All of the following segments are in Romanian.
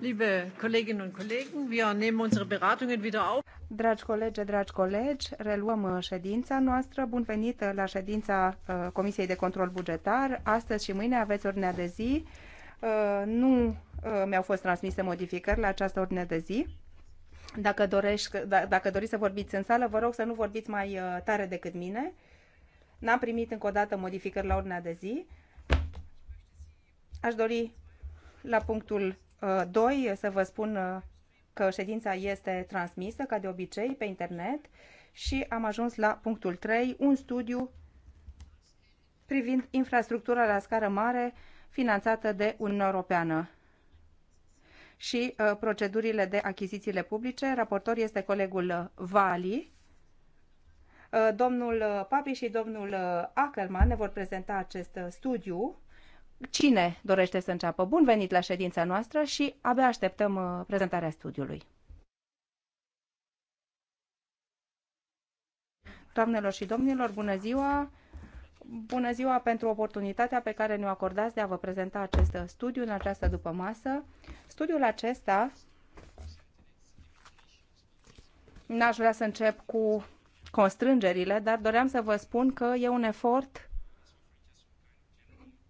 Liebe Kolleginnen und Kollegen, wir nehmen unsere Beratungen wieder auf. Dragi colegi, dragi colegi, reluăm uh, ședința noastră. Bun venit uh, la ședința uh, Comisiei de Control Bugetar. Astăzi și mâine aveți ordinea de zi. Nu mi-au fost transmise modificări la această ordine de zi. Dacă, dorești, da, dacă doriți să vorbiți în sală, vă rog să nu vorbiți mai tare decât mine. N-am primit încă o dată modificări la ordinea de zi. Aș dori la punctul 2 uh, să vă spun uh, că ședința este transmisă, ca de obicei, pe internet și am ajuns la punctul 3, un studiu privind infrastructura la scară mare finanțată de Uniunea Europeană și uh, procedurile de achizițiile publice. Raportor este colegul uh, Vali. Uh, domnul Papi și domnul Ackerman ne vor prezenta acest studiu Cine dorește să înceapă? Bun venit la ședința noastră și abia așteptăm uh, prezentarea studiului. Doamnelor și domnilor, bună ziua! Bună ziua pentru oportunitatea pe care ne-o acordați de a vă prezenta acest studiu în această dupămasă. Studiul acesta n-aș vrea să încep cu constrângerile, dar doream să vă spun că e un efort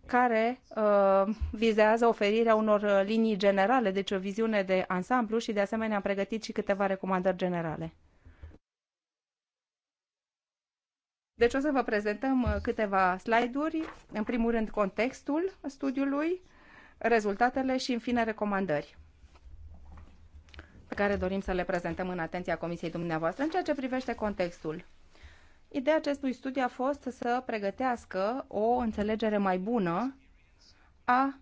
care uh, vizează oferirea unor uh, linii generale, deci o viziune de ansamblu și de asemenea am pregătit și câteva recomandări generale. Deci o să vă prezentăm uh, câteva slide-uri, în primul rând contextul studiului, rezultatele și în fine recomandări pe care dorim să le prezentăm în atenția Comisiei dumneavoastră în ceea ce privește contextul. Ideea acestui studiu a fost să pregătească o înțelegere mai bună a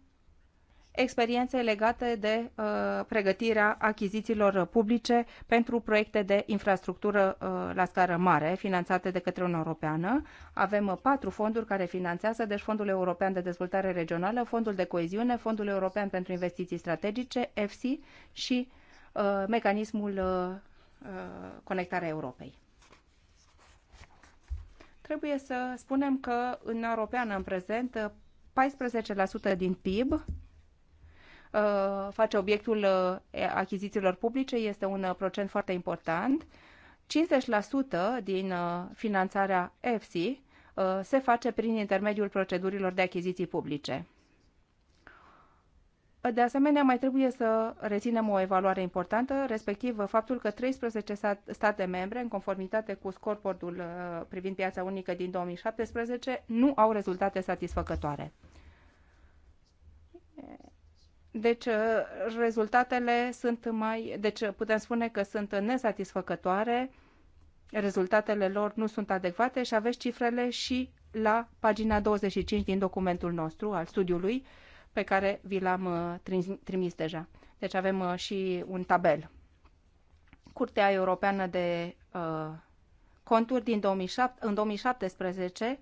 experienței legate de uh, pregătirea achizițiilor publice pentru proiecte de infrastructură uh, la scară mare, finanțate de către Uniunea Europeană. Avem uh, patru fonduri care finanțează, deci Fondul European de Dezvoltare Regională, Fondul de Coeziune, Fondul European pentru Investiții Strategice, EFSI și uh, Mecanismul uh, uh Conectarea Europei. Trebuie să spunem că în Europeană în prezent 14% din PIB uh, face obiectul uh, achizițiilor publice, este un uh, procent foarte important. 50% din finanțarea EFSI se face prin intermediul procedurilor de achiziții publice. De asemenea, mai trebuie să reținem o evaluare importantă, respectiv faptul că 13 state membre, în conformitate cu scoreboardul uh, privind piața unică din 2017, nu au rezultate satisfăcătoare. Deci, uh, rezultatele sunt mai. Deci, putem spune că sunt nesatisfăcătoare, rezultatele lor nu sunt adecvate și aveți cifrele și la pagina 25 din documentul nostru al studiului pe care vi l-am uh, trimis deja. Deci avem uh, și un tabel. Curtea Europeană de uh, Conturi din 2007, în 2017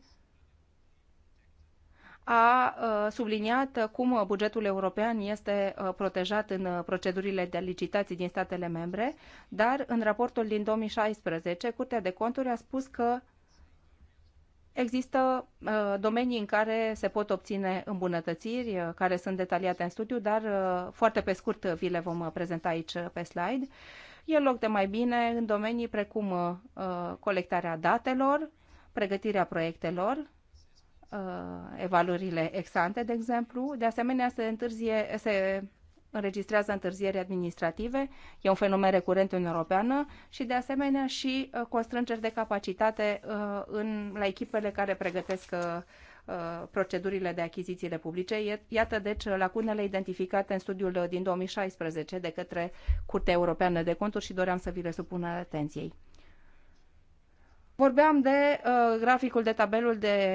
a subliniat cum bugetul european este protejat în procedurile de licitații din statele membre, dar în raportul din 2016, Curtea de Conturi a spus că Există uh, domenii în care se pot obține îmbunătățiri, uh, care sunt detaliate în studiu, dar uh, foarte pe scurt uh, vi le vom uh, prezenta aici uh, pe slide. E loc de mai bine în domenii precum uh, colectarea datelor, pregătirea proiectelor, evaluările exante, de exemplu. De asemenea, se întârzie, se înregistrează întârzieri administrative, e un fenomen recurent în Europeană și de asemenea și uh, constrângeri de capacitate uh, în, la echipele care pregătesc uh, procedurile de achizițiile publice. Iată, deci, lacunele identificate în studiul din 2016 de către Curtea Europeană de Conturi și doream să vi le supun atenției. Vorbeam de uh, graficul de tabelul de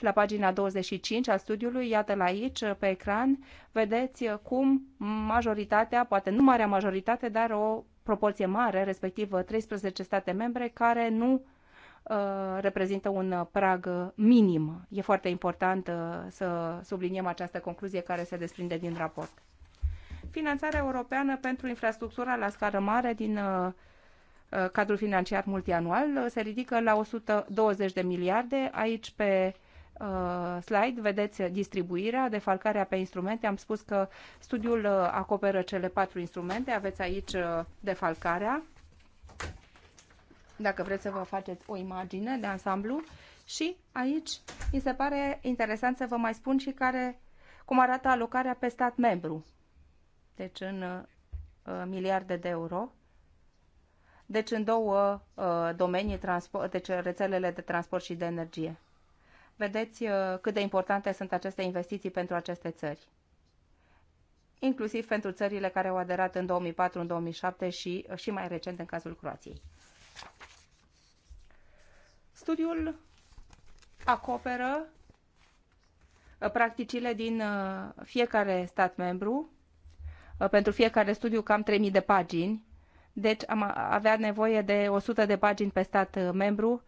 la pagina 25 al studiului, iată-l aici uh, pe ecran, vedeți uh, cum majoritatea, poate nu marea majoritate, dar o proporție mare, respectiv 13 uh, state membre, care nu uh, reprezintă un prag minim. E foarte important uh, să subliniem această concluzie care se desprinde din raport. Finanțarea europeană pentru infrastructura la scară mare din uh, Uh, cadrul financiar multianual uh, se ridică la 120 de miliarde. Aici pe uh, slide vedeți distribuirea, defalcarea pe instrumente. Am spus că studiul acoperă cele patru instrumente. Aveți aici defalcarea. Dacă vreți să vă faceți o imagine de ansamblu. Și aici mi se pare interesant să vă mai spun și care, cum arată alocarea pe stat membru. Deci în miliarde de euro deci în două uh, domenii, transport, deci rețelele de transport și de energie. Vedeți uh, cât de importante sunt aceste investiții pentru aceste țări, inclusiv pentru țările care au aderat în 2004, în 2007 și, uh, și mai recent în cazul Croației. Studiul acoperă practicile din fiecare stat membru, pentru fiecare studiu cam 3000 de pagini, deci am avea nevoie de 100 de pagini pe stat uh, membru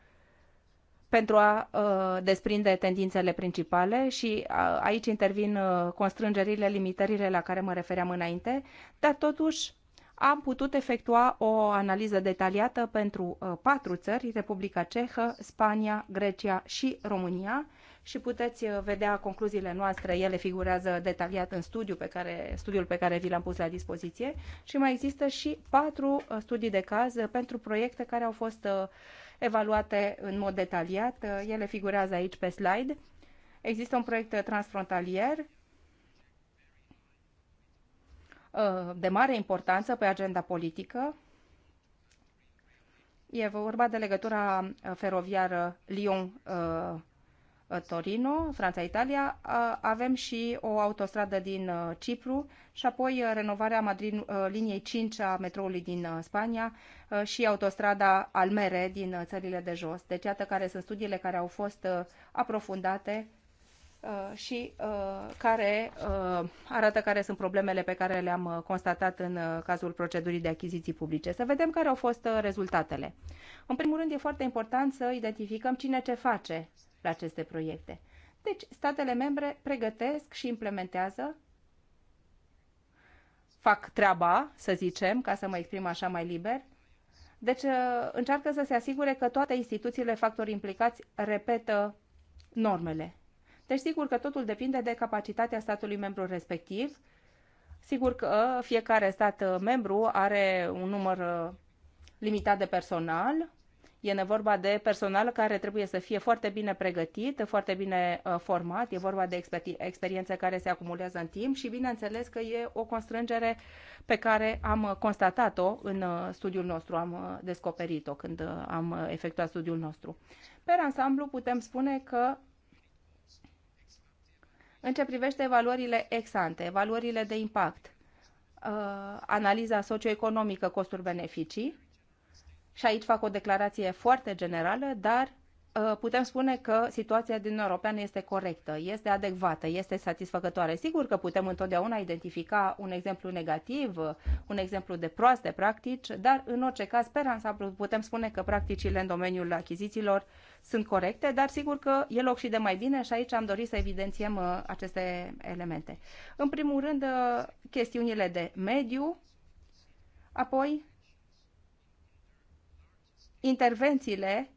pentru a uh, desprinde tendințele principale și aici intervin uh, constrângerile, limitările la care mă refeream înainte, dar totuși am putut efectua o analiză detaliată pentru patru țări, Republica Cehă, Spania, Grecia și România, și puteți uh, vedea concluziile noastre. Ele figurează detaliat în studiu pe care, studiul pe care vi l-am pus la dispoziție și mai există și patru uh, studii de caz uh, pentru proiecte care au fost evaluate în mod detaliat. Ele figurează aici pe slide. Există un proiect transfrontalier de mare importanță pe agenda politică. E vorba de legătura feroviară Lyon Uh, Torino, Franța-Italia, uh, avem și o autostradă din uh, Cipru și apoi renovarea Madrid, liniei 5 a metroului din Spania și autostrada Almere din țările de jos. Deci iată care sunt studiile care au fost aprofundate și care arată care sunt problemele pe care le-am constatat în cazul procedurii de achiziții publice. Să vedem care au fost rezultatele. În primul rând, e foarte important să identificăm cine ce face la aceste proiecte. Deci, statele membre pregătesc și implementează, fac treaba, să zicem, ca să mă exprim așa mai liber, deci uh, încearcă să se asigure că toate instituțiile, factori implicați, repetă normele. Deci sigur că totul depinde de capacitatea statului membru respectiv. Sigur că fiecare stat uh, membru are un număr uh, limitat de personal E vorba de personal care trebuie să fie foarte bine pregătit, foarte bine uh, format, e vorba de experiențe care se acumulează în timp și bineînțeles că e o constrângere pe care am uh, constatat-o în uh, studiul nostru, am descoperit-o când am efectuat studiul nostru. Pe ansamblu putem spune că în ce privește valorile ex-ante, valorile de impact, analiza socioeconomică costuri-beneficii, și aici fac o declarație foarte generală, dar uh, putem spune că situația din Europeană este corectă, este adecvată, este satisfăcătoare. Sigur că putem întotdeauna identifica un exemplu negativ, un exemplu de proaste practici, dar în orice caz, pe ansamblu, putem spune că practicile în domeniul achizițiilor sunt corecte, dar sigur că e loc și de mai bine și aici am dorit să evidențiem uh, aceste elemente. În primul rând, uh, chestiunile de mediu, apoi intervențiile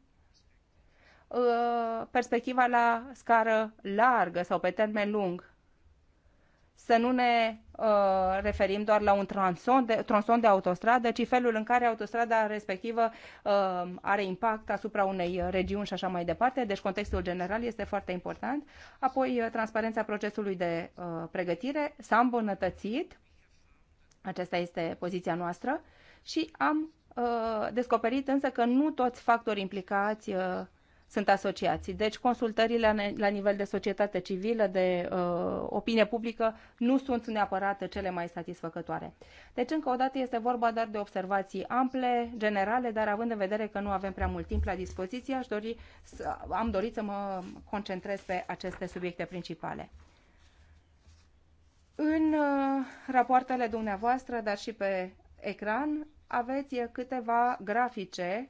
uh, perspectiva la scară largă sau pe termen lung. Să nu ne uh, referim doar la un tronson de, tronson de autostradă, ci felul în care autostrada respectivă uh, are impact asupra unei regiuni și așa mai departe. Deci contextul general este foarte important. Apoi, uh, transparența procesului de uh, pregătire s-a îmbunătățit. Aceasta este poziția noastră și am Uh, descoperit însă că nu toți factorii implicați uh, sunt asociații. Deci consultările la nivel de societate civilă, de uh, opinie publică, nu sunt neapărat cele mai satisfăcătoare. Deci, încă o dată, este vorba doar de observații ample, generale, dar având în vedere că nu avem prea mult timp la dispoziție, aș dori să, am dorit să mă concentrez pe aceste subiecte principale. În uh, rapoartele dumneavoastră, dar și pe ecran, aveți câteva grafice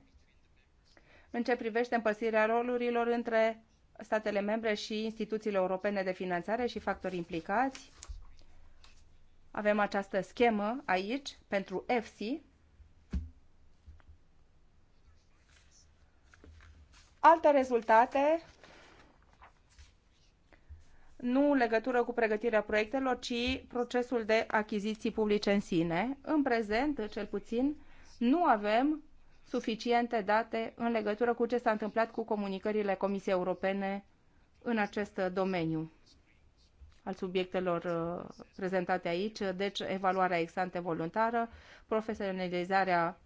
în ce privește împărțirea rolurilor între statele membre și instituțiile europene de finanțare și factori implicați. Avem această schemă aici pentru EFSI. Alte rezultate nu legătură cu pregătirea proiectelor, ci procesul de achiziții publice în sine. În prezent, cel puțin, nu avem suficiente date în legătură cu ce s-a întâmplat cu comunicările Comisiei Europene în acest domeniu al subiectelor uh, prezentate aici, deci evaluarea exante voluntară, profesionalizarea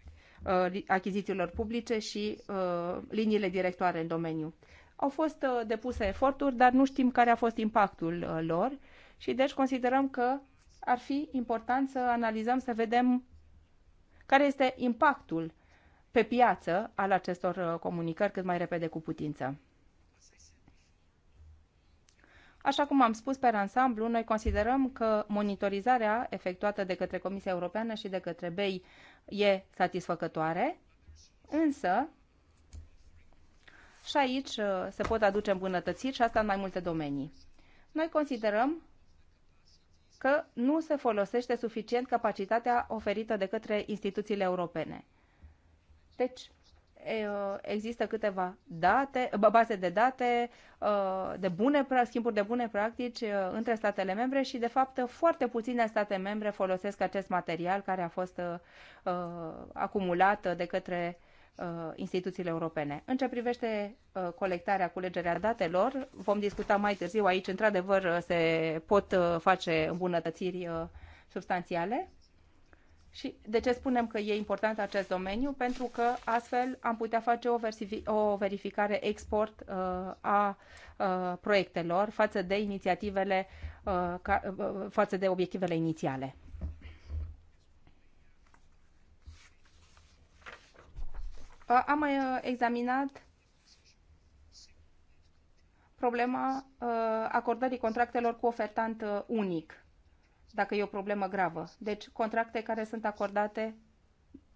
uh, achizițiilor publice și uh, liniile directoare în domeniu. Au fost uh, depuse eforturi, dar nu știm care a fost impactul uh, lor și deci considerăm că ar fi important să analizăm, să vedem care este impactul pe piață al acestor uh, comunicări cât mai repede cu putință. Așa cum am spus pe ansamblu, noi considerăm că monitorizarea efectuată de către Comisia Europeană și de către BEI e satisfăcătoare, însă și aici uh, se pot aduce îmbunătățiri și asta în mai multe domenii. Noi considerăm că nu se folosește suficient capacitatea oferită de către instituțiile europene. Deci, uh, există câteva date, baze de date, uh, de bune, schimburi de bune practici între statele membre și, de fapt, foarte puține state membre folosesc acest material care a fost acumulat de către Uh, instituțiile europene. În ce privește uh, colectarea, culegerea datelor, vom discuta mai târziu aici, într-adevăr, uh, se pot face îmbunătățiri substanțiale. Și de ce spunem că e important acest domeniu? Pentru că astfel am putea face o verificare export a proiectelor față de inițiativele, față de obiectivele inițiale. Am mai uh, examinat problema uh, acordării contractelor cu ofertant uh, unic, dacă e o problemă gravă. Deci contracte care sunt acordate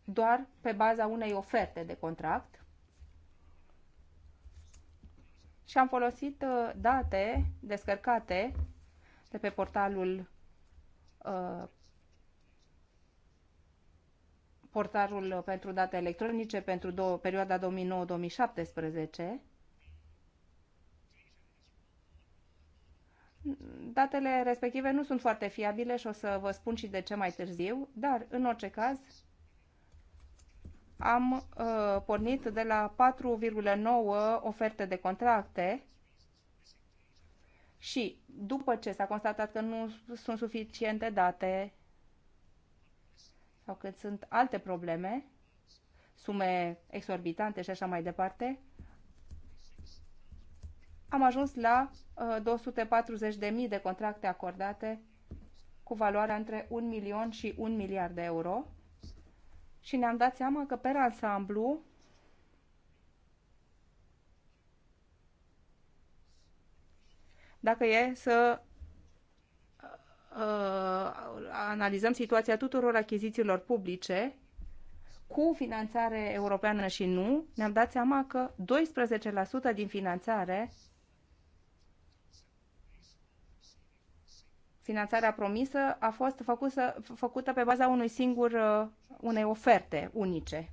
doar pe baza unei oferte de contract. Și am folosit date descărcate de pe portalul portarul pentru date electronice pentru două, perioada 2009-2017. Datele respective nu sunt foarte fiabile și o să vă spun și de ce mai târziu, dar în orice caz am uh, pornit de la 4,9 oferte de contracte și după ce s-a constatat că nu sunt suficiente date sau când sunt alte probleme, sume exorbitante și așa mai departe, am ajuns la uh, 240.000 de contracte acordate cu valoarea între 1 milion și 1 miliard de euro și ne-am dat seama că pe ansamblu dacă e să Uh, analizăm situația tuturor achizițiilor publice cu finanțare europeană și nu, ne-am dat seama că 12% din finanțare finanțarea promisă a fost făcută, făcută pe baza unui singur, uh, unei oferte unice.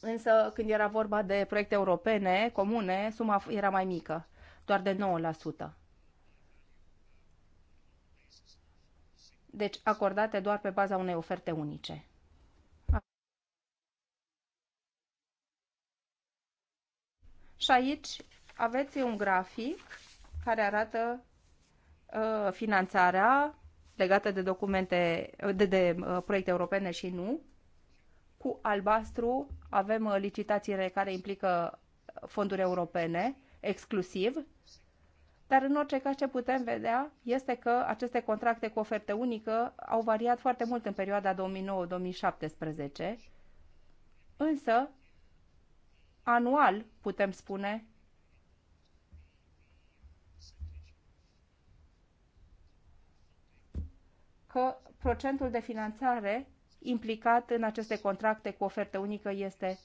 Însă, când era vorba de proiecte europene, comune, suma era mai mică, doar de 9%. deci acordate doar pe baza unei oferte unice. Și aici aveți un grafic care arată uh, finanțarea legată de documente, uh, de, de uh, proiecte europene și nu. Cu albastru avem uh, licitațiile care implică uh, fonduri europene exclusiv dar în orice caz ce putem vedea este că aceste contracte cu oferte unică au variat foarte mult în perioada 2009-2017, însă anual putem spune că procentul de finanțare implicat în aceste contracte cu ofertă unică este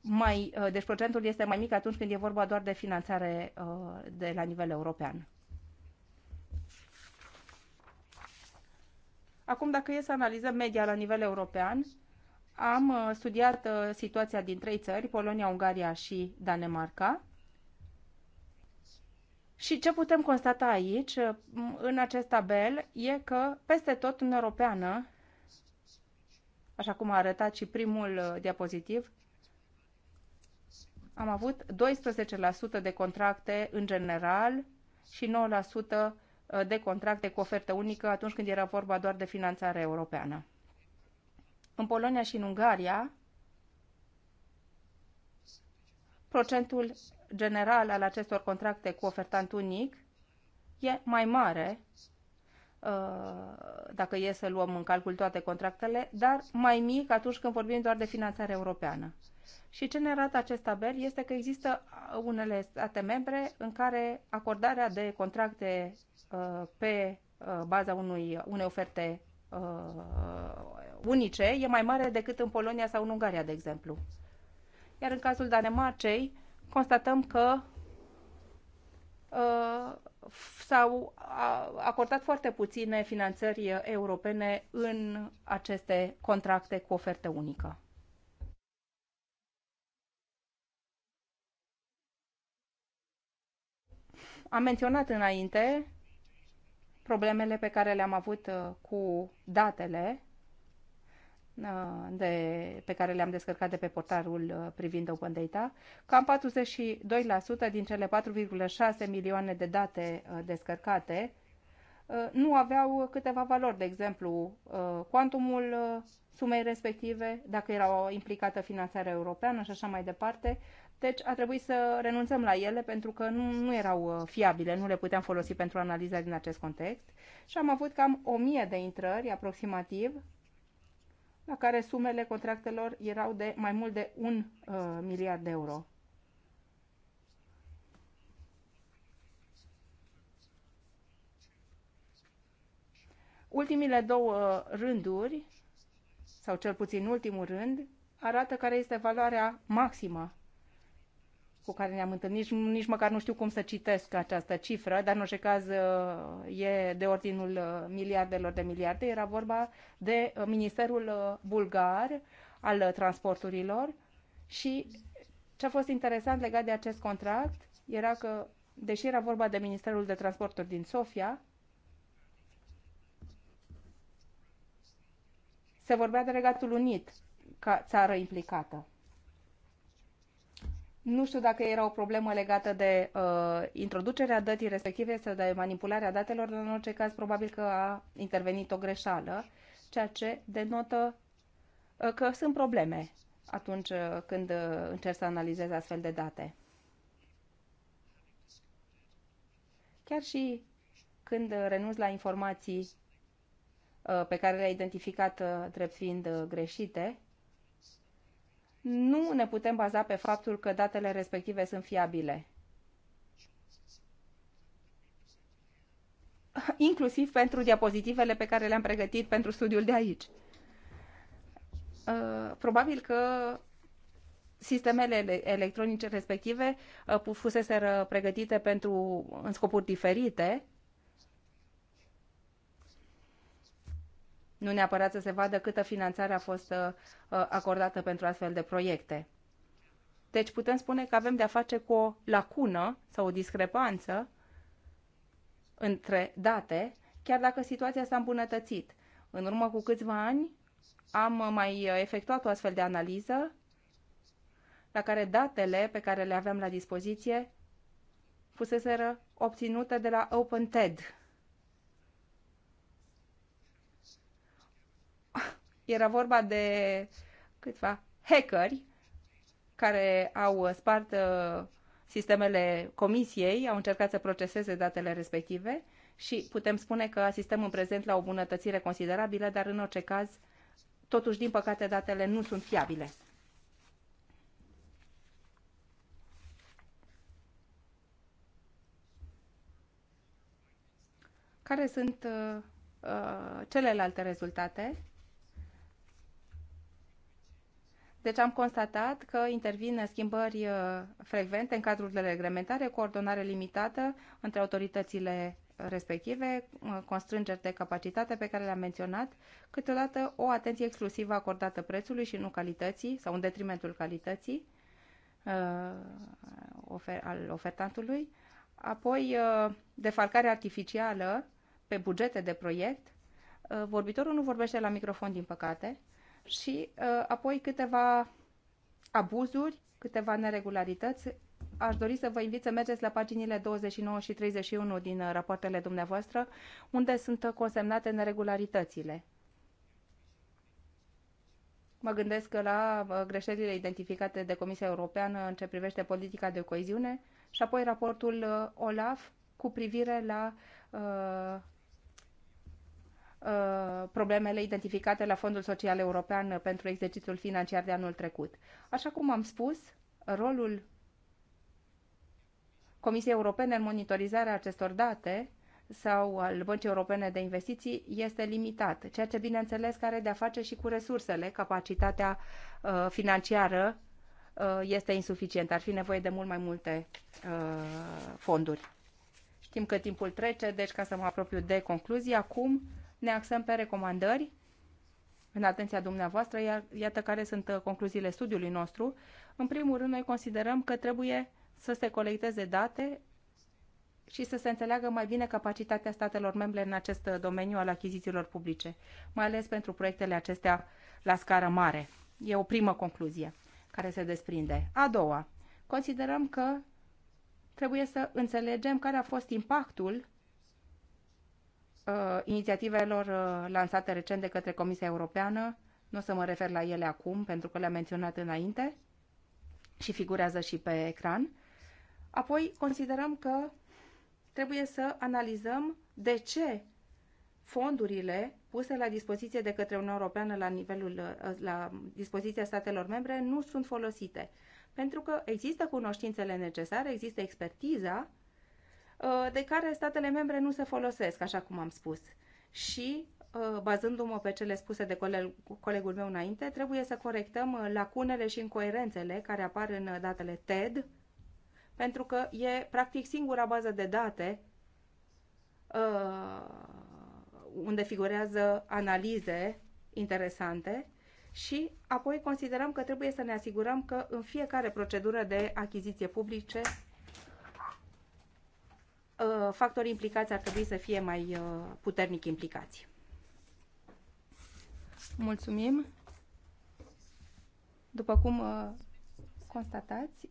mai, uh, deci procentul este mai mic atunci când e vorba doar de finanțare uh, de la nivel european. Acum, dacă e să analizăm media la nivel european, am uh, studiat situația din trei țări, Polonia, Ungaria și Danemarca. Și ce putem constata aici, în acest tabel, e că peste tot în Europeană, așa cum a arătat și primul diapozitiv, am avut 12% de contracte în general și 9% uh, de contracte cu ofertă unică atunci când era vorba doar de finanțare europeană. În Polonia și în Ungaria, procentul general al acestor contracte cu ofertant unic e mai mare uh, dacă e să luăm în calcul toate contractele, dar mai mic atunci când vorbim doar de finanțare europeană. Și ce ne arată acest tabel este că există unele state membre în care acordarea de contracte uh, pe uh, baza unui, unei oferte uh, unice e mai mare decât în Polonia sau în Ungaria, de exemplu. Iar în cazul Danemarcei, constatăm că uh, s-au acordat foarte puține finanțări europene în aceste contracte cu ofertă unică. Am menționat înainte problemele pe care le-am avut uh, cu datele uh, de, pe care le-am descărcat de pe portarul uh, privind Open Data. Cam 42% din cele 4,6 milioane de date descărcate nu aveau câteva valori, de exemplu, cuantumul sumei respective, dacă era implicată finanțarea europeană și așa mai departe, deci a trebuit să renunțăm la ele pentru că nu, nu erau uh, fiabile, nu le puteam folosi pentru analiza din acest context. Și am avut cam 1000 de intrări aproximativ, la care sumele contractelor erau de mai mult de 1 uh, miliard de euro. Ultimile două uh, rânduri, sau cel puțin ultimul rând, arată care este valoarea maximă cu care ne-am întâlnit, nici, nici măcar nu știu cum să citesc această cifră, dar în orice caz uh, e de ordinul uh, miliardelor de miliarde. Era vorba de uh, Ministerul Bulgar al Transporturilor și ce a fost interesant legat de acest contract era că, deși era vorba de Ministerul de Transporturi din Sofia, se vorbea de Regatul Unit ca țară implicată. Nu știu dacă era o problemă legată de uh, introducerea dătii respective sau de manipularea datelor, dar în orice caz probabil că a intervenit o greșeală, ceea ce denotă uh, că sunt probleme atunci uh, când uh, încerci să analizezi astfel de date. Chiar și când renunț la informații uh, pe care le ai identificat uh, drept fiind uh, greșite, nu ne putem baza pe faptul că datele respective sunt fiabile. Inclusiv pentru diapozitivele pe care le-am pregătit pentru studiul de aici. Uh, probabil că sistemele electronice respective uh, fuseseră pregătite pentru în scopuri diferite nu neapărat să se vadă câtă finanțare a fost uh, uh, acordată pentru astfel de proiecte. Deci putem spune că avem de-a face cu o lacună sau o discrepanță între date, chiar dacă situația s-a îmbunătățit. În urmă cu câțiva ani am uh, mai efectuat o astfel de analiză la care datele pe care le aveam la dispoziție fuseseră obținute de la OpenTED, Era vorba de câțiva hackeri care au spart uh, sistemele comisiei, au încercat să proceseze datele respective și putem spune că asistăm în prezent la o bunătățire considerabilă, dar în orice caz, totuși, din păcate, datele nu sunt fiabile. Care sunt uh, uh celelalte rezultate? Deci am constatat că intervin schimbări uh, frecvente în cadrul de reglementare, coordonare limitată între autoritățile respective, uh, constrângeri de capacitate pe care le-am menționat, câteodată o atenție exclusivă acordată prețului și nu calității sau în detrimentul calității uh, al ofertantului, apoi defalcare artificială pe bugete de proiect. Vorbitorul nu vorbește la microfon, din păcate și uh, apoi câteva abuzuri, câteva neregularități. Aș dori să vă invit să mergeți la paginile 29 și 31 din uh, rapoartele dumneavoastră, unde sunt consemnate neregularitățile. Mă gândesc la uh, greșelile identificate de Comisia Europeană în ce privește politica de coeziune și apoi raportul OLAF cu privire la uh, Uh, problemele identificate la Fondul Social European pentru exercițiul financiar de anul trecut. Așa cum am spus, rolul Comisiei Europene în monitorizarea acestor date sau al Băncii Europene de Investiții este limitat, ceea ce bineînțeles are de-a face și cu resursele, capacitatea uh, financiară uh, este insuficientă, ar fi nevoie de mult mai multe uh, fonduri. Știm că timpul trece, deci ca să mă apropiu de concluzie, acum ne axăm pe recomandări în atenția dumneavoastră, iar iată care sunt uh, concluziile studiului nostru. În primul rând, noi considerăm că trebuie să se colecteze date și să se înțeleagă mai bine capacitatea statelor membre în acest uh, domeniu al achizițiilor publice, mai ales pentru proiectele acestea la scară mare. E o primă concluzie care se desprinde. A doua, considerăm că trebuie să înțelegem care a fost impactul uh, inițiativelor uh, lansate recent de către Comisia Europeană. Nu o să mă refer la ele acum, pentru că le-am menționat înainte și figurează și pe ecran. Apoi considerăm că trebuie să analizăm de ce fondurile puse la dispoziție de către Uniunea Europeană la nivelul uh, la dispoziția statelor membre nu sunt folosite. Pentru că există cunoștințele necesare, există expertiza Uh, de care statele membre nu se folosesc, așa cum am spus. Și uh, bazându-mă pe cele spuse de colegul meu înainte, trebuie să corectăm uh, lacunele și incoerențele care apar în datele TED, pentru că e practic singura bază de date unde figurează analize interesante și apoi considerăm că trebuie să ne asigurăm că în fiecare procedură de achiziție publice Uh, factorii implicați ar trebui să fie mai uh, puternic implicați. Mulțumim. După cum uh, constatați,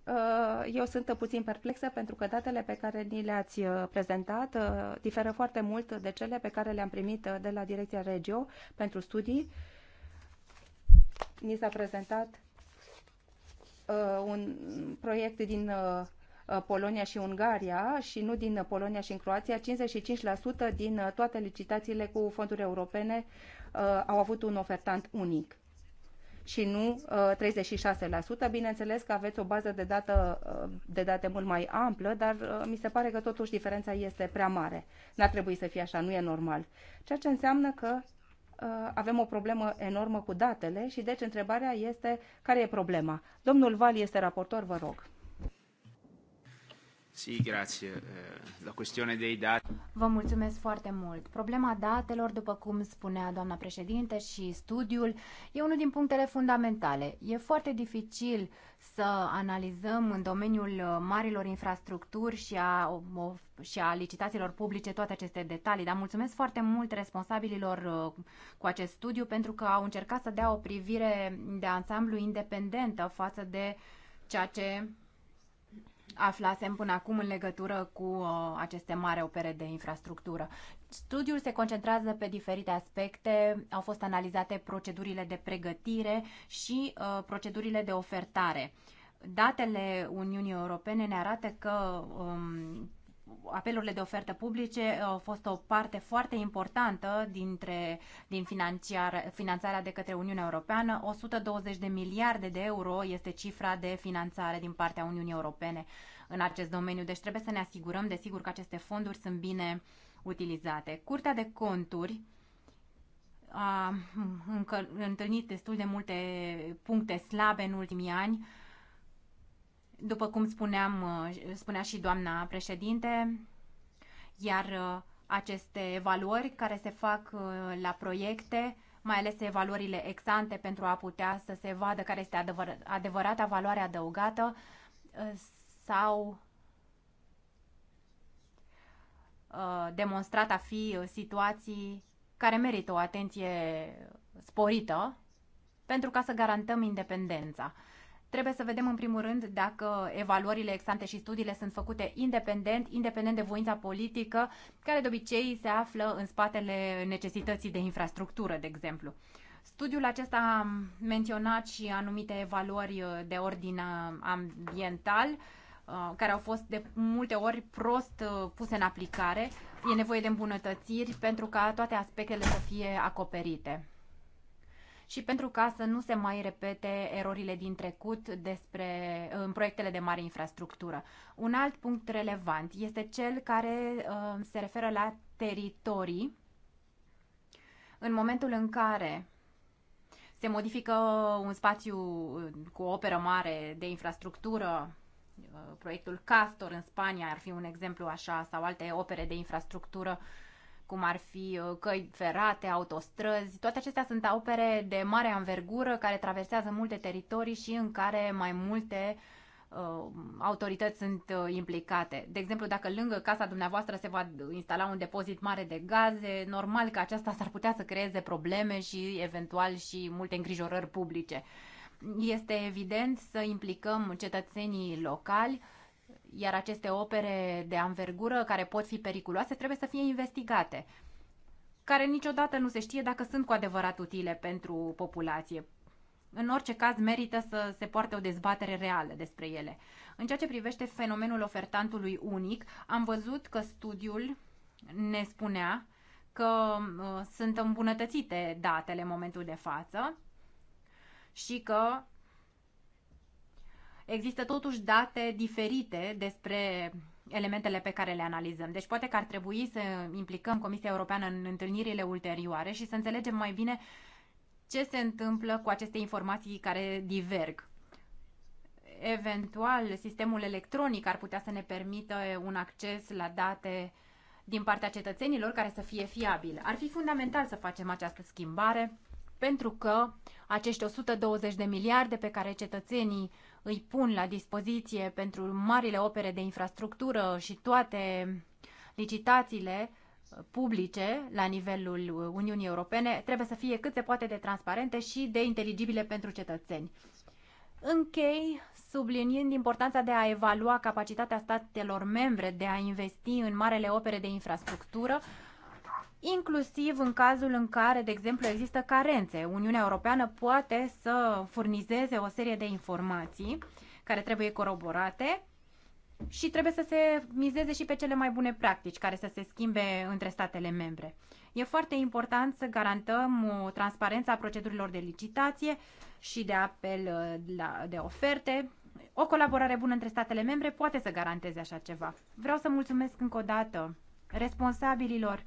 eu sunt puțin perplexă pentru că datele pe care ni le-ați prezentat diferă foarte mult de cele pe care le-am primit de la Direcția Regio pentru studii. Ni s-a prezentat un proiect din Uh, Polonia și Ungaria și nu din Polonia și în Croația, 55% din uh, toate licitațiile cu fonduri europene uh, au avut un ofertant unic și nu 36%. Bineînțeles că aveți o bază de, dată, de date mult mai amplă, dar mi se pare că totuși diferența este prea mare. N-ar trebui să fie așa, nu e normal. Ceea ce înseamnă că avem o problemă enormă cu datele și deci întrebarea este care e problema. Domnul Val este raportor, vă rog. Eh, Vă mulțumesc foarte mult. Problema datelor, după cum spunea doamna președinte și studiul, e unul din punctele fundamentale. E foarte dificil să analizăm în domeniul uh, marilor infrastructuri și a, și a licitațiilor publice toate aceste detalii, dar mulțumesc foarte mult responsabililor uh, cu acest studiu pentru că au încercat să dea o privire de ansamblu independentă față de ceea ce aflasem până acum în legătură cu uh, aceste mari opere de infrastructură. Studiul se concentrează pe diferite aspecte, au fost analizate procedurile de pregătire și uh, procedurile de ofertare. Datele Uniunii Europene ne arată că um, apelurile de ofertă publice au fost o parte foarte importantă dintre, din financiar, finanțarea de către Uniunea Europeană. 120 de miliarde de euro este cifra de finanțare din partea Uniunii Europene în acest domeniu. Deci trebuie să ne asigurăm, desigur, că aceste fonduri sunt bine utilizate. Curtea de conturi a întâlnit destul de multe puncte slabe în ultimii ani după cum spuneam, uh, spunea și doamna președinte, iar uh, aceste evaluări care se fac uh, la proiecte, mai ales evaluările exante pentru a putea să se vadă care este adevăr- adevărata valoare adăugată sau demonstrat a fi situații care merită o atenție sporită pentru ca să garantăm independența. Trebuie să vedem în primul rând dacă evaluările exante și studiile sunt făcute independent, independent de voința politică, care de obicei se află în spatele necesității de infrastructură, de exemplu. Studiul acesta a menționat și anumite evaluări de ordin ambiental, uh, care au fost de multe ori prost uh, puse în aplicare. E nevoie de îmbunătățiri pentru ca toate aspectele să fie acoperite și pentru ca să nu se mai repete erorile din trecut despre, în proiectele de mare infrastructură. Un alt punct relevant este cel care uh, se referă la teritorii. În momentul în care se modifică un spațiu uh, cu o operă mare de infrastructură, uh, proiectul Castor în Spania ar fi un exemplu așa, sau alte opere de infrastructură uh, cum ar fi uh, căi ferate, autostrăzi. Toate acestea sunt opere de mare anvergură care traversează multe teritorii și în care mai multe uh, autorități sunt uh, implicate. De exemplu, dacă lângă casa dumneavoastră se va instala un depozit mare de gaze, normal că aceasta s-ar putea să creeze probleme și eventual și multe îngrijorări publice. Este evident să implicăm cetățenii locali iar aceste opere de anvergură care pot fi periculoase trebuie să fie investigate, care niciodată nu se știe dacă sunt cu adevărat utile pentru populație. În orice caz, merită să se poarte o dezbatere reală despre ele. În ceea ce privește fenomenul ofertantului unic, am văzut că studiul ne spunea că uh, sunt îmbunătățite datele în momentul de față și că există totuși date diferite despre elementele pe care le analizăm. Deci poate că ar trebui să implicăm Comisia Europeană în întâlnirile ulterioare și să înțelegem mai bine ce se întâmplă cu aceste informații care diverg. Eventual, sistemul electronic ar putea să ne permită un acces la date din partea cetățenilor care să fie fiabil. Ar fi fundamental să facem această schimbare pentru că acești 120 de miliarde pe care cetățenii îi pun la dispoziție pentru marile opere de infrastructură și toate licitațiile publice la nivelul Uniunii Europene trebuie să fie cât se poate de transparente și de inteligibile pentru cetățeni. Închei subliniind importanța de a evalua capacitatea statelor membre de a investi în marele opere de infrastructură, inclusiv în cazul în care, de exemplu, există carențe. Uniunea Europeană poate să furnizeze o serie de informații care trebuie coroborate și trebuie să se mizeze și pe cele mai bune practici care să se schimbe între statele membre. E foarte important să garantăm transparența procedurilor de licitație și de apel uh, de oferte. O colaborare bună între statele membre poate să garanteze așa ceva. Vreau să mulțumesc încă o dată responsabililor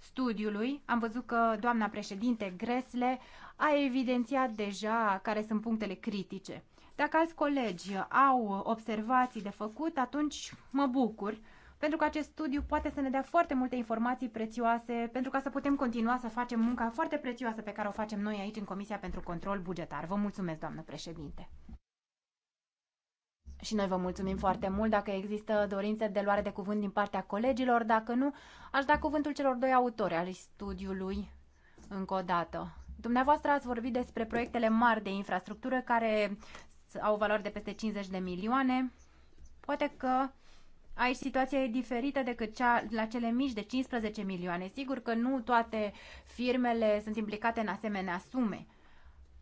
studiului. Am văzut că doamna președinte Gresle a evidențiat deja care sunt punctele critice. Dacă alți colegi au observații de făcut, atunci mă bucur, pentru că acest studiu poate să ne dea foarte multe informații prețioase, pentru ca să putem continua să facem munca foarte prețioasă pe care o facem noi aici în Comisia pentru Control Bugetar. Vă mulțumesc, doamnă președinte! Și noi vă mulțumim foarte mult. Dacă există dorințe de luare de cuvânt din partea colegilor, dacă nu, aș da cuvântul celor doi autori al studiului încă o dată. Dumneavoastră ați vorbit despre proiectele mari de infrastructură care au valoare de peste 50 de milioane. Poate că Aici situația e diferită decât cea la cele mici de 15 milioane. Sigur că nu toate firmele sunt implicate în asemenea sume,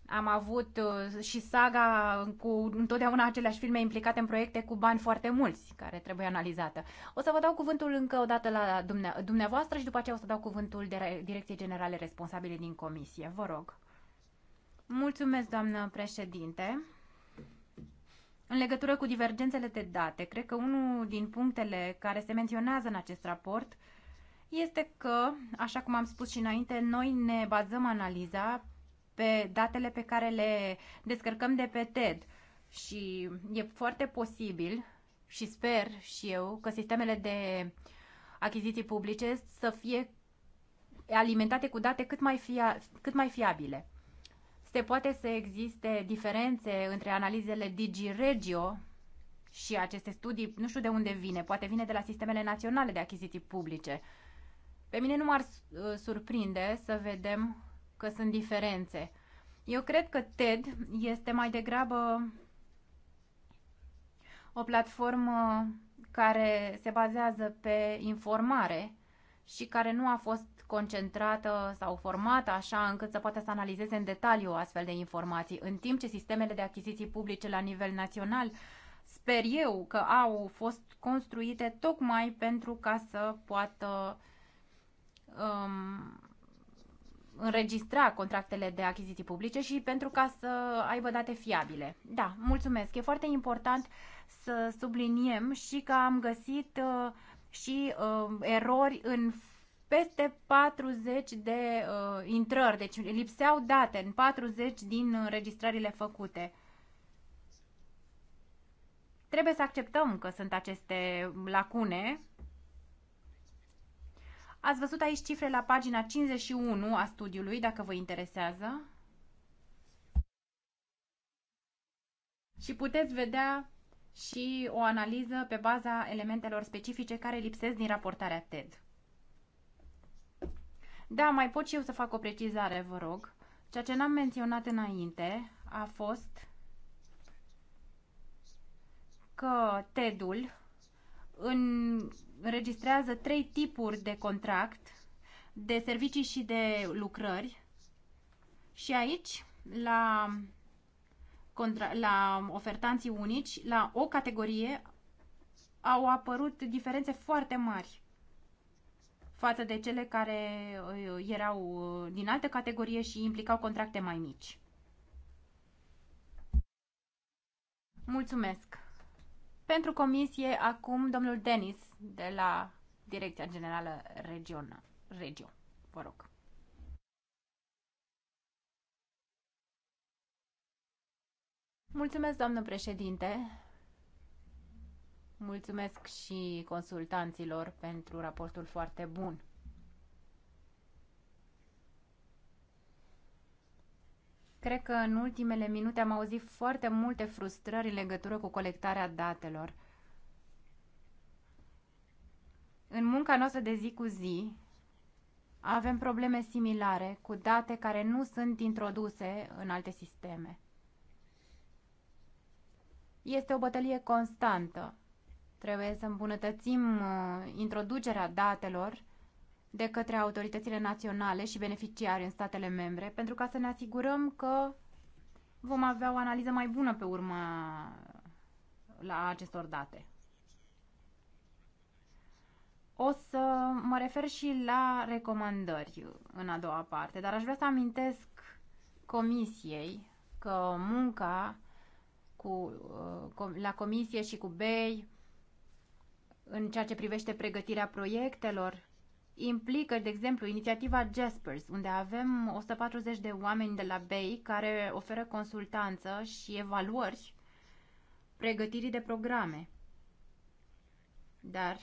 am avut uh, și saga cu întotdeauna aceleași filme implicate în proiecte cu bani foarte mulți, care trebuie analizată. O să vă dau cuvântul încă o dată la dumne- dumneavoastră și după aceea o să dau cuvântul de Direcției Generale Responsabile din Comisie. Vă rog. Mulțumesc, doamnă președinte. În legătură cu divergențele de date, cred că unul din punctele care se menționează în acest raport este că, așa cum am spus și înainte, noi ne bazăm analiza pe datele pe care le descărcăm de pe TED și e foarte posibil și sper și eu că sistemele de achiziții publice să fie alimentate cu date cât mai, fia, cât mai fiabile. Se poate să existe diferențe între analizele DigiRegio și aceste studii, nu știu de unde vine, poate vine de la sistemele naționale de achiziții publice. Pe mine nu m-ar uh, surprinde să vedem că sunt diferențe. Eu cred că TED este mai degrabă o platformă care se bazează pe informare și care nu a fost concentrată sau formată așa încât să poată să analizeze în detaliu astfel de informații, în timp ce sistemele de achiziții publice la nivel național sper eu că au fost construite tocmai pentru ca să poată um, înregistra contractele de achiziții publice și pentru ca să aibă date fiabile. Da, mulțumesc. E foarte important să subliniem și că am găsit uh, și uh, erori în peste 40 de uh, intrări, deci lipseau date în 40 din înregistrările făcute. Trebuie să acceptăm că sunt aceste lacune Ați văzut aici cifre la pagina 51 a studiului, dacă vă interesează. Și puteți vedea și o analiză pe baza elementelor specifice care lipsesc din raportarea TED. Da, mai pot și eu să fac o precizare, vă rog. Ceea ce n-am menționat înainte a fost că TED-ul înregistrează trei tipuri de contract de servicii și de lucrări și aici la, contra, la ofertanții unici, la o categorie au apărut diferențe foarte mari față de cele care uh, erau uh, din altă categorie și implicau contracte mai mici. Mulțumesc! Pentru comisie, acum, domnul Denis de la Direcția Generală Regionă. Regio, vă rog. Mulțumesc, doamnă președinte. Mulțumesc și consultanților pentru raportul foarte bun. Cred că în ultimele minute am auzit foarte multe frustrări în legătură cu colectarea datelor. În munca noastră de zi cu zi avem probleme similare cu date care nu sunt introduse în alte sisteme. Este o bătălie constantă. Trebuie să îmbunătățim uh, introducerea datelor de către autoritățile naționale și beneficiari în statele membre pentru ca să ne asigurăm că vom avea o analiză mai bună pe urma la acestor date. O să mă refer și la recomandări în a doua parte, dar aș vrea să amintesc comisiei că munca cu, uh, la comisie și cu BEI în ceea ce privește pregătirea proiectelor implică, de exemplu, inițiativa Jaspers, unde avem 140 de oameni de la BEI care oferă consultanță și evaluări pregătirii de programe, dar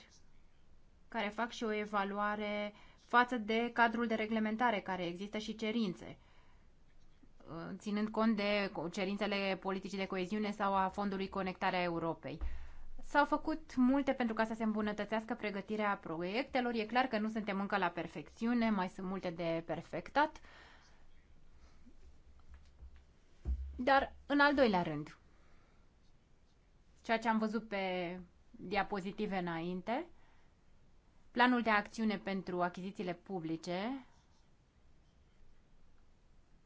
care fac și o evaluare față de cadrul de reglementare care există și cerințe, ținând cont de cerințele politicii de coeziune sau a fondului Conectarea Europei. S-au făcut multe pentru ca să se îmbunătățească pregătirea proiectelor. E clar că nu suntem încă la perfecțiune, mai sunt multe de perfectat. Dar, în al doilea rând, ceea ce am văzut pe diapozitive înainte, planul de acțiune pentru achizițiile publice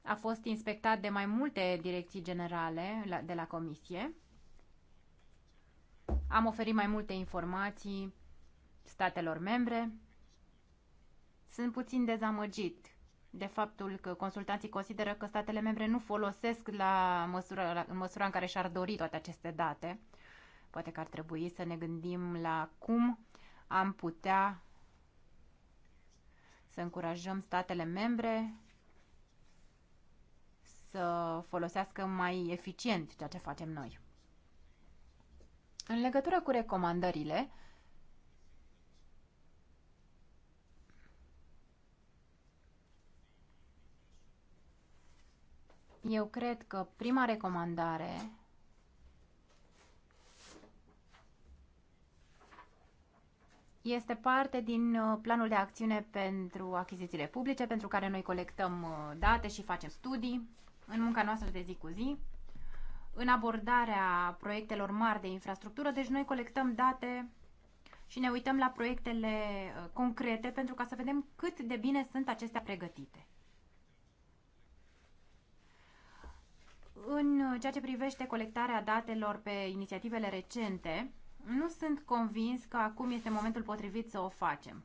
a fost inspectat de mai multe direcții generale de la Comisie am oferit mai multe informații statelor membre. Sunt puțin dezamăgit de faptul că consultanții consideră că statele membre nu folosesc la măsură, la, în măsura în care și-ar dori toate aceste date. Poate că ar trebui să ne gândim la cum am putea să încurajăm statele membre să folosească mai eficient ceea ce facem noi. În legătură cu recomandările, eu cred că prima recomandare este parte din uh, planul de acțiune pentru achizițiile publice, pentru care noi colectăm uh, date și facem studii în munca noastră de zi cu zi în abordarea proiectelor mari de infrastructură, deci noi colectăm date și ne uităm la proiectele uh, concrete pentru ca să vedem cât de bine sunt acestea pregătite. În uh, ceea ce privește colectarea datelor pe inițiativele recente, nu sunt convins că acum este momentul potrivit să o facem.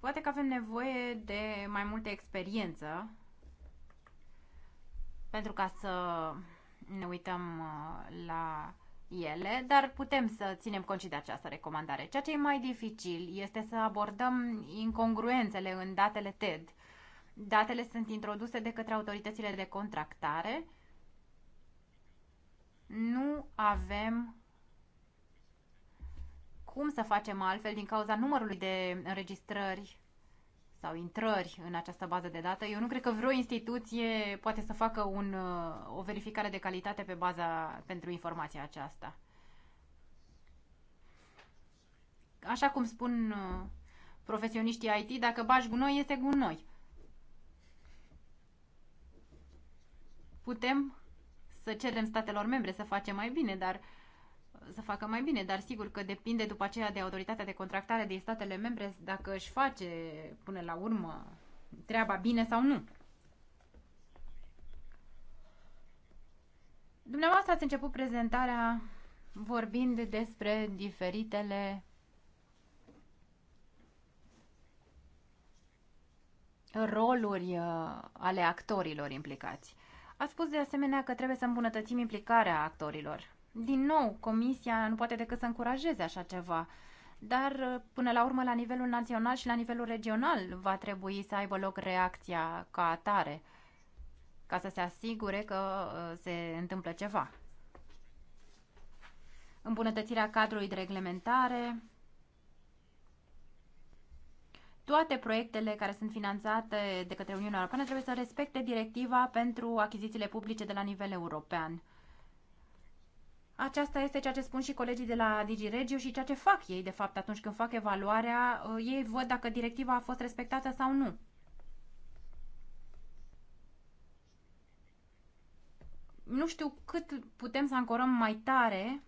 Poate că avem nevoie de mai multă experiență pentru ca să ne uităm uh, la ele, dar putem să ținem cont și de această recomandare. Ceea ce e mai dificil este să abordăm incongruențele în datele TED. Datele sunt introduse de către autoritățile de contractare. Nu avem cum să facem altfel din cauza numărului de înregistrări sau intrări în această bază de dată. Eu nu cred că vreo instituție poate să facă un, uh, o verificare de calitate pe baza pentru informația aceasta. Așa cum spun uh, profesioniștii IT, dacă bași gunoi, este gunoi. Putem să cerem statelor membre să facem mai bine, dar uh, să facă mai bine, dar sigur că depinde după aceea de autoritatea de contractare din statele membre dacă își face până la urmă treaba bine sau nu. Dumneavoastră ați început prezentarea vorbind despre diferitele roluri uh, ale actorilor implicați. Ați spus de asemenea că trebuie să îmbunătățim implicarea actorilor din nou, Comisia nu poate decât să încurajeze așa ceva dar uh, până la urmă la nivelul național și la nivelul regional va trebui să aibă loc reacția ca atare ca să se asigure că uh, se întâmplă ceva. Îmbunătățirea cadrului de reglementare, toate proiectele care sunt finanțate de către Uniunea Europeană trebuie să respecte directiva pentru achizițiile publice de la nivel european. Aceasta este ceea ce spun și colegii de la DigiRegio și ceea ce fac ei, de fapt, atunci când fac evaluarea, uh, ei văd dacă directiva a fost respectată sau nu. Nu știu cât putem să ancorăm mai tare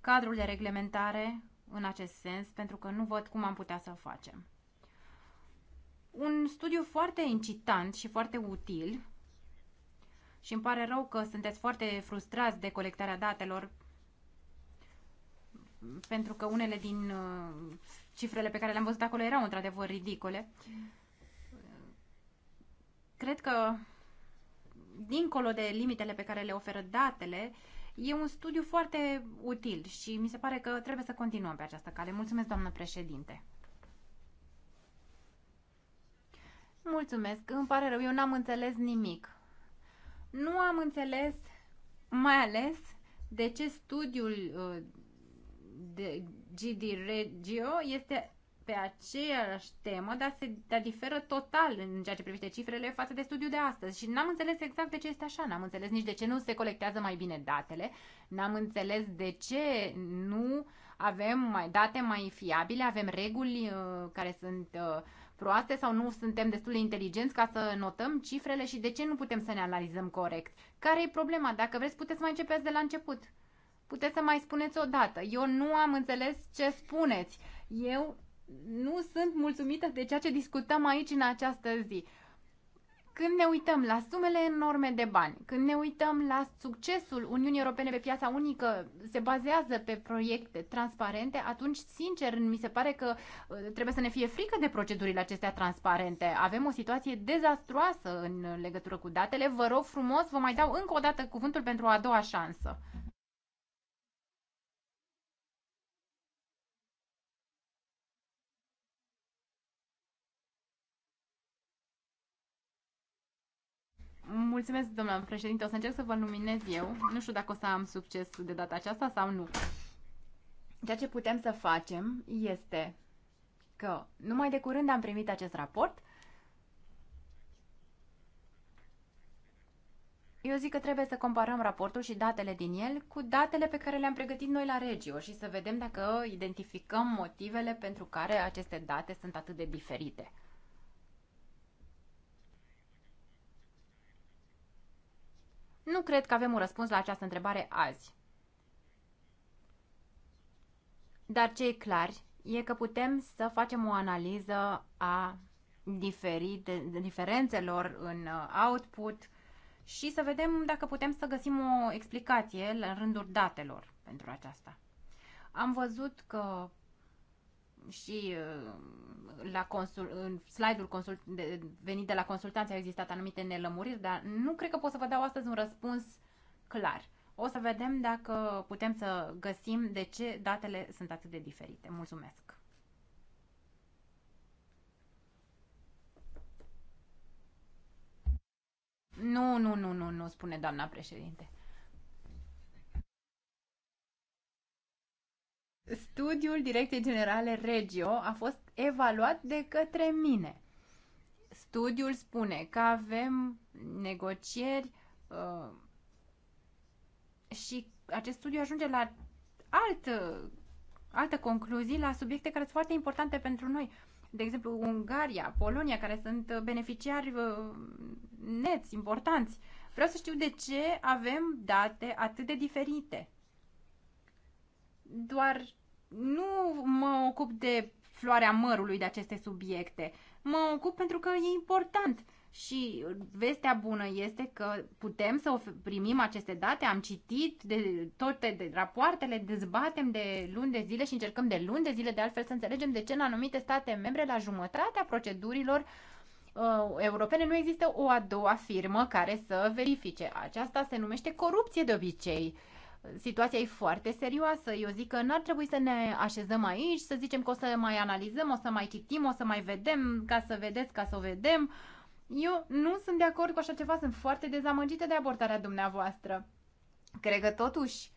cadrul de reglementare în acest sens, pentru că nu văd cum am putea să o facem. Un studiu foarte incitant și foarte util și îmi pare rău că sunteți foarte frustrați de colectarea datelor pentru că unele din uh, cifrele pe care le-am văzut acolo erau într-adevăr ridicole. Cred că dincolo de limitele pe care le oferă datele, e un studiu foarte util și mi se pare că trebuie să continuăm pe această cale. Mulțumesc, doamnă președinte! Mulțumesc, îmi pare rău, eu n-am înțeles nimic. Nu am înțeles mai ales de ce studiul uh, de GD Regio este pe aceeași temă, dar, se, dar diferă total în ceea ce privește cifrele față de studiul de astăzi. Și n-am înțeles exact de ce este așa, n-am înțeles nici de ce nu se colectează mai bine datele, n-am înțeles de ce nu avem mai, date mai fiabile, avem reguli uh, care sunt uh, proaste sau nu suntem destul de inteligenți ca să notăm cifrele și de ce nu putem să ne analizăm corect. Care e problema? Dacă vreți, puteți să mai începeți de la început. Puteți să mai spuneți o dată. Eu nu am înțeles ce spuneți. Eu nu sunt mulțumită de ceea ce discutăm aici în această zi. Când ne uităm la sumele enorme de bani, când ne uităm la succesul Uniunii Europene pe piața unică, se bazează pe proiecte transparente, atunci, sincer, mi se pare că uh, trebuie să ne fie frică de procedurile acestea transparente. Avem o situație dezastruoasă în legătură cu datele. Vă rog frumos, vă mai dau încă o dată cuvântul pentru a doua șansă. Mulțumesc, domnule președinte. O să încerc să vă luminez eu. Nu știu dacă o să am succes de data aceasta sau nu. Ceea ce putem să facem este că numai de curând am primit acest raport. Eu zic că trebuie să comparăm raportul și datele din el cu datele pe care le-am pregătit noi la Regio și să vedem dacă identificăm motivele pentru care aceste date sunt atât de diferite. Nu cred că avem un răspuns la această întrebare azi. Dar ce e clar e că putem să facem o analiză a diferite, diferențelor în uh, output și să vedem dacă putem să găsim o explicație la rândul datelor pentru aceasta. Am văzut că și uh, la consul, în slide-ul consult, de, venit de la consultanță au existat anumite nelămuriri, dar nu cred că pot să vă dau astăzi un răspuns clar. O să vedem dacă putem să găsim de ce datele sunt atât de diferite. Mulțumesc! Nu, nu, nu, nu, nu, spune doamna președinte. Studiul Direcției Generale Regio a fost evaluat de către mine. Studiul spune că avem negocieri uh, și acest studiu ajunge la altă, altă concluzie, la subiecte care sunt foarte importante pentru noi. De exemplu, Ungaria, Polonia, care sunt beneficiari uh, neți, importanți. Vreau să știu de ce avem date atât de diferite. Doar nu mă ocup de floarea mărului de aceste subiecte. Mă ocup pentru că e important. Și vestea bună este că putem să primim aceste date, am citit de toate de rapoartele, dezbatem de luni de zile și încercăm de luni de zile de altfel să înțelegem de ce în anumite state membre la jumătatea procedurilor uh, europene nu există o a doua firmă care să verifice. Aceasta se numește corupție de obicei. Uh, situația e foarte serioasă. Eu zic că n-ar trebui să ne așezăm aici, să zicem că o să mai analizăm, o să mai citim, o să mai vedem, ca să vedeți, ca să o vedem. Eu nu sunt de acord cu așa ceva, sunt foarte dezamăgită de abordarea dumneavoastră. Cred că totuși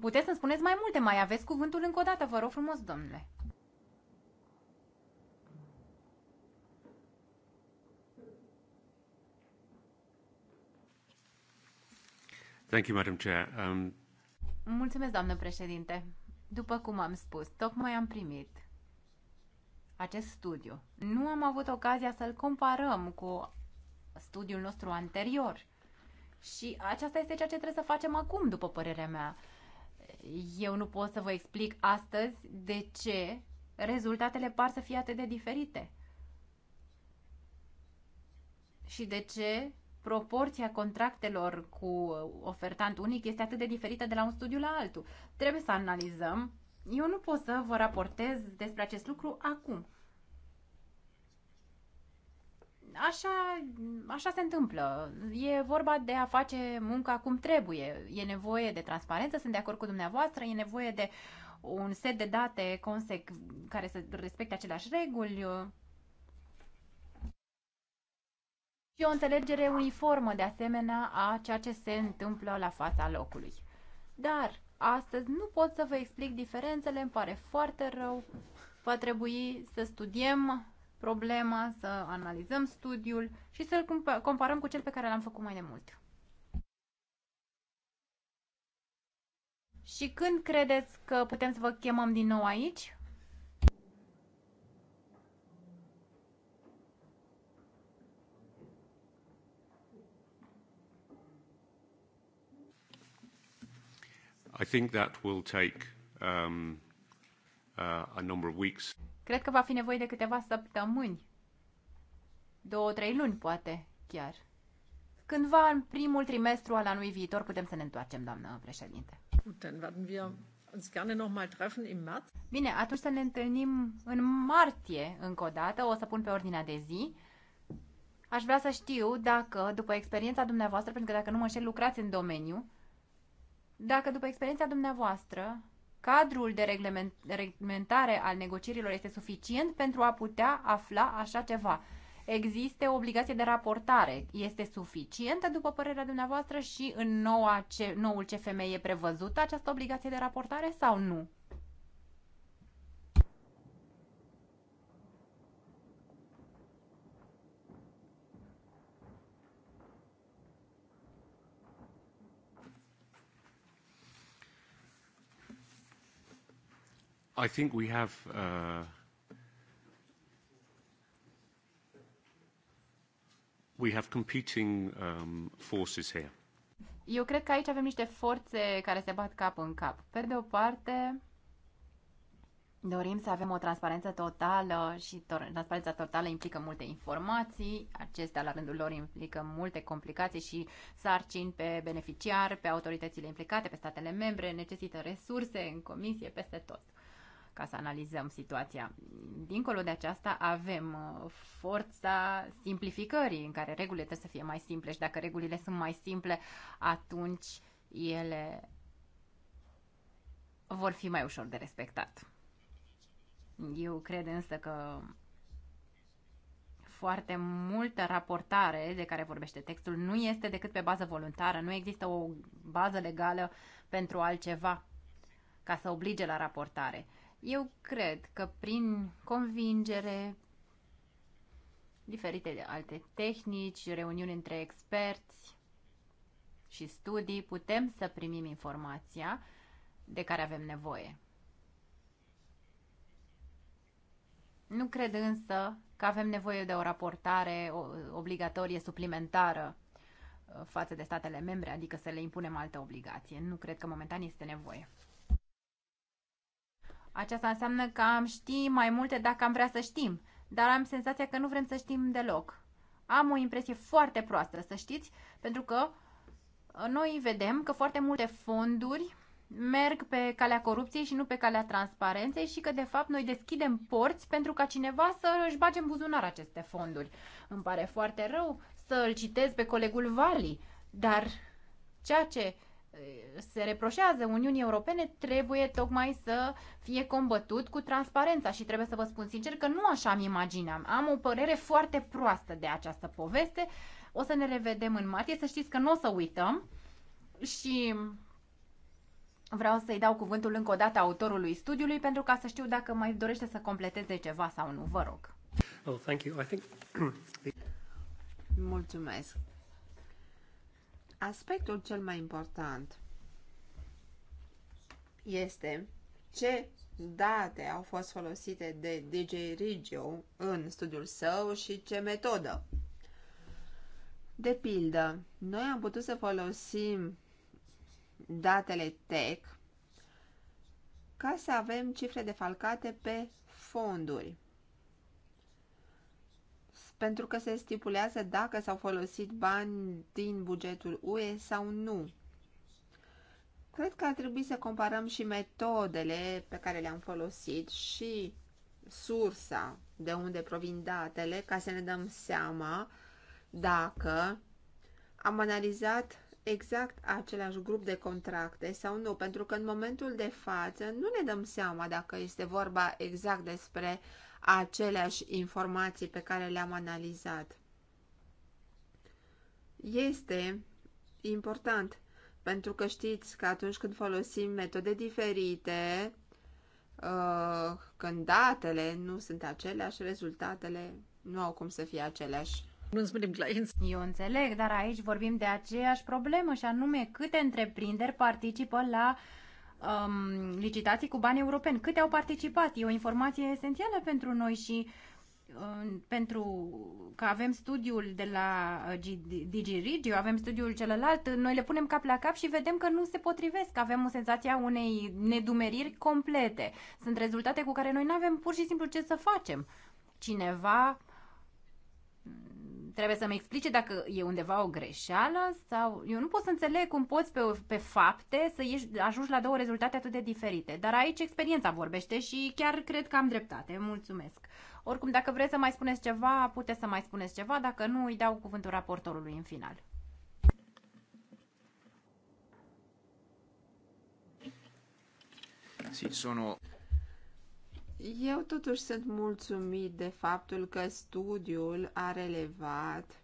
puteți să-mi spuneți mai multe, mai aveți cuvântul încă o dată, vă rog frumos, domnule. Thank you, Madam Chair. Um... Mulțumesc, doamnă președinte. După cum am spus, tocmai am primit acest studiu. Nu am avut ocazia să-l comparăm cu studiul nostru anterior. Și aceasta este ceea ce trebuie să facem acum, după părerea mea. Eu nu pot să vă explic astăzi de ce rezultatele par să fie atât de diferite. Și de ce proporția contractelor cu ofertant unic este atât de diferită de la un studiu la altul. Trebuie să analizăm. Eu nu pot să vă raportez despre acest lucru acum. Așa, așa se întâmplă. E vorba de a face munca cum trebuie. E nevoie de transparență, sunt de acord cu dumneavoastră, e nevoie de un set de date care să respecte aceleași reguli și o înțelegere uniformă, de asemenea, a ceea ce se întâmplă la fața locului. Dar astăzi nu pot să vă explic diferențele, îmi pare foarte rău. Va trebui să studiem problema, să analizăm studiul și să-l comparăm cu cel pe care l-am făcut mai mult. Și când credeți că putem să vă chemăm din nou aici? I think that will take um, uh, a number of weeks. Cred că va fi nevoie de câteva săptămâni. Două, trei luni, poate, chiar. Cândva în primul trimestru al anului viitor putem să ne întoarcem, doamnă președinte. Bine, atunci să ne întâlnim în martie încă o dată, o să pun pe ordinea de zi. Aș vrea să știu dacă, după experiența dumneavoastră, pentru că dacă nu mă înșel, lucrați în domeniu, dacă după experiența dumneavoastră, cadrul de reglementare al negocierilor este suficient pentru a putea afla așa ceva. Există o obligație de raportare. Este suficientă, după părerea dumneavoastră, și în noua, noul CFM e prevăzută această obligație de raportare sau nu? I think we have. Uh, we have competing um, forces here. Eu cred că aici avem niște forțe care se bat cap în cap. Pe de o parte, dorim să avem o transparență totală și transparența totală implică multe informații, acestea la rândul lor implică multe complicații și sarcini pe beneficiar, pe autoritățile implicate, pe statele membre, necesită resurse în comisie, peste tot ca să analizăm situația. Dincolo de aceasta avem uh, forța simplificării, în care regulile trebuie să fie mai simple și dacă regulile sunt mai simple, atunci ele vor fi mai ușor de respectat. Eu cred însă că foarte multă raportare de care vorbește textul nu este decât pe bază voluntară, nu există o bază legală pentru altceva ca să oblige la raportare. Eu cred că prin convingere, diferite alte tehnici, reuniuni între experți și studii, putem să primim informația de care avem nevoie. Nu cred însă că avem nevoie de o raportare obligatorie suplimentară uh, față de statele membre, adică să le impunem altă obligație. Nu cred că momentan este nevoie. Aceasta înseamnă că am ști mai multe dacă am vrea să știm, dar am senzația că nu vrem să știm deloc. Am o impresie foarte proastă, să știți, pentru că uh, noi vedem că foarte multe fonduri merg pe calea corupției și nu pe calea transparenței și că de fapt noi deschidem porți pentru ca cineva să își bage în buzunar aceste fonduri. Îmi pare foarte rău să îl citez pe colegul Vali, dar ceea ce se reproșează Uniunii Europene trebuie tocmai să fie combătut cu transparența și trebuie să vă spun sincer că nu așa mi imagineam. Am o părere foarte proastă de această poveste. O să ne revedem în martie, să știți că nu o să uităm și vreau să-i dau cuvântul încă o dată autorului studiului pentru ca să știu dacă mai dorește să completeze ceva sau nu. Vă rog. Oh, thank you. I think... Mulțumesc aspectul cel mai important este ce date au fost folosite de DJ Rigio în studiul său și ce metodă. De pildă, noi am putut să folosim datele TEC ca să avem cifre defalcate pe fonduri pentru că se stipulează dacă s-au folosit bani din bugetul UE sau nu. Cred că ar trebui să comparăm și metodele pe care le-am folosit și sursa de unde provin datele ca să ne dăm seama dacă am analizat exact același grup de contracte sau nu, pentru că în momentul de față nu ne dăm seama dacă este vorba exact despre aceleași informații pe care le-am analizat. Este important pentru că știți că atunci când folosim metode diferite, uh, când datele nu sunt aceleași, rezultatele nu au cum să fie aceleași. Eu înțeleg, dar aici vorbim de aceeași problemă și anume câte întreprinderi participă la uh, um, licitații cu bani europeni. Câte au participat? E o informație esențială pentru noi și uh, pentru că avem studiul de la uh, DigiRigio, avem studiul celălalt, noi le punem cap la cap și vedem că nu se potrivesc. Avem o senzația unei nedumeriri complete. Sunt rezultate cu care noi nu avem pur și simplu ce să facem. Cineva trebuie să-mi explice dacă e undeva o greșeală sau... Eu nu pot să înțeleg cum poți pe, pe fapte să ieși, ajungi la două rezultate atât de diferite. Dar aici experiența vorbește și chiar cred că am dreptate. Mulțumesc. Oricum, dacă vreți să mai spuneți ceva, puteți să mai spuneți ceva. Dacă nu, îi dau cuvântul raportorului în final. Sì, sono... Eu totuși sunt mulțumit de faptul că studiul a relevat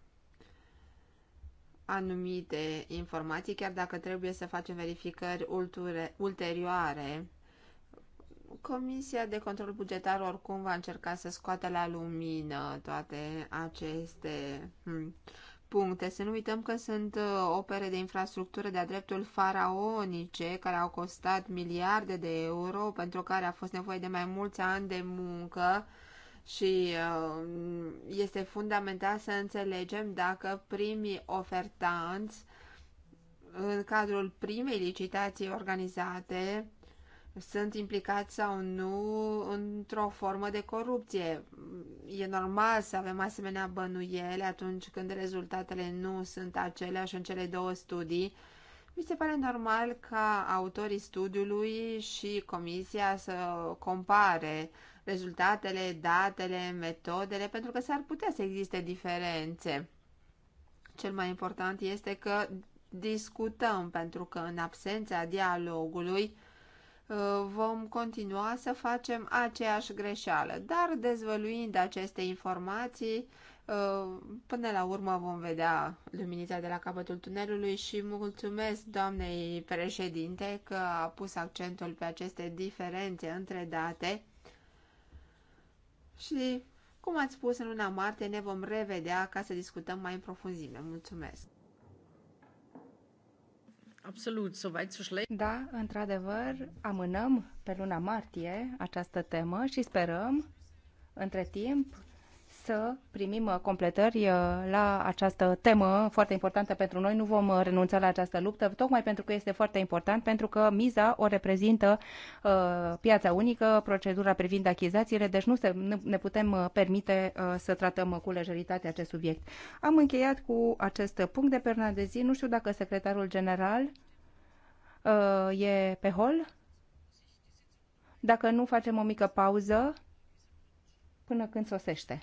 anumite informații, chiar dacă trebuie să facem verificări ulterioare. Comisia de control bugetar oricum va încerca să scoate la lumină toate aceste hmm, puncte. Să nu uităm că sunt uh, opere de infrastructură de-a dreptul faraonice, care au costat miliarde de euro, pentru care a fost nevoie de mai mulți ani de muncă și uh, este fundamental să înțelegem dacă primii ofertanți în cadrul primei licitații organizate sunt implicați sau nu într-o formă de corupție. E normal să avem asemenea bănuiele atunci când rezultatele nu sunt aceleași în cele două studii. Mi se pare normal ca autorii studiului și comisia să compare rezultatele, datele, metodele, pentru că s-ar putea să existe diferențe. Cel mai important este că discutăm, pentru că în absența dialogului, Uh, vom continua să facem aceeași greșeală, dar dezvăluind aceste informații, uh, până la urmă vom vedea luminița de la capătul tunelului și mulțumesc doamnei președinte că a pus accentul pe aceste diferențe între date și, cum ați spus, în luna martie ne vom revedea ca să discutăm mai în profunzime. Mulțumesc! Absolut, so weit so schlecht. Da, într-adevăr, amânăm pe luna martie această temă și sperăm, între timp, să primim uh, completări uh, la această temă foarte importantă pentru noi. Nu vom uh, renunța la această luptă, tocmai pentru că este foarte important, pentru că miza o reprezintă piața unică, procedura privind achizațiile, deci nu se, ne putem permite să tratăm cu lejeritate acest subiect. Am încheiat cu acest punct de perna de zi. Nu știu dacă secretarul general e pe hol. Dacă nu, facem o mică pauză până când sosește.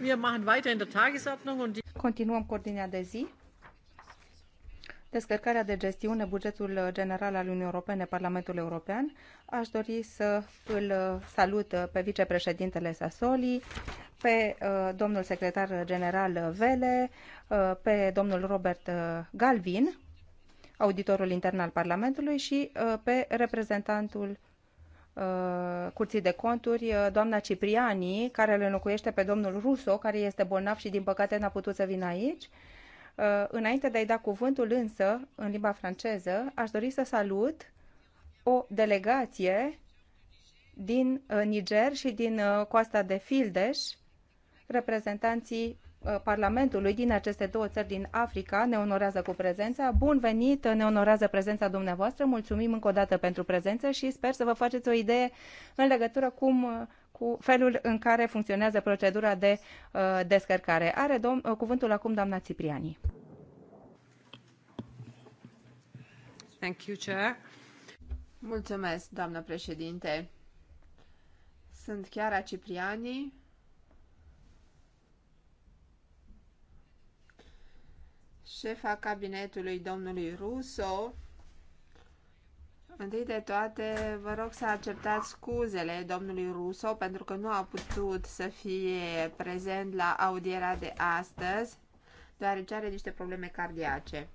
Wir machen weiter in der Tagesordnung und Continuăm cu ordinea de zi. Descărcarea de gestiune, bugetul general al Uniunii Europene, Parlamentul European. Aș dori să îl salut pe vicepreședintele Sassoli, pe uh, domnul secretar general Vele, uh, pe domnul Robert uh, Galvin, auditorul intern al Parlamentului și uh, pe reprezentantul Uh, Curții de Conturi, uh, doamna Cipriani, care îl înlocuiește pe domnul Ruso, care este bolnav și din păcate n-a putut să vină aici. Uh, înainte de a-i da cuvântul însă, în limba franceză, aș dori să salut o delegație din Niger și din coasta de Fildeș, reprezentanții Uh, Parlamentului din aceste două țări din Africa ne onorează cu prezența. Bun venit, ne onorează prezența dumneavoastră. Mulțumim încă o dată pentru prezență și sper să vă faceți o idee în legătură cum, uh, cu felul în care funcționează procedura de uh, descărcare. Are dom- uh, cuvântul acum doamna Cipriani. Thank you, Chair. Mulțumesc, doamnă președinte. Sunt Chiara Cipriani, șefa cabinetului domnului Russo. Întâi de toate, vă rog să acceptați scuzele domnului Russo pentru că nu a putut să fie prezent la audiera de astăzi, deoarece are niște probleme cardiace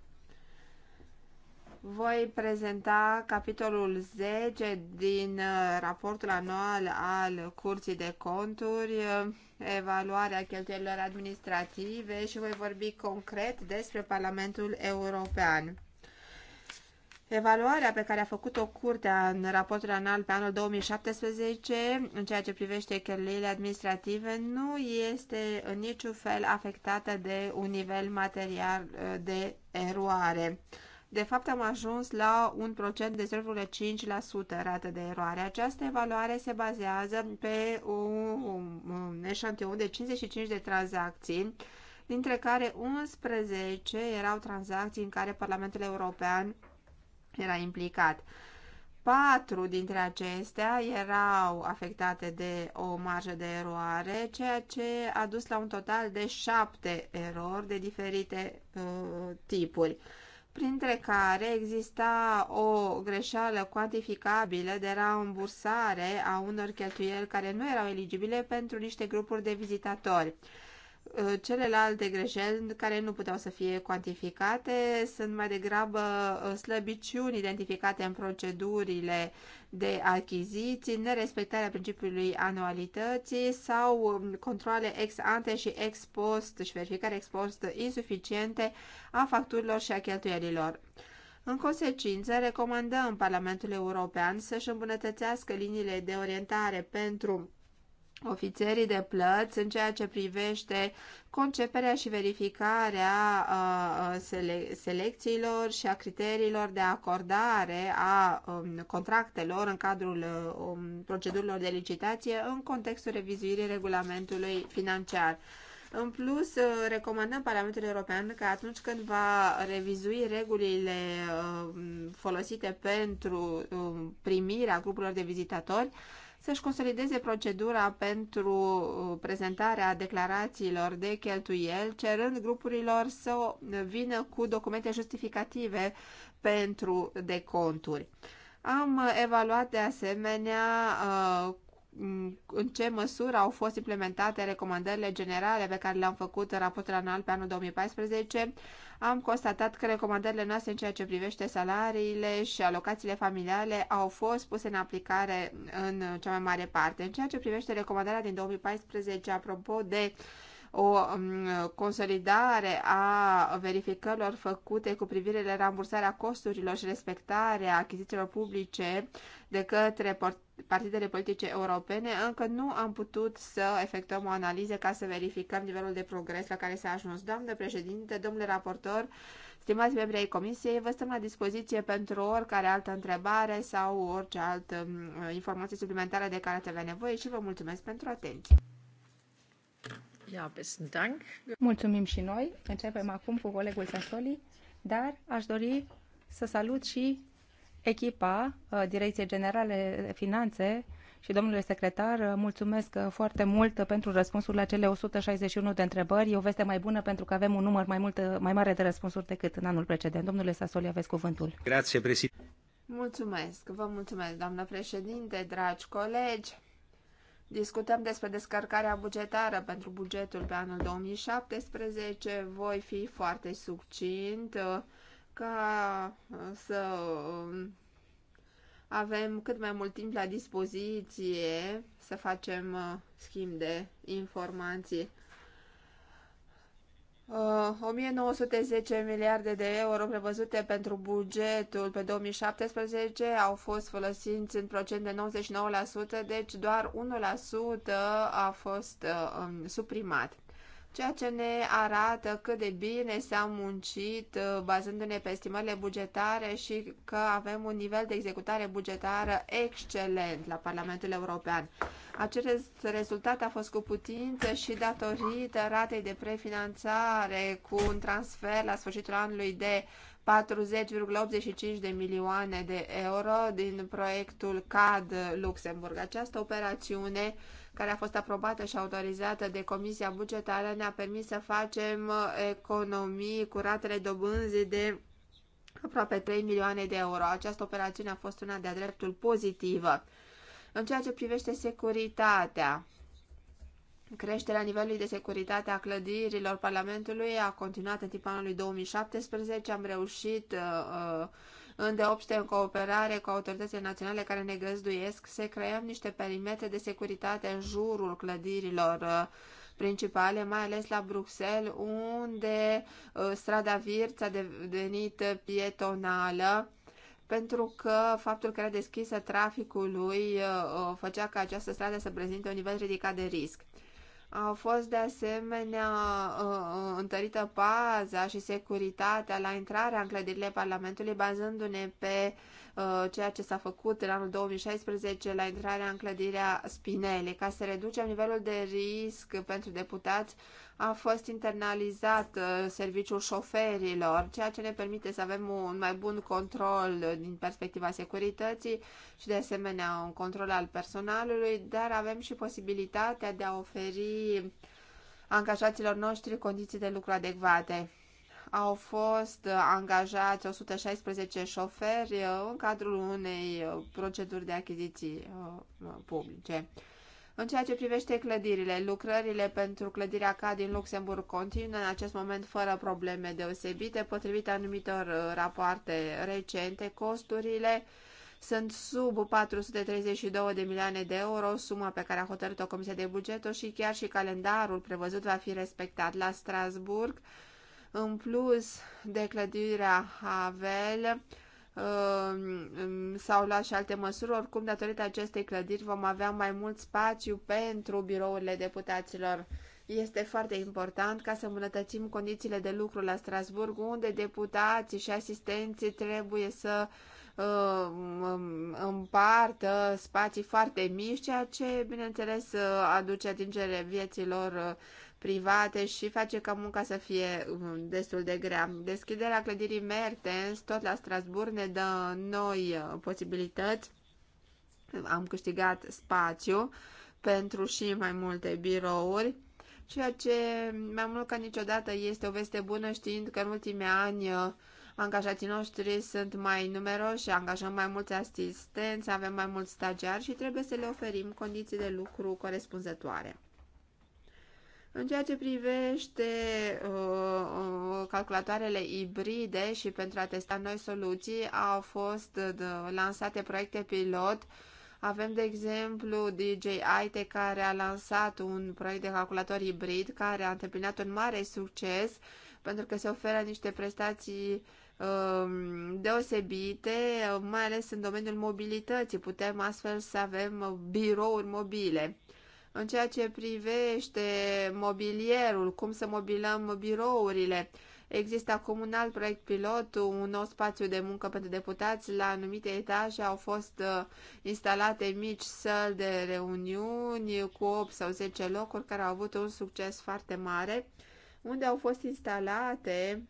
voi prezenta capitolul 10 din uh, raportul anual al Curții de Conturi, uh, evaluarea cheltuielilor administrative și voi vorbi concret despre Parlamentul European. Evaluarea pe care a făcut-o curtea în raportul anual pe anul 2017 în ceea ce privește cheltuielile administrative nu este în niciun fel afectată de un nivel material uh, de eroare. De fapt, am ajuns la un procent de 0,5% rată de eroare. Această evaluare se bazează pe un, eșantion de 55 de tranzacții, dintre care 11 erau tranzacții în care Parlamentul European era implicat. Patru dintre acestea erau afectate de o marjă de eroare, ceea ce a dus la un total de șapte erori de diferite uh, tipuri printre care exista o greșeală cuantificabilă de rambursare a unor cheltuieli care nu erau eligibile pentru niște grupuri de vizitatori. Uh, celelalte greșeli care nu puteau să fie cuantificate sunt mai degrabă uh, slăbiciuni identificate în procedurile de achiziții, nerespectarea principiului anualității sau um, controle ex ante și ex post și verificare ex post insuficiente a facturilor și a cheltuielilor. În consecință, recomandăm Parlamentul European să-și îmbunătățească liniile de orientare pentru ofițerii de plăți în ceea ce privește conceperea și verificarea uh, uh, selecțiilor și a criteriilor de acordare a um, contractelor în cadrul uh, um, procedurilor de licitație în contextul revizuirii regulamentului financiar. În plus, recomandăm Parlamentului European că atunci când va revizui regulile folosite pentru um, primirea grupurilor de vizitatori, să-și consolideze procedura pentru uh, prezentarea declarațiilor de cheltuieli, cerând grupurilor să vină cu documente justificative pentru deconturi. Am evaluat de asemenea uh, Mm, în ce măsură au fost implementate recomandările generale pe care le-am făcut în raportul anual pe anul 2014, am constatat că recomandările noastre în ceea ce privește salariile și alocațiile familiale au fost puse în aplicare în cea mai mare parte. În ceea ce privește recomandarea din 2014, apropo de uh, o um, consolidare a verificărilor făcute cu privire la rambursarea costurilor și respectarea achizițiilor publice de către partidele politice europene, încă nu am putut să efectuăm o analiză ca să verificăm nivelul de progres la care s-a ajuns. Doamnă președinte, domnule raportor, Stimați membri ai Comisiei, vă stăm la dispoziție pentru oricare altă întrebare sau orice altă um, informație suplimentară de care ați avea nevoie și vă mulțumesc pentru atenție. Ja, besten Dank. Mulțumim și noi. Începem acum cu colegul Sasoli, dar aș dori să salut și echipa uh, Direcției Generale Finanțe și domnule secretar, uh, mulțumesc uh, foarte mult pentru răspunsul la cele 161 de întrebări. E o veste mai bună pentru că avem un număr mai, mult, mai mare de răspunsuri decât în anul precedent. Domnule Sasoli, aveți cuvântul. Grație, președinte. Mulțumesc, vă mulțumesc, doamnă președinte, dragi colegi. Discutăm despre descărcarea bugetară pentru bugetul pe anul 2017. Voi fi foarte succint uh, ca uh, să um, avem cât mai mult timp la dispoziție să facem uh, schimb de informații. 1910 uh, miliarde de euro prevăzute pentru bugetul pe 2017 au fost folosiți în procent de 99%, deci doar 1% a fost uh, um, suprimat ceea ce ne arată cât de bine s-a muncit uh, bazându-ne pe estimările bugetare și că avem un nivel de executare bugetară excelent la Parlamentul European. Acest rezultat a fost cu putință și datorită ratei de prefinanțare cu un transfer la sfârșitul anului de 40,85 de milioane de euro din proiectul CAD Luxemburg. Această operațiune care a fost aprobată și autorizată de Comisia Bugetară, ne-a permis să facem uh, economii cu ratele dobânzii de aproape 3 milioane de euro. Această operațiune a fost una de-a dreptul pozitivă. În ceea ce privește securitatea, creșterea nivelului de securitate a clădirilor Parlamentului a continuat în timpul anului 2017. Am reușit uh, uh îndeopște în cooperare cu autoritățile naționale care ne găzduiesc se creăm niște perimete de securitate în jurul clădirilor uh, principale, mai ales la Bruxelles, unde uh, strada Virț a devenit pietonală pentru că faptul că era deschisă traficului uh, făcea ca această stradă să prezinte un nivel ridicat de risc a fost de asemenea uh, uh, întărită paza și securitatea la intrarea în clădirile Parlamentului, bazându-ne pe uh, ceea ce s-a făcut în anul 2016 la intrarea în clădirea Spinele, ca să reducem nivelul de risc pentru deputați a fost internalizat uh, serviciul șoferilor, ceea ce ne permite să avem un mai bun control din perspectiva securității și de asemenea un control al personalului, dar avem și posibilitatea de a oferi angajaților noștri condiții de lucru adecvate. Au fost uh, angajați 116 șoferi uh, în cadrul unei proceduri de achiziții publice. În ceea ce privește clădirile, lucrările pentru clădirea CA din Luxemburg continuă în acest moment fără probleme deosebite. Potrivit anumitor uh, rapoarte recente, costurile sunt sub 432 de milioane de euro, suma pe care a hotărât-o Comisia de Bugetul și chiar și calendarul prevăzut va fi respectat la Strasburg. În plus de clădirea Havel, Uh, sau lua și alte măsuri. Oricum, datorită acestei clădiri, vom avea mai mult spațiu pentru birourile deputaților. Este foarte important ca să îmbunătățim condițiile de lucru la Strasburg, unde deputații și asistenții trebuie să uh, împartă spații foarte mici, ceea ce, bineînțeles, uh, aduce atingere vieților uh, private și face ca munca să fie um, destul de grea. Deschiderea clădirii Mertens, tot la Strasburg, ne dă noi uh, posibilități. Am câștigat spațiu pentru și mai multe birouri, ceea ce mai mult ca niciodată este o veste bună știind că în ultimii ani uh, angajații noștri sunt mai numeroși, angajăm mai mulți asistenți, avem mai mulți stagiari și trebuie să le oferim condiții de lucru corespunzătoare. În ceea ce privește uh, uh, calculatoarele ibride și pentru a testa noi soluții, au fost uh, lansate proiecte pilot. Avem, de exemplu, DJI care a lansat un proiect de calculator ibrid care a întâmpinat un mare succes pentru că se oferă niște prestații um, deosebite, mai ales în domeniul mobilității. Putem astfel să avem birouri mobile în ceea ce privește mobilierul, cum să mobilăm birourile. Există acum un alt proiect pilot, un nou spațiu de muncă pentru deputați. La anumite etaje au fost uh, instalate mici săli de reuniuni cu 8 sau 10 locuri care au avut un succes foarte mare, unde au fost instalate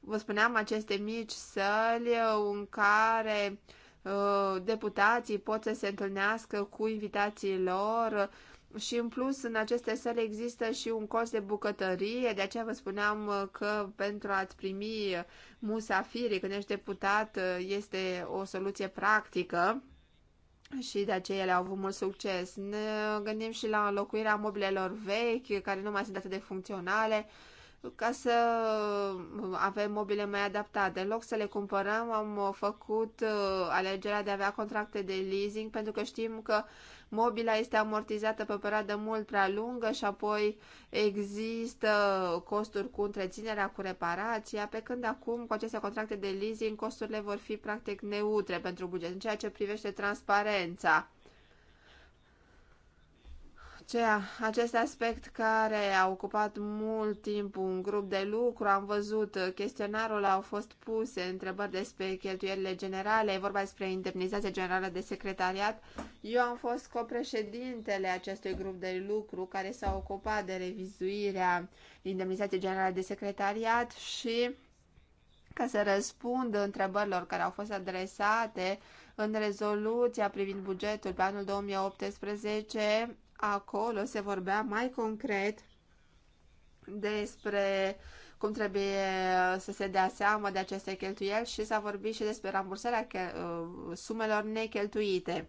vă spuneam, aceste mici săli uh, în care Uh, deputații pot să se întâlnească cu invitații lor și în plus în aceste sale există și un cost de bucătărie, de aceea vă spuneam uh, că pentru a-ți primi musafiri când ești deputat uh, este o soluție practică și de aceea ele au avut mult succes. Ne gândim și la înlocuirea mobilelor vechi, care nu mai sunt atât de funcționale, ca să avem mobile mai adaptate. În loc să le cumpărăm, am făcut uh, alegerea de a avea contracte de leasing pentru că știm că mobila este amortizată pe o perioadă mult prea lungă și apoi există costuri cu întreținerea, cu reparația, pe când acum cu aceste contracte de leasing costurile vor fi practic neutre pentru buget în ceea ce privește transparența aceea, acest aspect care a ocupat mult timp un grup de lucru, am văzut uh, chestionarul, au fost puse întrebări despre cheltuielile generale, e vorba despre indemnizația generală de secretariat. Eu am fost copreședintele acestui grup de lucru care s-a ocupat de revizuirea indemnizației generale de secretariat și ca să răspund întrebărilor care au fost adresate în rezoluția privind bugetul pe anul 2018, acolo se vorbea mai concret despre cum trebuie să se dea seama de aceste cheltuieli și s-a vorbit și despre rambursarea uh, sumelor necheltuite.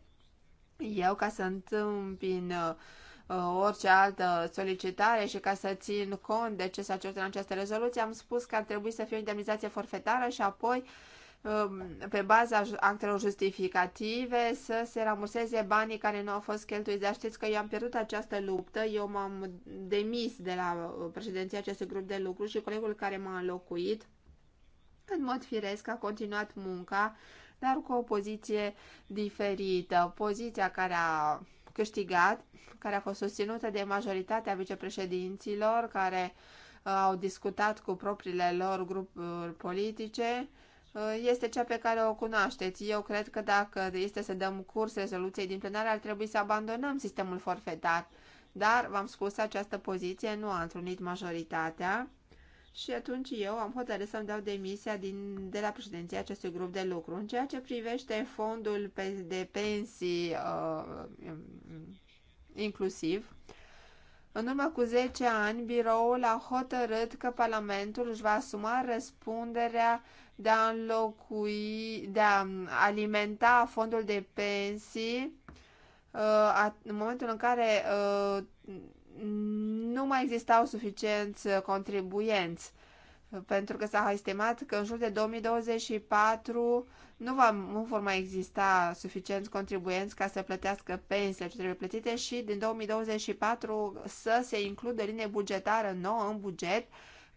Eu, ca să întâmpin uh, orice altă solicitare și ca să țin cont de ce s-a cerut în această rezoluție, am spus că ar trebui să fie o indemnizație forfetară și apoi Um, pe baza actelor justificative să se ramurseze banii care nu au fost cheltuiți. Dar știți că eu am pierdut această luptă, eu m-am demis de la uh, președinția acestui grup de lucru și colegul care m-a înlocuit, în mod firesc, a continuat munca, dar cu o poziție diferită. Poziția care a câștigat, care a fost susținută de majoritatea vicepreședinților, care uh, au discutat cu propriile lor grupuri politice, Uh, este cea pe care o cunoașteți. Eu cred că dacă este să dăm curs rezoluției din plenare, ar trebui să abandonăm sistemul forfetar. Dar, v-am spus, această poziție nu a întrunit majoritatea și atunci eu am hotărât să-mi dau demisia din, de la președinția acestui grup de lucru. În ceea ce privește fondul de pensii uh, inclusiv, uh, în urmă cu 10 ani, biroul a hotărât că Parlamentul își va asuma răspunderea de a înlocui, de a alimenta fondul de pensii uh, în momentul în care uh, nu mai existau suficienți contribuienți pentru că s-a estimat că în jur de 2024 nu, va, nu vor mai exista suficienți contribuenți ca să plătească pensiile ce trebuie plătite și din 2024 să se includă linie bugetară nouă în buget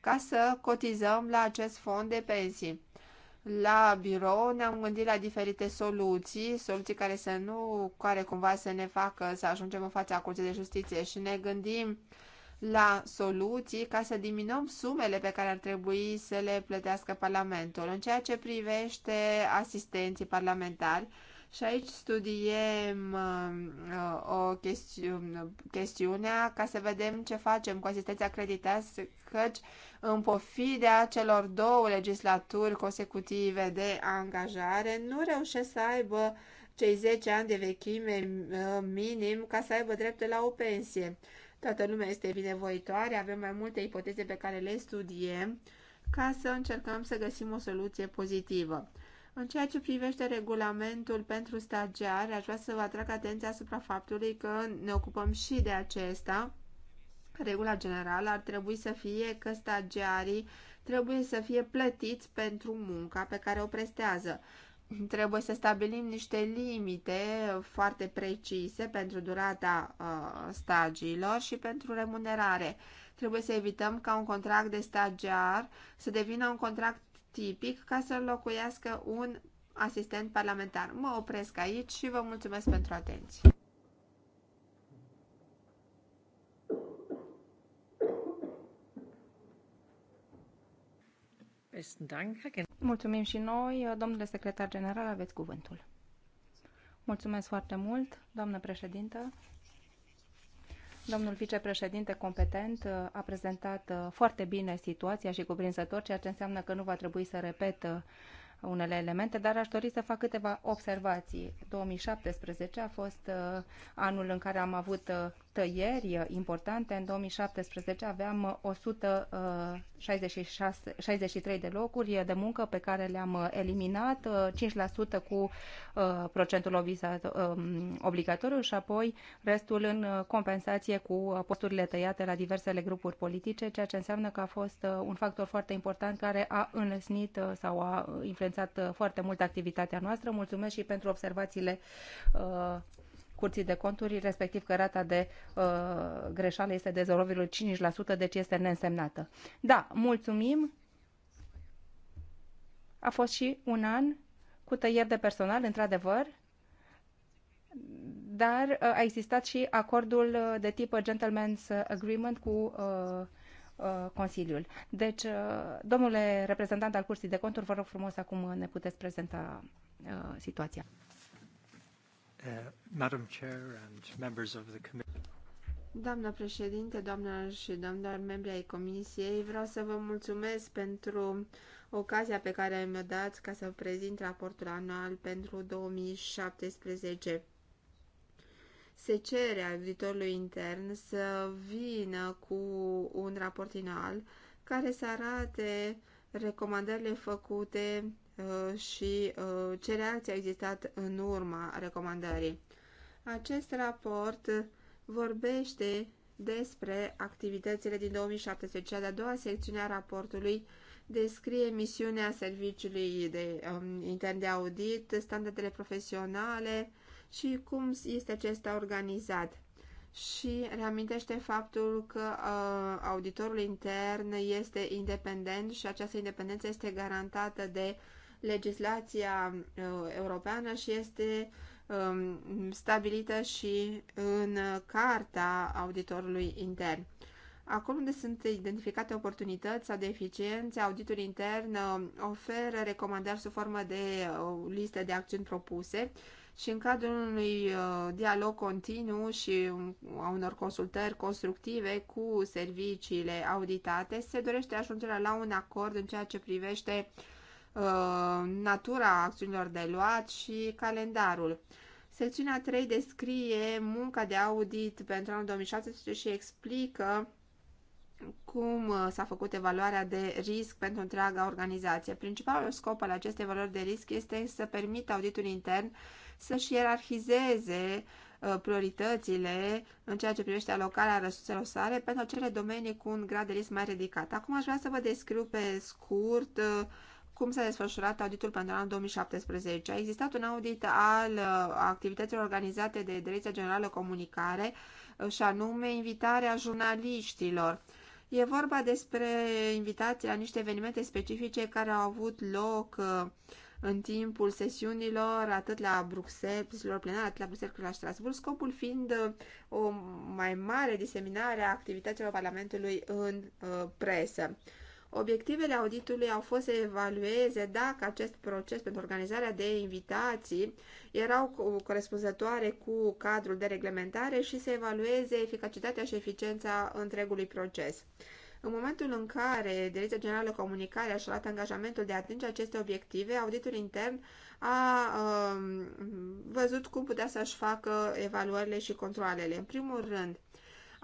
ca să cotizăm la acest fond de pensii. La birou ne-am gândit la diferite soluții, soluții care să nu, care cumva să ne facă să ajungem în fața Curții de Justiție și ne gândim uh, la soluții ca să diminuăm sumele pe care ar trebui să le plătească Parlamentul. În ceea ce privește asistenții parlamentari, și aici studiem uh, o chestiune, chestiunea ca să vedem ce facem cu asistența creditați, căci în pofidea celor două legislaturi consecutive de angajare nu reușesc să aibă cei 10 ani de vechime uh, minim ca să aibă dreptul la o pensie. Toată lumea este binevoitoare, avem mai multe ipoteze pe care le studiem ca să încercăm să găsim o soluție pozitivă. În ceea ce privește regulamentul pentru stagiari, aș vrea să vă atrag atenția asupra faptului că ne ocupăm și de acesta. Regula generală ar trebui să fie că stagiarii trebuie să fie plătiți pentru munca pe care o prestează trebuie să stabilim niște limite foarte precise pentru durata uh, stagiilor și pentru remunerare. Trebuie să evităm ca un contract de stagiar să devină un contract tipic ca să înlocuiască un asistent parlamentar. Mă opresc aici și vă mulțumesc pentru atenție. Mulțumim și noi. Domnule secretar general, aveți cuvântul. Mulțumesc foarte mult, doamnă președintă. Domnul vicepreședinte competent uh, a prezentat uh, foarte bine situația și cuprinzător, ceea ce înseamnă că nu va trebui să repet uh, unele elemente, dar aș dori să fac câteva observații. 2017 a fost anul în care am avut tăieri importante. În 2017 aveam 166, uh, 63 uh, de locuri de muncă pe care le-am uh, eliminat, 5% cu procentul um, obligatoriu și apoi restul în compensație cu posturile tăiate la diversele grupuri politice, ceea ce înseamnă că a fost un factor foarte important care a înlesnit sau a influențat foarte mult activitatea noastră. Mulțumesc și pentru observațiile curții de conturi, respectiv că rata de uh, greșeală este de 0,5%, deci este neînsemnată. Da, mulțumim! A fost și un an cu tăieri de personal, într-adevăr, dar uh, a existat și acordul uh, de tip Gentleman's Agreement cu uh, uh, Consiliul. Deci, uh, domnule reprezentant al Curții de Conturi, vă rog frumos, acum ne puteți prezenta uh, situația. Uh, Madam Chair and members of the committee. președinte, doamna și domnilor membri ai comisiei, vreau să vă mulțumesc pentru ocazia pe care mi-o dați ca să prezint raportul anual pentru 2017. Se cere auditorului intern să vină cu un raport final care să arate recomandările făcute Uh, și uh, ce reacție a existat în urma recomandării. Acest raport vorbește despre activitățile din 2017. Cea de-a doua secțiune a raportului descrie misiunea serviciului de um, intern de audit, standardele profesionale și cum este acesta organizat. Și reamintește faptul că uh, auditorul intern este independent și această independență este garantată de uh, legislația uh, europeană și este um, stabilită și în carta auditorului intern. Acolo unde sunt identificate oportunități sau deficiențe, auditul intern um, oferă recomandări sub formă de o uh, listă de acțiuni propuse și în cadrul unui uh, dialog continuu și um, a unor consultări constructive cu serviciile auditate, se dorește ajungerea la un acord în ceea ce privește uh, Uh, natura acțiunilor de luat și calendarul. Secțiunea 3 descrie munca de audit pentru anul 2017 și explică cum uh, s-a făcut evaluarea de risc pentru întreaga organizație. Principalul scop al acestei valori de risc este să permită auditul intern să-și ierarhizeze uh, prioritățile în ceea ce privește alocarea resurselor sale pentru acele domenii cu un grad de risc mai ridicat. Acum aș vrea să vă descriu pe scurt uh, cum s-a desfășurat auditul pentru anul 2017. A existat un audit al uh, activităților organizate de Direcția Generală Comunicare uh, și anume invitarea jurnaliștilor. E vorba despre invitații la niște evenimente specifice care au avut loc uh, în timpul sesiunilor, atât la Bruxelles, la plenare, atât la Bruxelles cât la Strasbourg, scopul fiind o mai mare diseminare a activităților Parlamentului în presă. Obiectivele auditului au fost să evalueze dacă acest proces pentru organizarea de invitații erau corespunzătoare cu cadrul de reglementare și să evalueze eficacitatea și eficiența întregului proces. În momentul în care Direcția Generală Comunicare a luat angajamentul de a atinge aceste obiective, auditul intern a um, văzut cum putea să-și facă evaluările și controlele. În primul rând,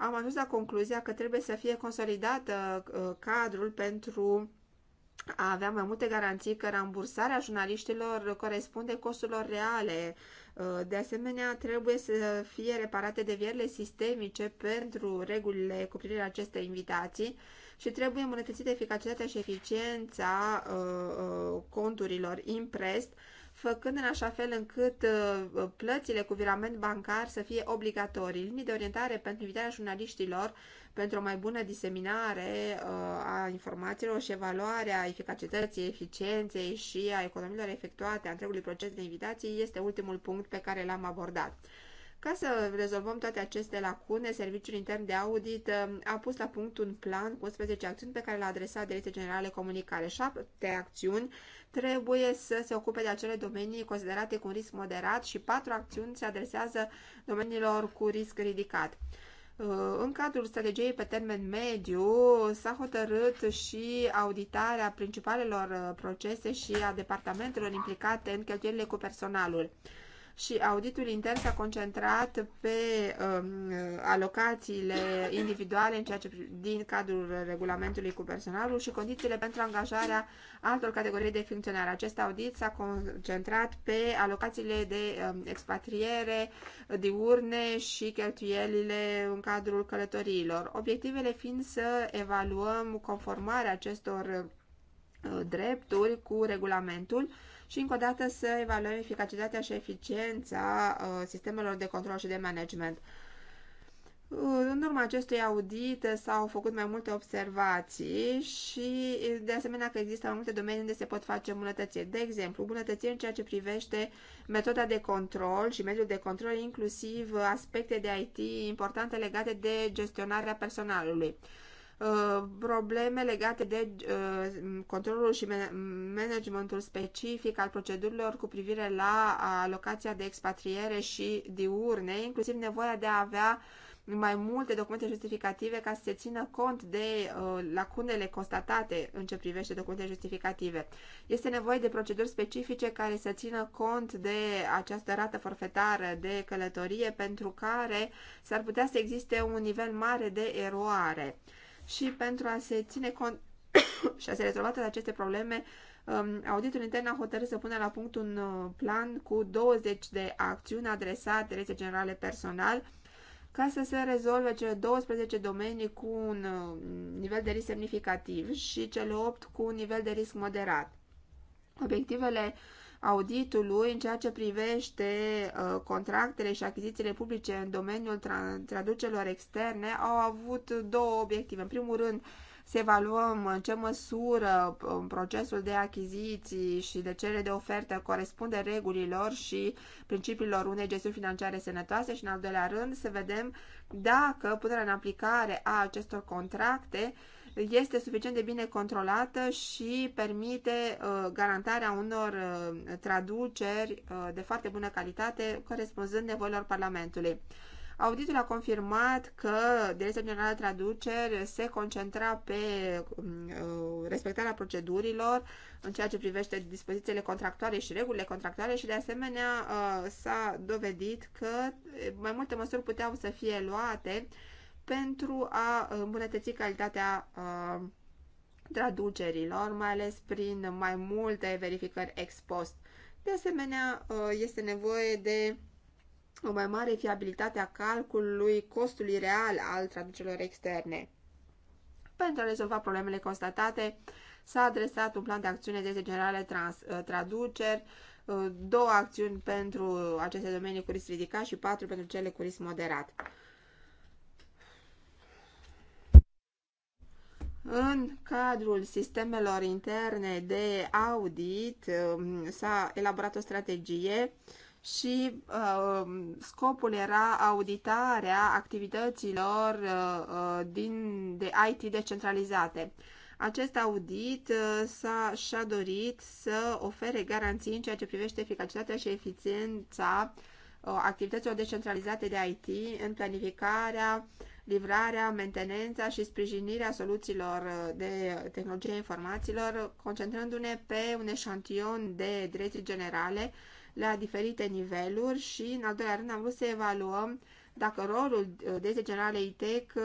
am ajuns la concluzia că trebuie să fie consolidată uh, cadrul pentru a avea mai multe garanții că rambursarea jurnaliștilor corespunde costurilor reale. Uh, de asemenea, trebuie să fie reparate devierile sistemice pentru regulile cu privire aceste invitații și trebuie îmbunătățită eficacitatea și eficiența uh, conturilor imprest făcând în așa fel încât uh, plățile cu virament bancar să fie obligatorii. Linii de orientare pentru invitarea jurnaliștilor pentru o mai bună diseminare uh, a informațiilor și evaluarea eficacității, eficienței și a economiilor efectuate a întregului proces de invitații este ultimul punct pe care l-am abordat. Ca să rezolvăm toate aceste lacune, Serviciul Intern de Audit um, a pus la punct un plan cu 11 acțiuni pe care l-a adresat Direcției Generale Comunicare. Șapte acțiuni trebuie să se ocupe de acele domenii considerate cu un risc moderat și patru acțiuni se adresează domeniilor cu risc ridicat. Uh, în cadrul strategiei pe termen mediu s-a hotărât și auditarea principalelor uh, procese și a departamentelor implicate în cheltuielile cu personalul și auditul intern s-a concentrat pe um, alocațiile individuale în ceea ce, din cadrul regulamentului cu personalul și condițiile pentru angajarea altor categorii de funcționari. Acest audit s-a concentrat pe alocațiile de um, expatriere diurne și cheltuielile în cadrul călătoriilor, obiectivele fiind să evaluăm conformarea acestor uh, drepturi cu regulamentul și încă o dată să evaluăm eficacitatea și eficiența uh, sistemelor de control și de management. Uh, în urma acestui audit s-au făcut mai multe observații și de asemenea că există mai multe domenii unde se pot face îmbunătățiri. De exemplu, îmbunătățiri în ceea ce privește metoda de control și mediul de control, inclusiv aspecte de IT importante legate de gestionarea personalului. Uh, probleme legate de uh, controlul și managementul specific al procedurilor cu privire la alocația de expatriere și diurne, inclusiv nevoia de a avea mai multe documente justificative ca să se țină cont de uh, lacunele constatate în ce privește documente justificative. Este nevoie de proceduri specifice care să țină cont de această rată forfetară de călătorie pentru care s-ar putea să existe un nivel mare de eroare și pentru a se ține cont și a se rezolva toate aceste probleme, um, auditul intern a hotărât să pună la punct un uh, plan cu 20 de acțiuni adresate Direcției Generale Personal ca să se rezolve cele 12 domenii cu un uh, nivel de risc semnificativ și cele 8 cu un nivel de risc moderat. Obiectivele uh, auditului în ceea ce privește uh, contractele și achizițiile publice în domeniul traducerilor externe au avut două obiective. În primul rând, să evaluăm în ce măsură uh, procesul de achiziții și de cerere de ofertă corespunde regulilor și principiilor unei gestiuni financiare sănătoase și, în al doilea rând, să vedem dacă punerea în aplicare a acestor contracte este suficient de bine controlată și permite uh, garantarea unor uh, traduceri uh, de foarte bună calitate, corespunzând nevoilor Parlamentului. Auditul a confirmat că Direcția Generală Traduceri se concentra pe um, respectarea procedurilor în ceea ce privește dispozițiile contractuale și regulile contractuale și de asemenea s-a dovedit că mai multe măsuri puteau să fie luate pentru a îmbunătăți calitatea uh, traducerilor, mai ales prin mai multe verificări ex post. De asemenea, uh, este nevoie de o mai mare fiabilitate a calculului costului real al traducerilor externe. Pentru a rezolva problemele constatate, s-a adresat un plan de acțiune de generale trans, uh, traduceri, două acțiuni pentru aceste domenii cu risc ridicat și patru pentru cele cu risc moderat. În cadrul sistemelor interne de audit um, s-a elaborat o strategie și uh, scopul era auditarea activităților uh, uh din, de IT decentralizate. Acest audit uh, și-a dorit să ofere garanții în ceea ce privește eficacitatea și eficiența uh, activităților decentralizate de IT în planificarea uh, livrarea, mentenența și sprijinirea soluțiilor uh, de tehnologie informațiilor, concentrându-ne pe un eșantion de direcții generale la diferite niveluri și, în al doilea rând, am vrut să evaluăm dacă rolul uh, direcției generale ITEC uh,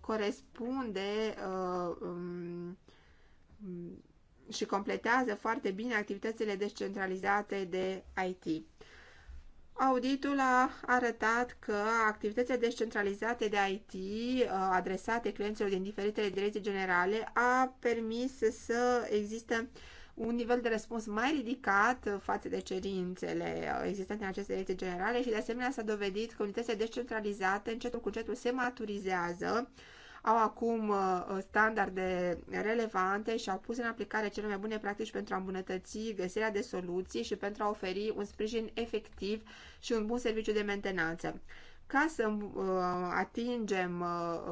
corespunde um, și completează foarte bine activitățile descentralizate de IT. Auditul a arătat că activitățile descentralizate de IT uh, adresate clienților din diferitele direcții generale a permis să există un nivel de răspuns mai ridicat față de cerințele uh, existente în aceste direcții generale și de asemenea s-a dovedit că unitățile descentralizate încetul cu încetul se maturizează au acum uh, uh, standarde relevante și au pus în aplicare cele mai bune practici pentru a îmbunătăți găsirea de soluții și pentru a oferi un sprijin efectiv și un bun serviciu de mentenanță. Ca să uh, atingem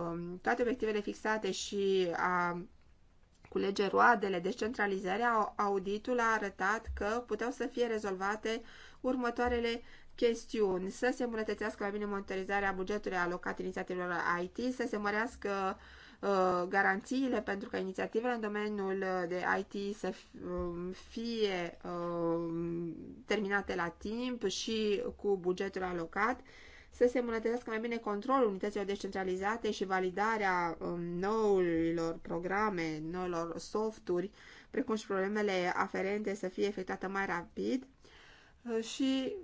um, toate obiectivele fixate și a culege roadele descentralizării, auditul a arătat că puteau să fie rezolvate următoarele chestiuni, să se îmbunătățească mai bine monitorizarea bugetului alocat inițiativelor IT, să se mărească ă, garanțiile pentru că inițiativele în domeniul de IT să ă, fie ă, terminate la timp și cu bugetul alocat, să se îmbunătățească mai bine controlul unităților descentralizate și validarea noilor programe, noilor softuri, precum și problemele aferente să fie efectuată mai rapid și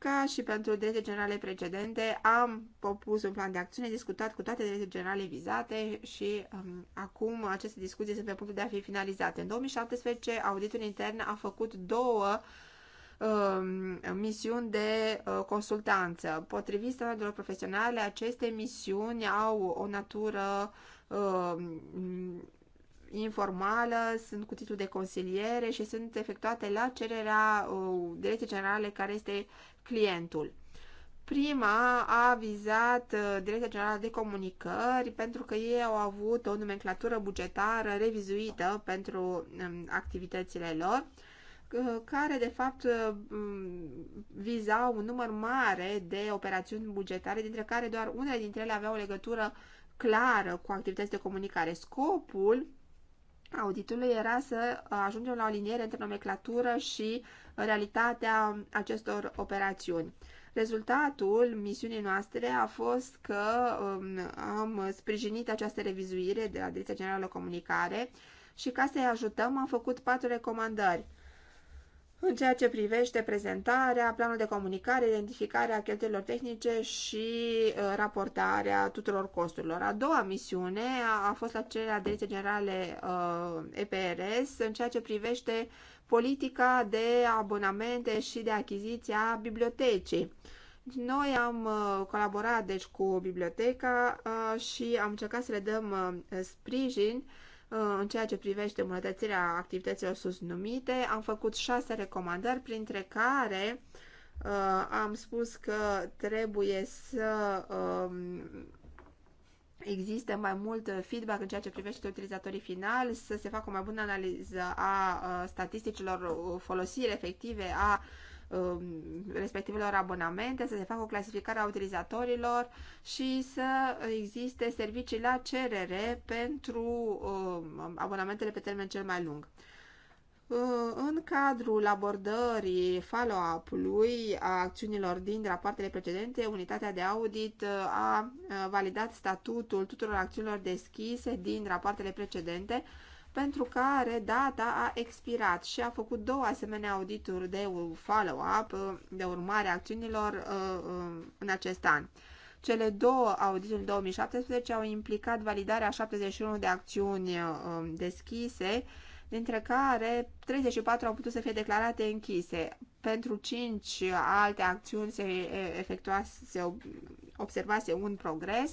ca și pentru direcții generale precedente, am propus un plan de acțiune discutat cu toate direcții generale vizate și um, acum aceste discuții sunt pe punctul de a fi finalizate. În 2017, auditul intern a făcut două um, misiuni de uh, consultanță. Potrivit standardelor profesionale, aceste misiuni au o natură um, informală, sunt cu titlu de consiliere și sunt efectuate la cererea uh, Direcției Generale care este clientul. Prima a vizat uh, Direcția Generală de Comunicări pentru că ei au avut o nomenclatură bugetară revizuită pentru um, activitățile lor, uh, care de fapt vizau un număr mare de operațiuni bugetare, dintre care doar unele dintre ele aveau o legătură clară cu activități de comunicare. Scopul auditului era să uh, ajungem la o liniere între nomenclatură și realitatea acestor operațiuni. Rezultatul misiunii noastre a fost că um, am sprijinit această revizuire de la Direcția Generală Comunicare și ca să-i ajutăm am făcut patru recomandări în ceea ce privește prezentarea, planul de comunicare, identificarea cheltuielor tehnice și uh, raportarea tuturor costurilor. A doua misiune a fost la cererea Direcției Generale uh, EPRS în ceea ce privește politica de abonamente și de achiziția bibliotecii. Noi am uh, colaborat deci cu biblioteca și am încercat să le dăm sprijin în ceea ce privește îmbunătățirea activităților susnumite. Am făcut șase recomandări, printre care uh, am spus că trebuie să um, existe mai mult feedback în ceea ce privește utilizatorii finali, să se facă o mai bună analiză a uh, statisticilor folosiri efective a Um, respectivelor abonamente, să se facă o clasificare a utilizatorilor și să existe servicii la cerere pentru um, abonamentele pe termen cel mai lung. Uh, în cadrul abordării follow-up-ului a acțiunilor din rapoartele precedente, unitatea de audit uh, a uh, validat statutul tuturor acțiunilor deschise din rapoartele precedente pentru care data a expirat și a făcut două asemenea audituri de follow-up, uh, de urmare a acțiunilor uh, uh, în acest an. Cele două audituri în 2017 au implicat validarea 71 de acțiuni deschise, dintre care 34 au putut să fie declarate închise. Pentru 5 alte acțiuni se efectuase, se observase un progres,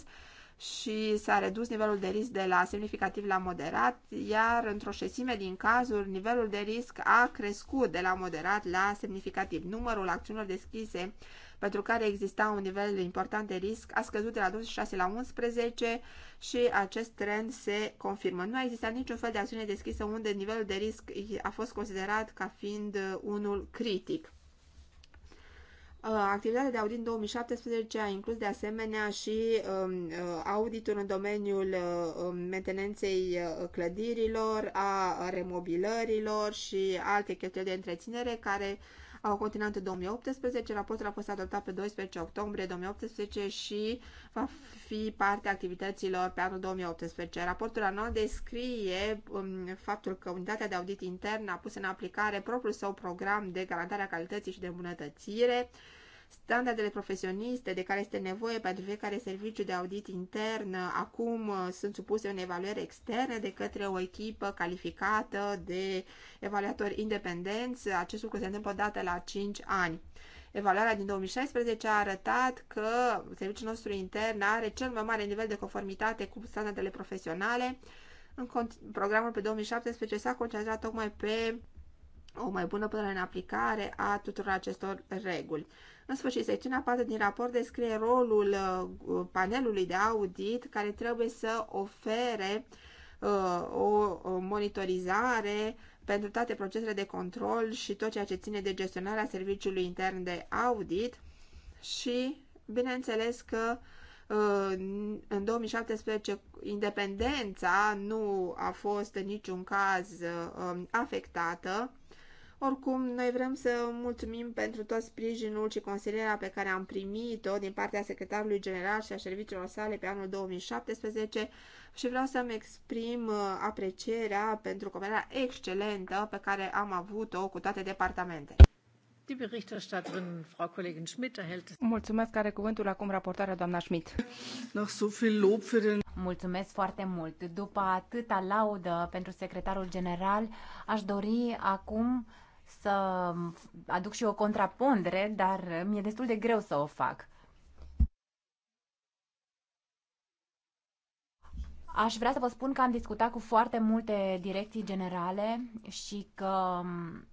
și s-a redus nivelul de risc de la semnificativ la moderat, iar într-o șesime din cazuri, nivelul de risc a crescut de la moderat la semnificativ. Numărul acțiunilor deschise pentru care exista un nivel important de risc a scăzut de la 26 la 11 și acest trend se confirmă. Nu a existat niciun fel de acțiune deschisă unde nivelul de risc a fost considerat ca fiind unul critic. Uh, activitatea de audit în 2017 a inclus de asemenea și um, uh, auditul în domeniul uh, um, mentenenței clădirilor, a remobilărilor și alte chestiuni de întreținere care au continuat în 2018, raportul a fost adoptat pe 12 octombrie 2018 și va fi parte a activităților pe anul 2018. Raportul anual descrie um, faptul că unitatea de audit intern a pus în aplicare propriul său program de garantare a calității și de îmbunătățire, Standardele profesioniste de care este nevoie pentru fiecare serviciu de audit intern uh, acum uh, sunt supuse unei evaluări externe de către o echipă calificată de evaluatori independenți. Acest lucru se întâmplă odată la 5 ani. Evaluarea din 2016 a arătat că serviciul nostru intern are cel mai mare nivel de conformitate cu standardele profesionale. În programul pe 2017 s-a concentrat tocmai pe o mai bună punere în aplicare a tuturor acestor reguli. În sfârșit, secțiunea 4 din raport descrie rolul uh, panelului de audit care trebuie să ofere uh, o monitorizare pentru toate procesele de control și tot ceea ce ține de gestionarea serviciului intern de audit și, bineînțeles că uh, în 2017 independența nu a fost în niciun caz afectată oricum, noi vrem să mulțumim pentru tot sprijinul și consilierea pe care am primit-o din partea secretarului general și a serviciilor sale pe anul 2017 și vreau să-mi exprim uh, aprecierea pentru cooperarea excelentă pe care am avut-o cu toate departamentele. Mulțumesc, care cuvântul acum raportarea doamna Schmidt. Mulțumesc foarte mult. După atâta laudă pentru secretarul general, aș dori acum să aduc și o contrapondere, dar mi-e destul de greu să o fac. Aș vrea să vă spun că am discutat cu foarte multe direcții generale și că mm,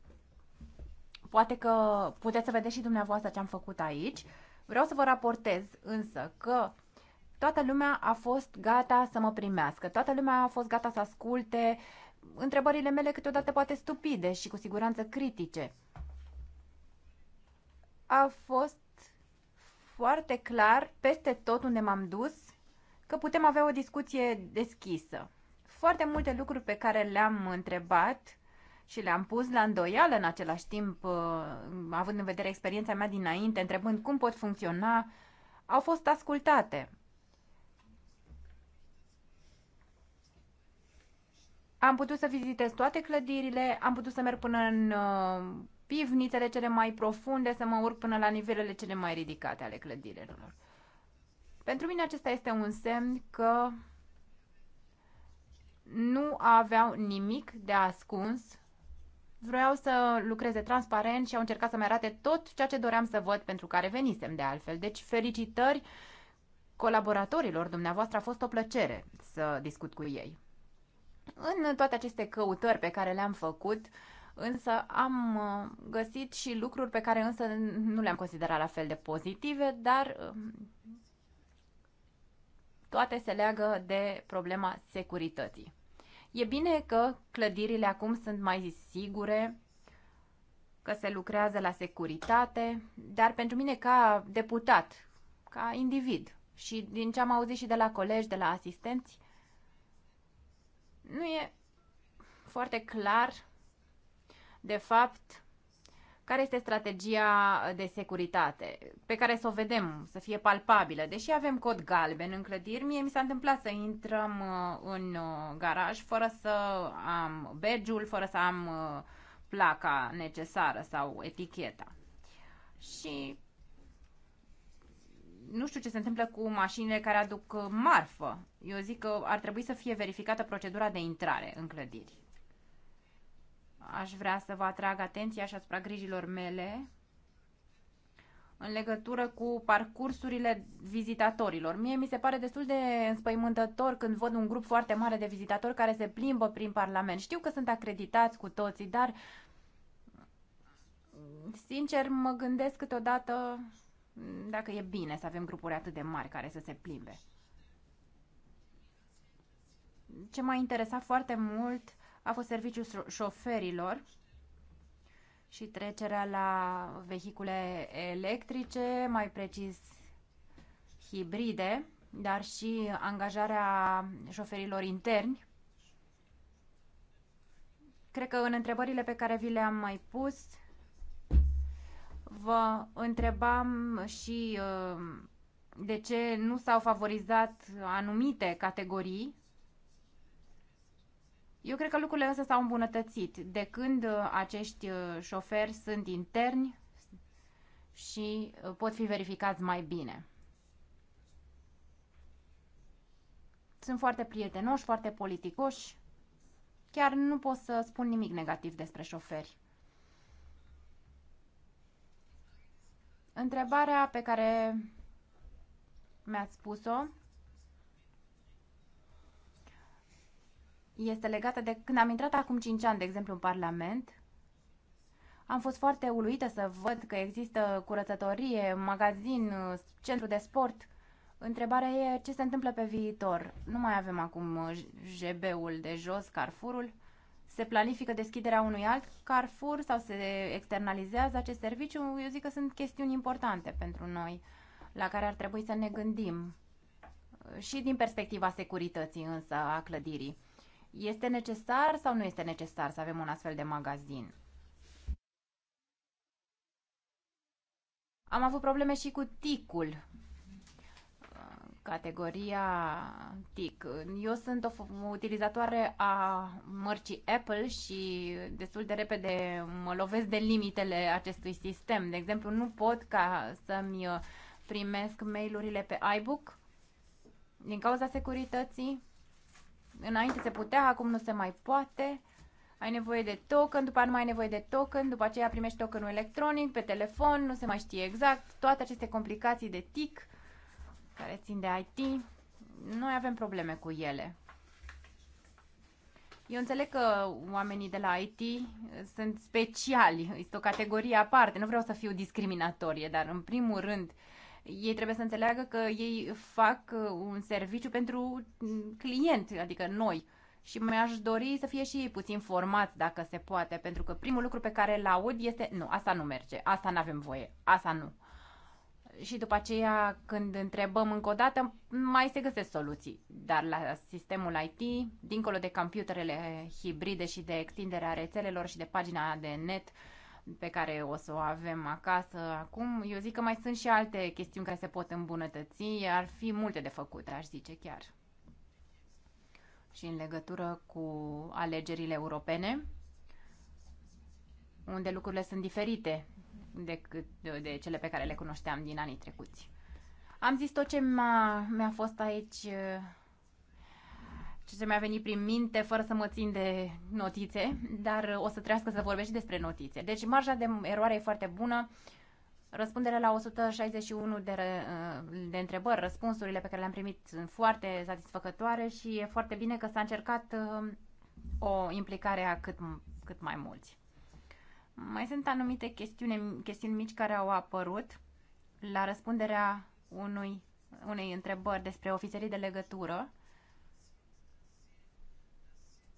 poate că puteți să vedeți și dumneavoastră ce am făcut aici. Vreau să vă raportez însă că toată lumea a fost gata să mă primească, toată lumea a fost gata să asculte întrebările mele câteodată poate stupide și cu siguranță critice. A fost foarte clar, peste tot unde m-am dus, că putem avea o discuție deschisă. Foarte multe lucruri pe care le-am întrebat și le-am pus la îndoială în același timp, uh, având în vedere experiența mea dinainte, întrebând cum pot funcționa, au fost ascultate. Am putut să vizitez toate clădirile, am putut să merg până în uh, pivnițele cele mai profunde, să mă urc până la nivelele cele mai ridicate ale clădirilor. Pentru mine acesta este un semn că nu aveau nimic de ascuns, vreau să lucreze transparent și au încercat să-mi arate tot ceea ce doream să văd pentru care venisem de altfel. Deci felicitări colaboratorilor dumneavoastră, a fost o plăcere să discut cu ei. În toate aceste căutări pe care le-am făcut, însă am uh, găsit și lucruri pe care însă nu le-am considerat la fel de pozitive, dar um, toate se leagă de problema securității. E bine că clădirile acum sunt mai sigure, că se lucrează la securitate, dar pentru mine ca deputat, ca individ și din ce am auzit și de la colegi, de la asistenți, nu e foarte clar, de fapt, care este strategia de securitate pe care să o vedem, să fie palpabilă. Deși avem cod galben în clădiri, mie mi s-a întâmplat să intrăm uh, în uh, garaj fără să am badge fără să am uh, placa necesară sau eticheta. Și nu știu ce se întâmplă cu mașinile care aduc uh, marfă. Eu zic că ar trebui să fie verificată procedura de intrare în clădiri. Aș vrea să vă atrag atenția și asupra grijilor mele în legătură cu parcursurile vizitatorilor. Mie mi se pare destul de înspăimântător când văd un grup foarte mare de vizitatori care se plimbă prin Parlament. Știu că sunt acreditați cu toții, dar sincer mă gândesc câteodată dacă e bine să avem grupuri atât de mari care să se plimbe. Ce m-a interesat foarte mult a fost serviciul șoferilor și trecerea la vehicule electrice, mai precis hibride, dar și angajarea șoferilor interni. Cred că în întrebările pe care vi le-am mai pus, Vă întrebam și uh, de ce nu s-au favorizat anumite categorii. Eu cred că lucrurile însă s-au îmbunătățit de când uh, acești uh, șoferi sunt interni și pot fi verificați mai bine. Sunt foarte prietenoși, foarte politicoși. Chiar nu pot să spun nimic negativ despre șoferi. Întrebarea pe care mi-ați spus-o este legată de când am intrat acum 5 ani, de exemplu, în Parlament. Am fost foarte uluită să văd că există curățătorie, magazin, centru de sport. Întrebarea e ce se întâmplă pe viitor. Nu mai avem acum JB-ul de jos, carfurul se planifică deschiderea unui alt carfur sau se externalizează acest serviciu, eu zic că sunt chestiuni importante pentru noi la care ar trebui să ne gândim și din perspectiva securității însă a clădirii. Este necesar sau nu este necesar să avem un astfel de magazin? Am avut probleme și cu ticul categoria TIC. Eu sunt o utilizatoare a mărcii Apple și destul de repede mă lovesc de limitele acestui sistem. De exemplu, nu pot ca să-mi uh, primesc mail-urile pe iBook din cauza securității. Înainte se putea, acum nu se mai poate. Ai nevoie de token, după nu mai ai nevoie de token, după aceea primești tokenul electronic pe telefon, nu se mai știe exact. Toate aceste complicații de TIC care țin de IT, noi avem probleme cu ele. Eu înțeleg că oamenii de la IT sunt speciali, este o categorie aparte, nu vreau să fiu discriminatorie, dar în primul rând ei trebuie să înțeleagă că ei fac uh, un serviciu pentru mm, client, adică noi. Și mi-aș dori să fie și ei puțin formați, dacă se poate, pentru că primul lucru pe care îl aud este nu, asta nu merge, asta nu avem voie, asta nu și după aceea când întrebăm încă o dată, mai se găsesc soluții. Dar la sistemul IT, dincolo de computerele hibride și de extinderea rețelelor și de pagina de net pe care o să o avem acasă acum, eu zic că mai sunt și alte chestiuni care se pot îmbunătăți, ar fi multe de făcut, aș zice chiar. Și în legătură cu alegerile europene, unde lucrurile sunt diferite decât de cele pe care le cunoșteam din anii trecuți. Am zis tot ce mi-a, mi-a fost aici, ce mi-a venit prin minte, fără să mă țin de notițe, dar o să trească să vorbesc și despre notițe. Deci marja de eroare e foarte bună. Răspundere la 161 de, uh, de întrebări, răspunsurile pe care le-am primit sunt foarte satisfăcătoare și e foarte bine că s-a încercat uh, o implicare a cât, cât mai mulți. Mai sunt anumite chestiuni, chestiuni mici care au apărut la răspunderea unui, unei întrebări despre ofițerii de legătură.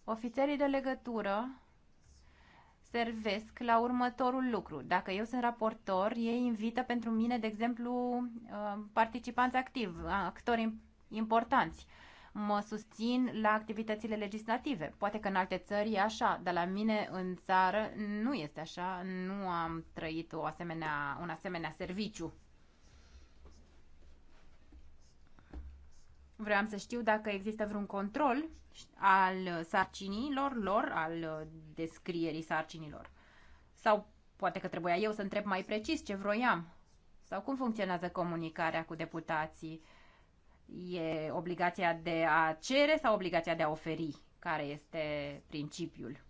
Ofițerii de legătură servesc la următorul lucru. Dacă eu sunt raportor, ei invită pentru mine, de exemplu, uh, participanți activi, actori importanți mă susțin la activitățile legislative. Poate că în alte țări e așa, dar la mine în țară nu este așa, nu am trăit o asemenea, un asemenea serviciu. Vreau să știu dacă există vreun control al sarcinilor lor, al descrierii sarcinilor. Sau poate că trebuia eu să întreb mai precis ce vroiam. Sau cum funcționează comunicarea cu deputații? E obligația de a cere sau obligația de a oferi? Care este principiul?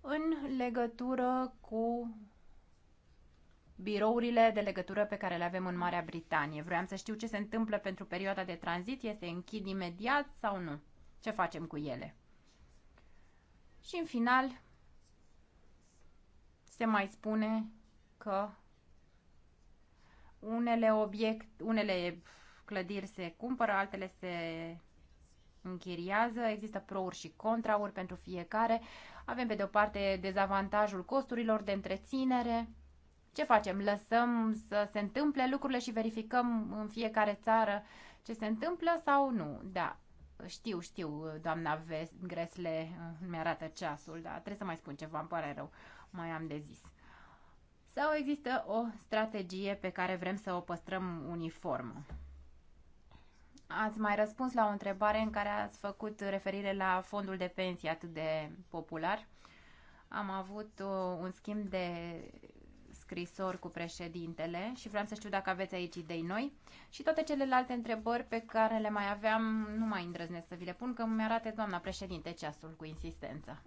În legătură cu birourile de legătură pe care le avem în Marea Britanie. Vreau să știu ce se întâmplă pentru perioada de tranziție, se închid imediat sau nu? Ce facem cu ele? Și în final se mai spune că unele obiect, unele clădiri se cumpără, altele se închiriază, există prouri și contrauri pentru fiecare. Avem pe de o parte dezavantajul costurilor de întreținere. Ce facem? Lăsăm să se întâmple lucrurile și verificăm în fiecare țară ce se întâmplă sau nu? Da, știu, știu, doamna Gresle uh, mi-arată ceasul, dar trebuie să mai spun ceva, îmi pare rău, mai am de zis. Sau există o strategie pe care vrem să o păstrăm uniformă? Ați mai răspuns la o întrebare în care ați făcut referire la fondul de pensie atât de popular. Am avut uh, un schimb de scrisori cu președintele și vreau să știu dacă aveți aici idei noi și toate celelalte întrebări pe care le mai aveam nu mai îndrăznesc să vi le pun că mi arate doamna președinte ceasul cu insistență.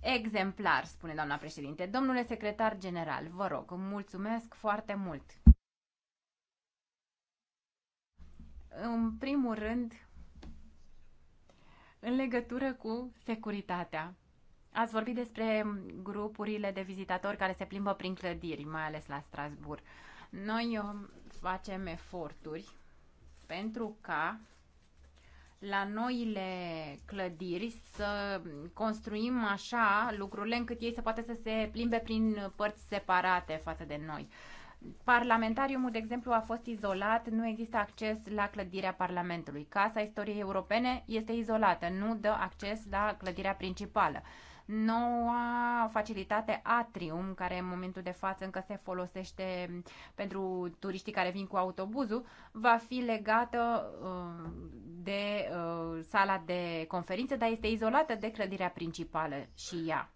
Exemplar, spune doamna președinte. Domnule secretar general, vă rog, mulțumesc foarte mult. În primul rând, în legătură cu securitatea. Ați vorbit despre grupurile de vizitatori care se plimbă prin clădiri, mai ales la Strasbourg. Noi uh, facem eforturi pentru ca la noile clădiri să construim așa lucrurile încât ei să poată să se plimbe prin părți separate față de noi. Parlamentariumul, de exemplu, a fost izolat, nu există acces la clădirea Parlamentului. Casa Istoriei Europene este izolată, nu dă acces la clădirea principală. Noua facilitate Atrium, care în momentul de față încă se folosește pentru turiștii care vin cu autobuzul, va fi legată uh, de uh, sala de conferințe, dar este izolată de clădirea principală și ea.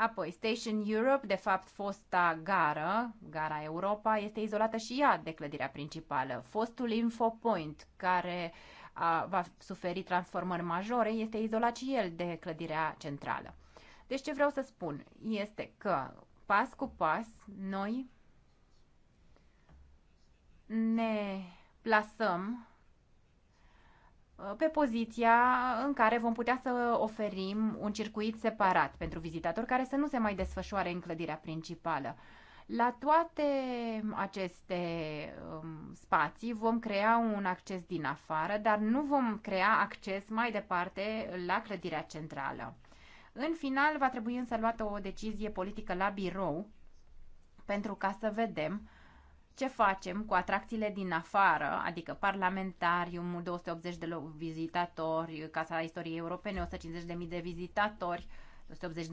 Apoi, Station Europe, de fapt fosta gară, gara Europa, este izolată și ea de clădirea principală. Fostul InfoPoint, care a, va suferi transformări majore, este izolat și el de clădirea centrală. Deci ce vreau să spun este că pas cu pas noi ne plasăm Uh, pe poziția în care vom putea să oferim un circuit separat pentru vizitatori care să nu se mai desfășoare în clădirea principală. La toate aceste um, spații vom crea un acces din afară, dar nu vom crea acces mai departe la clădirea centrală. În final, va trebui însă luată o decizie politică la birou pentru ca să vedem ce facem cu atracțiile din afară, adică Parlamentarium, 280 de vizitatori, Casa Istoriei Europene, 150.000 de vizitatori, 180.000,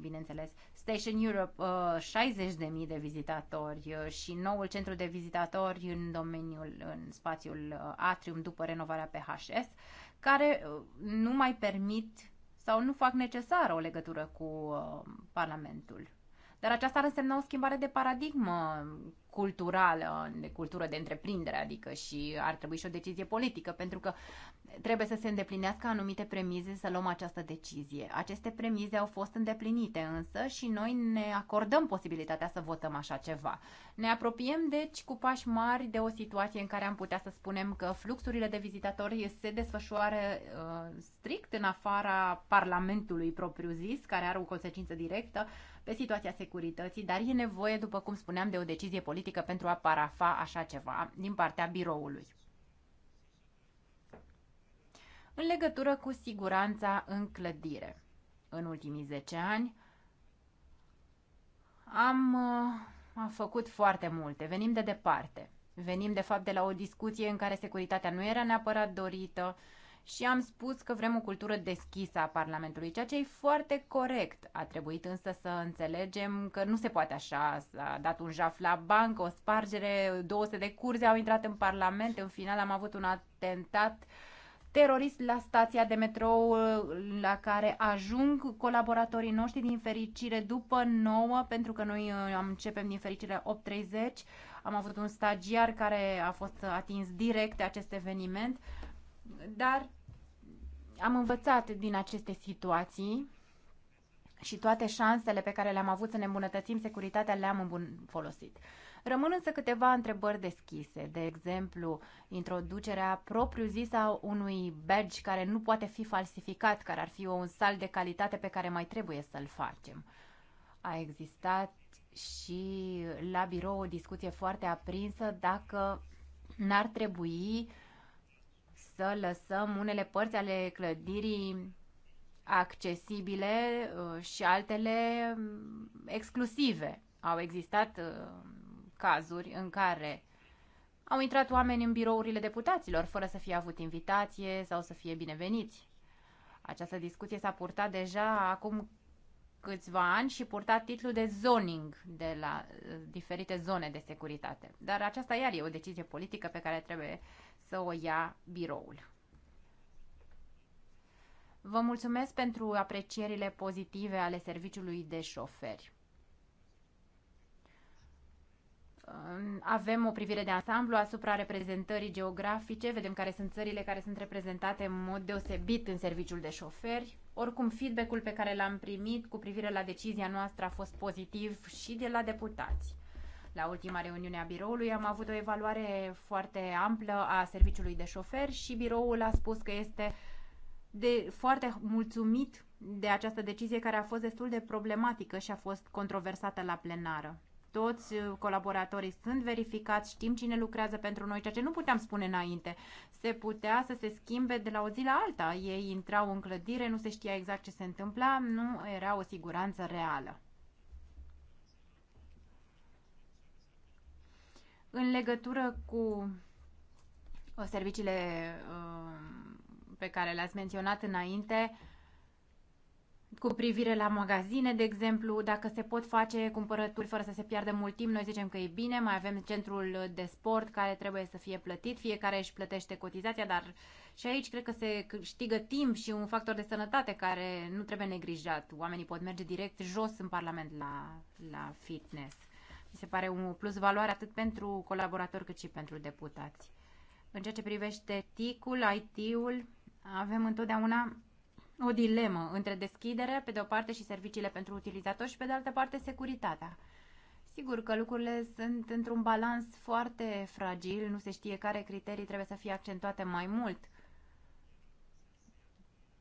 bineînțeles, Station Europe, 60.000 uh, de vizitatori uh, și noul centru de vizitatori în domeniul, în spațiul uh, Atrium după renovarea PHS, care nu mai permit sau nu fac necesară o legătură cu Parlamentul dar aceasta ar însemna o schimbare de paradigmă culturală, de cultură de întreprindere, adică și ar trebui și o decizie politică, pentru că trebuie să se îndeplinească anumite premize să luăm această decizie. Aceste premize au fost îndeplinite însă și noi ne acordăm posibilitatea să votăm așa ceva. Ne apropiem deci cu pași mari de o situație în care am putea să spunem că fluxurile de vizitatori se desfășoară uh, strict în afara Parlamentului propriu-zis, care are o consecință directă pe situația securității, dar e nevoie, după cum spuneam, de o decizie politică pentru a parafa așa ceva din partea biroului. În legătură cu siguranța în clădire, în ultimii 10 ani am, uh, am făcut foarte multe, venim de departe. Venim, de fapt, de la o discuție în care securitatea nu era neapărat dorită, și am spus că vrem o cultură deschisă a Parlamentului, ceea ce e foarte corect. A trebuit însă să înțelegem că nu se poate așa. S-a dat un jaf la bancă, o spargere, 200 de curze au intrat în Parlament. În final am avut un atentat terorist la stația de metrou la care ajung colaboratorii noștri din fericire după 9, pentru că noi uh, am începem din fericire 8.30. Am avut un stagiar care a fost atins direct de acest eveniment dar am învățat din aceste situații și toate șansele pe care le-am avut să ne îmbunătățim securitatea le-am îmbun- folosit. Rămân însă câteva întrebări deschise, de exemplu, introducerea propriu-zisă a unui badge care nu poate fi falsificat, care ar fi un sal de calitate pe care mai trebuie să-l facem. A existat și la birou o discuție foarte aprinsă dacă n-ar trebui uh, să lăsăm unele părți ale clădirii accesibile uh, și altele um, exclusive. Au existat uh, cazuri în care au intrat oameni în birourile deputaților fără să fie avut invitație sau să fie bineveniți. Această discuție s-a purtat deja acum câțiva ani și purta titlul de zoning de la uh, diferite zone de securitate. Dar aceasta iar e o decizie politică pe care trebuie să o ia biroul. Vă mulțumesc pentru aprecierile pozitive ale serviciului de șoferi. Avem o privire de ansamblu asupra reprezentării geografice, vedem care sunt țările care sunt reprezentate în mod deosebit în serviciul de șoferi. Oricum, feedback-ul pe care l-am primit cu privire la decizia noastră a fost pozitiv și de la deputați. La ultima reuniune a biroului am avut o evaluare foarte amplă a serviciului de șofer și biroul a spus că este de foarte mulțumit de această decizie care a fost destul de problematică și a fost controversată la plenară. Toți uh, colaboratorii sunt verificați, știm cine lucrează pentru noi, ceea ce nu puteam spune înainte. Se putea să se schimbe de la o zi la alta. Ei intrau în clădire, nu se știa exact ce se întâmpla, nu era o siguranță reală. În legătură cu uh, serviciile uh, pe care le-ați menționat înainte, cu privire la magazine, de exemplu, dacă se pot face cumpărături fără să se piardă mult timp, noi zicem că e bine, mai avem centrul de sport care trebuie să fie plătit, fiecare își plătește cotizația, dar și aici cred că se câștigă timp și un factor de sănătate care nu trebuie neglijat. Oamenii pot merge direct jos în Parlament la, la fitness. Mi se pare un plus valoare atât pentru colaboratori cât și pentru deputați. În ceea ce privește TIC-ul, IT-ul, avem întotdeauna o dilemă între deschidere, pe de o parte, și serviciile pentru utilizatori și, pe de altă parte, securitatea. Sigur că lucrurile sunt într-un balans foarte fragil, nu se știe care criterii trebuie să fie accentuate mai mult –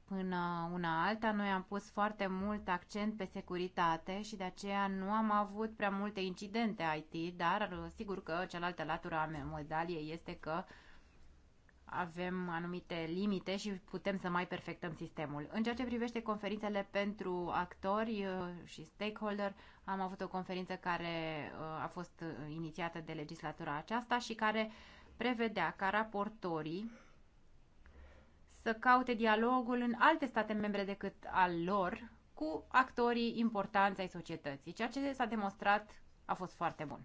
până una alta. Noi am pus foarte mult accent pe securitate și de aceea nu am avut prea multe incidente IT, dar uh, sigur că cealaltă latură a medaliei este că avem anumite limite și putem să mai perfectăm sistemul. În ceea ce privește conferințele pentru actori uh, și stakeholder, am avut o conferință care uh, a fost inițiată de legislatura aceasta și care prevedea ca raportorii să caute dialogul în alte state membre decât al lor cu actorii importanți ai societății. Ceea ce s-a demonstrat a fost foarte bun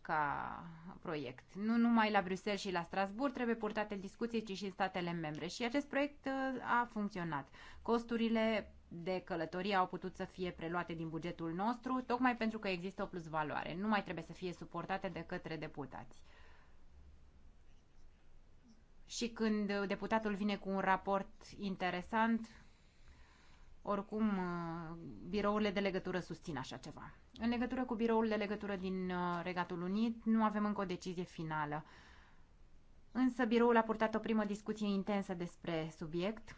ca proiect. Nu numai la Bruxelles și la Strasbourg trebuie purtate discuții, ci și în statele membre. Și acest proiect uh, a funcționat. Costurile de călătorie au putut să fie preluate din bugetul nostru, tocmai pentru că există o plusvaloare. Nu mai trebuie să fie suportate de către deputați și când uh, deputatul vine cu un raport interesant, oricum, uh, birourile de legătură susțin așa ceva. În legătură cu biroul de legătură din uh, Regatul Unit, nu avem încă o decizie finală. Însă biroul a purtat o primă discuție intensă despre subiect.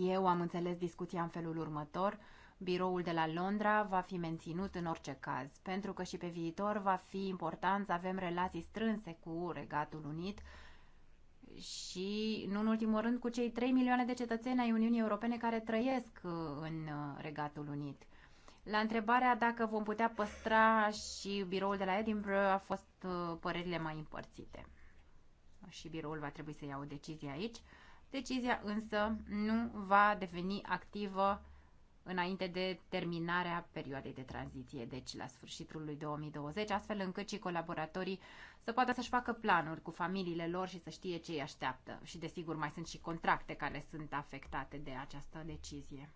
Eu am înțeles discuția în felul următor. Biroul de la Londra va fi menținut în orice caz, pentru că și pe viitor va fi important să avem relații strânse cu Regatul Unit, și, nu în ultimul rând, cu cei 3 milioane de cetățeni ai Uniunii Europene care trăiesc uh, în uh, Regatul Unit. La întrebarea dacă vom putea păstra și biroul de la Edinburgh a fost uh, părerile mai împărțite. Și biroul va trebui să ia o decizie aici. Decizia însă nu va deveni activă înainte de terminarea perioadei de tranziție, deci la sfârșitul lui 2020, astfel încât și colaboratorii să poată să-și facă planuri cu familiile lor și să știe ce îi așteaptă. Și desigur mai sunt și contracte care sunt afectate de această decizie.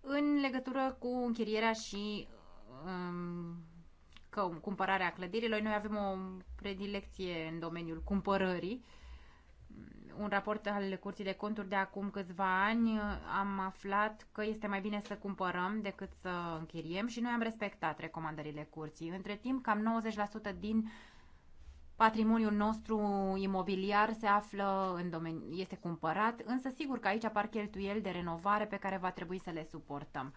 În legătură cu închirierea și um, că, cumpărarea clădirilor, noi avem o predilecție în domeniul cumpărării, uh, un raport al Curții de Conturi de acum câțiva ani am aflat că este mai bine să cumpărăm decât să închiriem și noi am respectat recomandările Curții. Între timp, cam 90% din patrimoniul nostru imobiliar se află în domeniu, este cumpărat, însă sigur că aici apar cheltuieli de renovare pe care va trebui să le suportăm.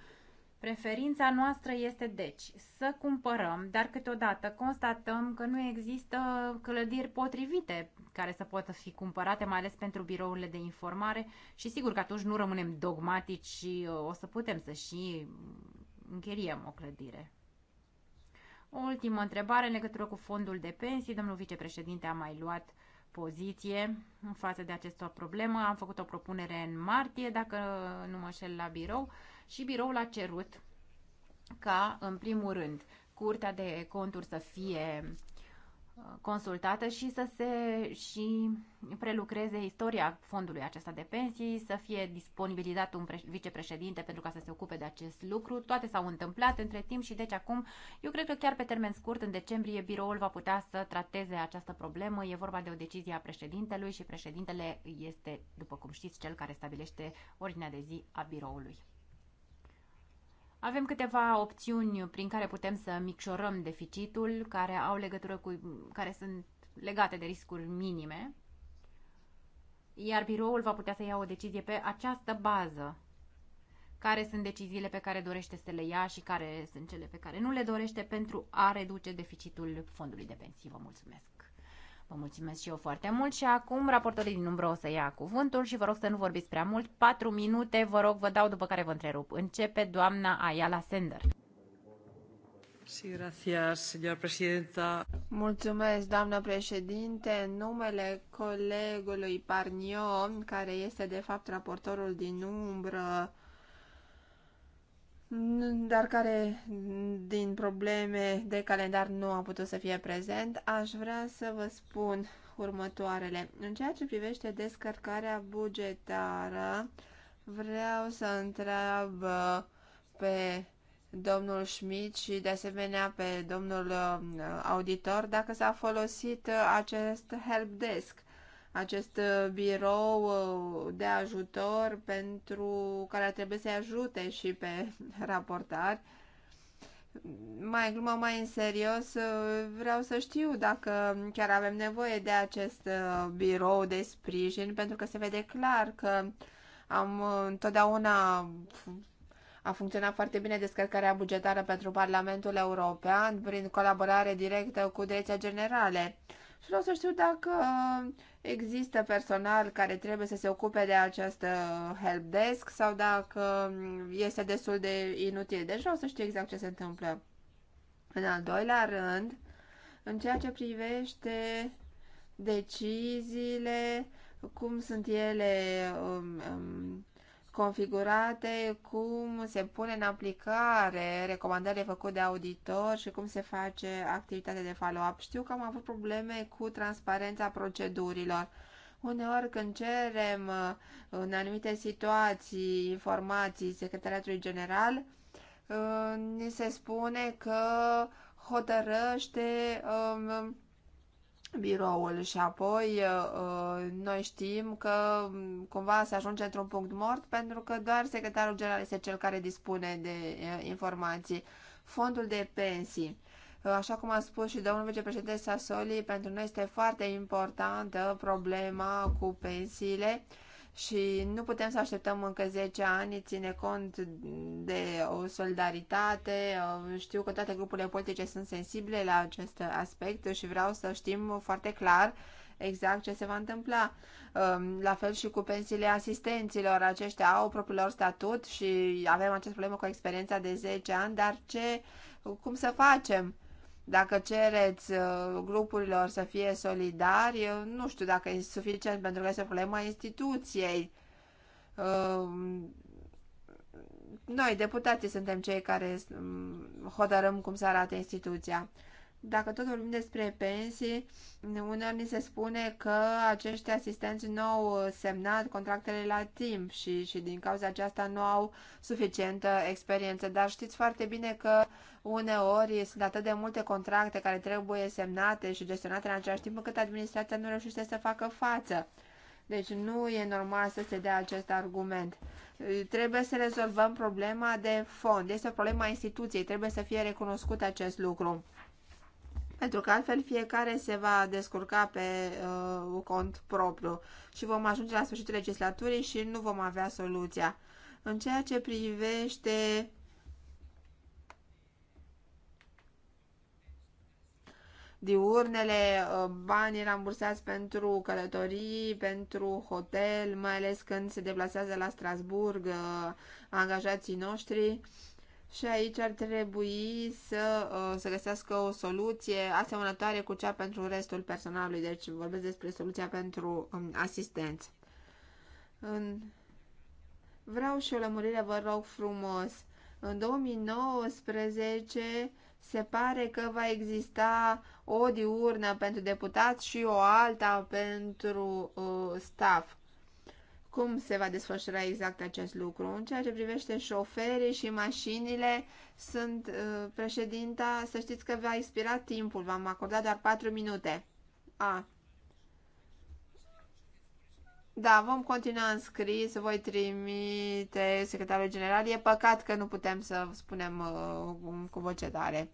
Preferința noastră este, deci, să cumpărăm, dar câteodată constatăm că nu există clădiri potrivite care să poată fi cumpărate, mai ales pentru birourile de informare și sigur că atunci nu rămânem dogmatici și uh, o să putem să și încheriem o clădire. O ultimă întrebare în legătură cu fondul de pensii. Domnul vicepreședinte a mai luat poziție în față de această problemă. Am făcut o propunere în martie, dacă nu mă șel la birou și biroul a cerut ca, în primul rând, Curtea de Conturi să fie uh, consultată și să se și prelucreze istoria fondului acesta de pensii, să fie disponibilizat un vicepreședinte pentru ca să se ocupe de acest lucru. Toate s-au întâmplat între timp și deci acum eu cred că chiar pe termen scurt, în decembrie, biroul va putea să trateze această problemă. E vorba de o decizie a președintelui și președintele este, după cum știți, cel care stabilește ordinea de zi a biroului. Avem câteva opțiuni prin care putem să micșorăm deficitul, care au legătură cu care sunt legate de riscuri minime, iar biroul va putea să ia o decizie pe această bază. Care sunt deciziile pe care dorește să le ia și care sunt cele pe care nu le dorește pentru a reduce deficitul fondului de pensii. Vă mulțumesc! Vă mulțumesc și eu foarte mult și acum raportorii din umbră o să ia cuvântul și vă rog să nu vorbiți prea mult. Patru minute, vă rog, vă dau după care vă întrerup. Începe doamna Ayala Sender. Mulțumesc, doamnă președinte. În numele colegului Parnio, care este de fapt raportorul din umbră dar care din probleme de calendar nu a putut să fie prezent, aș vrea să vă spun următoarele. În ceea ce privește descărcarea bugetară, vreau să întreb uh, pe domnul Schmidt și de asemenea pe domnul uh, auditor dacă s-a folosit uh, acest helpdesk acest uh, birou uh, de ajutor pentru care ar trebui să-i ajute și pe raportari. Mai în glumă, mai în serios, uh, vreau să știu dacă chiar avem nevoie de acest birou de sprijin, pentru că se vede clar că am întotdeauna a funcționat foarte bine descărcarea bugetară pentru Parlamentul European prin colaborare directă cu Direcția Generale. Și vreau să știu dacă există personal care trebuie să se ocupe de această helpdesk sau dacă este destul de inutil. Deci vreau să știu exact ce se întâmplă. În al doilea rând, în ceea ce privește deciziile, cum sunt ele um, um, configurate, cum se pune în aplicare recomandările făcute de auditor și cum se face activitatea de follow-up. Știu că am avut probleme cu transparența procedurilor. Uneori când cerem uh, în anumite situații informații Secretariatului General, uh, ni se spune că hotărăște um, biroul și apoi uh, uh, noi știm că mm, cumva se ajunge într-un punct mort pentru că doar secretarul general este cel care dispune de uh, informații. Fondul de pensii. Așa cum a spus și domnul vicepreședinte Sasoli, pentru noi este foarte importantă problema cu pensiile și nu putem să așteptăm încă 10 ani, ține cont de o solidaritate. Știu că toate grupurile politice sunt sensibile la acest aspect și vreau să știm foarte clar exact ce se va întâmpla. Um, la fel și cu pensiile asistenților. Aceștia au propriul lor statut și avem această problemă cu experiența de 10 ani, dar ce, cum să facem? Dacă cereți uh, grupurilor să fie solidari, nu știu dacă e suficient pentru că este o problemă a instituției. Uh, noi, deputații, suntem cei care um, hotărâm cum să arate instituția. Dacă tot vorbim despre pensii, uneori ni se spune că acești asistenți nu au semnat contractele la timp și, și din cauza aceasta nu au suficientă experiență. Dar știți foarte bine că Uneori sunt atât de multe contracte care trebuie semnate și gestionate în același timp încât administrația nu reușește să facă față. Deci nu e normal să se dea acest argument. Trebuie să rezolvăm problema de fond. Este o problemă a instituției. Trebuie să fie recunoscut acest lucru. Pentru că altfel fiecare se va descurca pe uh, cont propriu și vom ajunge la sfârșitul legislaturii și nu vom avea soluția. În ceea ce privește diurnele, uh, banii rambursați pentru călătorii, pentru hotel, mai ales când se deplasează la Strasburg uh, angajații noștri. Și aici ar trebui să uh, se găsească o soluție asemănătoare cu cea pentru restul personalului. Deci vorbesc despre soluția pentru um, asistență. În... Vreau și o lămurire, vă rog frumos. În 2019 se pare că va exista o diurnă pentru deputați și o alta pentru uh, staff. Cum se va desfășura exact acest lucru? În ceea ce privește șoferii și mașinile, sunt uh, președinta, să știți că va expira timpul, v-am acordat doar 4 minute. A, da, vom continua în scris, voi trimite secretarul general. E păcat că nu putem să spunem uh, cu voce tare.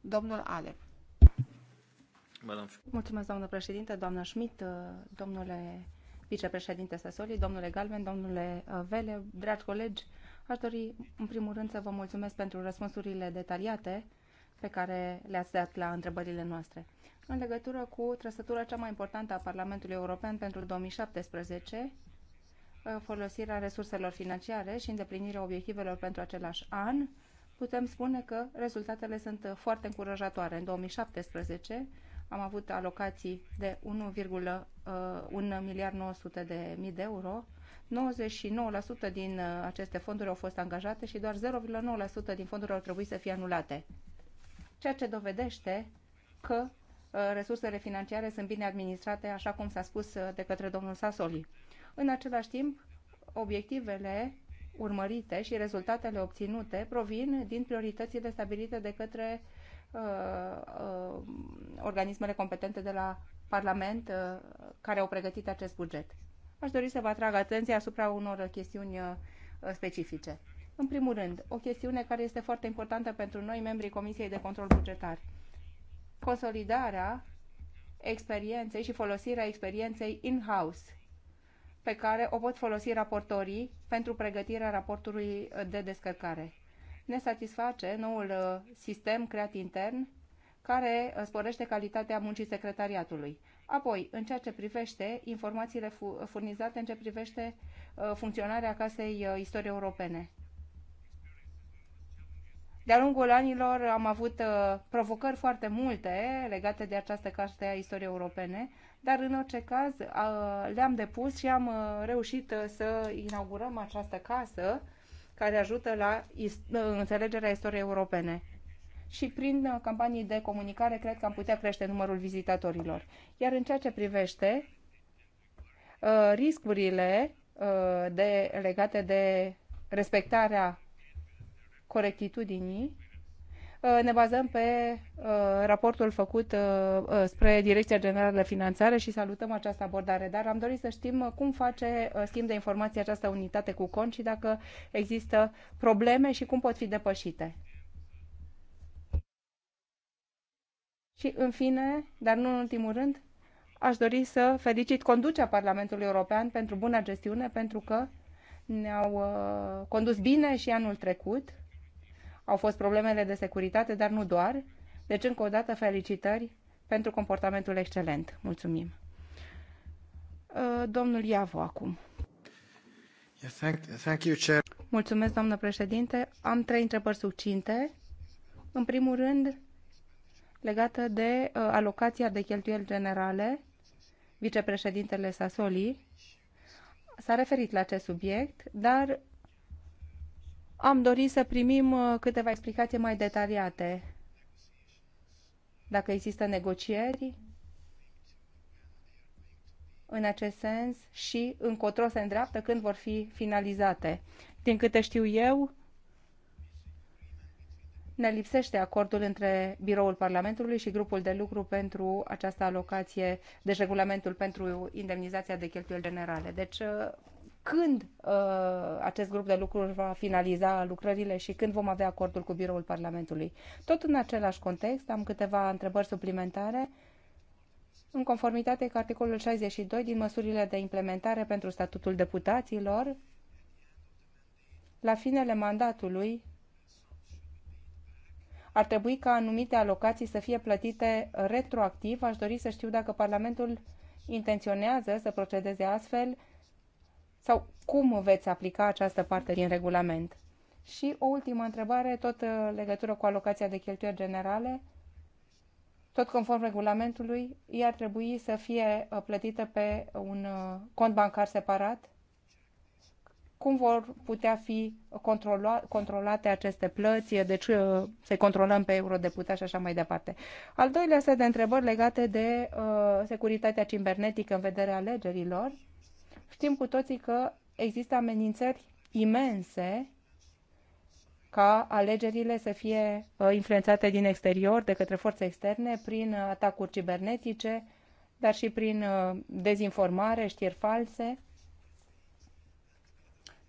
Domnul Ale. Mulțumesc, doamnă președinte, doamnă Schmidt, uh, domnule vicepreședinte Sasoli, domnule Galben, domnule uh, Vele, dragi colegi, aș dori în primul rând să vă mulțumesc pentru răspunsurile detaliate pe care le-ați dat la întrebările noastre în legătură cu trăsătura cea mai importantă a Parlamentului European pentru 2017, uh, folosirea resurselor financiare și îndeplinirea obiectivelor pentru același an, putem spune că rezultatele sunt foarte încurajatoare. În 2017 am avut alocații de 1,1 uh, miliard 900 de mii de euro, 99% din uh, aceste fonduri au fost angajate și doar 0,9% din fonduri au trebuit să fie anulate. Ceea ce dovedește că Uh, resursele financiare sunt bine administrate, așa cum s-a spus uh, de către domnul Sasoli. În același timp, obiectivele urmărite și rezultatele obținute provin din prioritățile stabilite de către uh, uh, organismele competente de la Parlament uh, care au pregătit acest buget. Aș dori să vă atrag atenția asupra unor chestiuni uh, specifice. În primul rând, o chestiune care este foarte importantă pentru noi, membrii Comisiei de Control Bugetar consolidarea experienței și folosirea experienței in-house pe care o pot folosi raportorii pentru pregătirea raportului de descărcare. Ne satisface noul uh, sistem creat intern care uh, sporește calitatea muncii secretariatului. Apoi, în ceea ce privește informațiile furnizate în ce privește uh, funcționarea Casei istorie Europene. De-a lungul anilor am avut uh, provocări foarte multe legate de această carte a istoriei europene, dar în orice caz uh, le-am depus și am uh, reușit să inaugurăm această casă care ajută la înțelegerea istoriei europene. Și prin campanii de comunicare cred că am putea crește numărul vizitatorilor. Iar în ceea ce privește riscurile de, legate de respectarea corectitudinii uh, ne bazăm pe uh, raportul făcut uh, spre Direcția Generală de Finanțare și salutăm această abordare, dar am dorit să știm cum face schimb de informații această unitate cu cont și dacă există probleme și cum pot fi depășite. Și în fine, dar nu în ultimul rând, aș dori să felicit conducea Parlamentului European pentru buna gestiune, pentru că ne-au condus bine și anul trecut au fost problemele de securitate, dar nu doar. Deci, încă o dată, felicitări pentru comportamentul excelent. Mulțumim. Uh, domnul Iavo, acum. Mulțumesc, doamnă președinte. Am trei întrebări succinte. În primul rând, legată de uh, alocația de cheltuieli generale, vicepreședintele Sasoli, s-a referit la acest subiect, dar am dorit să primim uh, câteva explicații mai detaliate. Dacă există negocieri în acest sens și încotro se îndreaptă când vor fi finalizate. Din câte știu eu, ne lipsește acordul între Biroul Parlamentului și grupul de lucru pentru această alocație, deci regulamentul pentru indemnizația de cheltuieli generale. Deci uh, când uh, acest grup de lucruri va finaliza lucrările și când vom avea acordul cu biroul Parlamentului. Tot în același context am câteva întrebări suplimentare în conformitate cu articolul 62 din măsurile de implementare pentru statutul deputaților, la finele mandatului ar trebui ca anumite alocații să fie plătite retroactiv. Aș dori să știu dacă Parlamentul intenționează să procedeze astfel sau cum veți aplica această parte din regulament? Și o ultimă întrebare, tot în uh, legătură cu alocația de cheltuieli generale, tot conform regulamentului, ea ar trebui să fie uh, plătită pe un uh, cont bancar separat? Cum vor putea fi controla, controlate aceste plăți, deci să controlăm pe eurodeputat și așa mai departe. Al doilea set de întrebări legate de uh, securitatea cibernetică în vederea alegerilor Știm cu toții că există amenințări imense ca alegerile să fie uh, influențate din exterior, de către forțe externe, prin uh, atacuri cibernetice, dar și prin uh, dezinformare, știri false.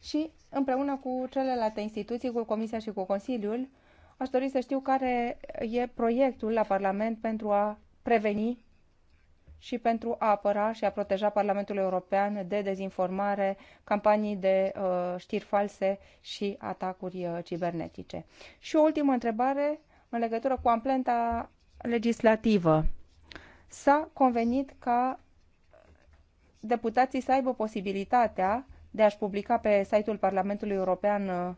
Și împreună cu celelalte instituții, cu Comisia și cu Consiliul, aș dori să știu care e proiectul la Parlament pentru a preveni și pentru a apăra și a proteja Parlamentul European de dezinformare, campanii de uh, știri false și atacuri uh, cibernetice. Și o ultimă întrebare în legătură cu amplenta legislativă. S-a convenit ca deputații să aibă posibilitatea de a-și publica pe site-ul Parlamentului European uh,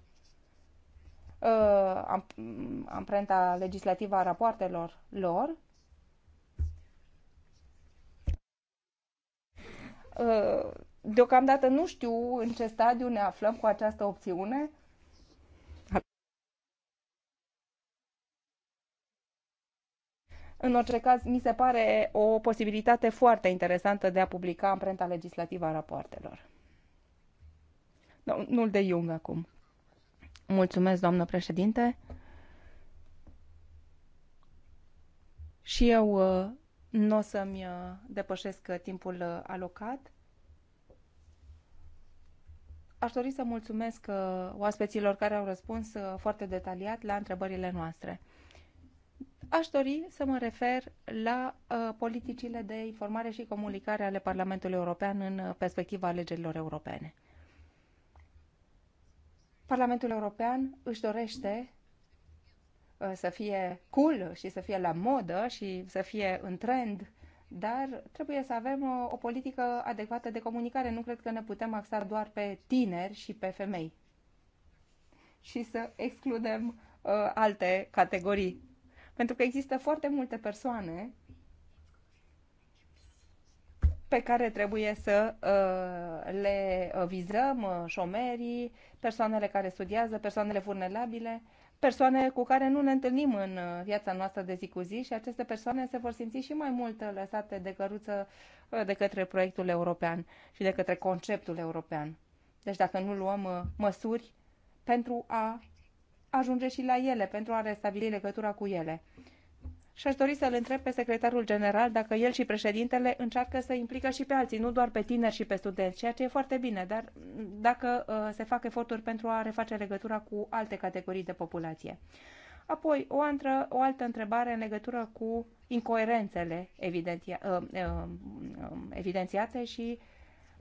uh amprenta legislativă a rapoartelor lor, Uh, deocamdată nu știu în ce stadiu ne aflăm cu această opțiune. În orice caz, mi se pare o posibilitate foarte interesantă de a publica amprenta legislativă a rapoartelor. l de Jung acum. Mulțumesc, doamnă președinte. Și eu uh, nu o să-mi uh, depășesc uh, timpul uh, alocat. Aș dori să mulțumesc oaspeților care au răspuns foarte detaliat la întrebările noastre. Aș dori să mă refer la politicile de informare și comunicare ale Parlamentului European în perspectiva alegerilor europene. Parlamentul European își dorește Uh, să fie cool și să fie la modă și să fie în trend, dar trebuie să avem o, uh, o politică adecvată de comunicare. Nu cred că ne putem axa doar pe tineri și pe femei și să excludem uh, alte categorii. Pentru că există foarte multe persoane pe care trebuie să uh, le vizăm, uh, șomerii, persoanele care studiază, persoanele vulnerabile persoane cu care nu ne întâlnim în uh, viața noastră de zi cu zi și aceste persoane se vor simți și mai mult uh, lăsate de căruță uh, de către proiectul european și de către conceptul european. Deci dacă nu luăm măsuri pentru a ajunge și la ele, pentru a restabili legătura cu ele și aș dori să-l întreb pe secretarul general dacă el și președintele încearcă să implică și pe alții, nu doar pe tineri și pe studenți, ceea ce e foarte bine, dar dacă uh, se fac eforturi pentru a reface legătura cu alte categorii de populație. Apoi, o, antră, o altă întrebare în legătură cu incoerențele evidenția, uh, uh, um, evidențiate și uh,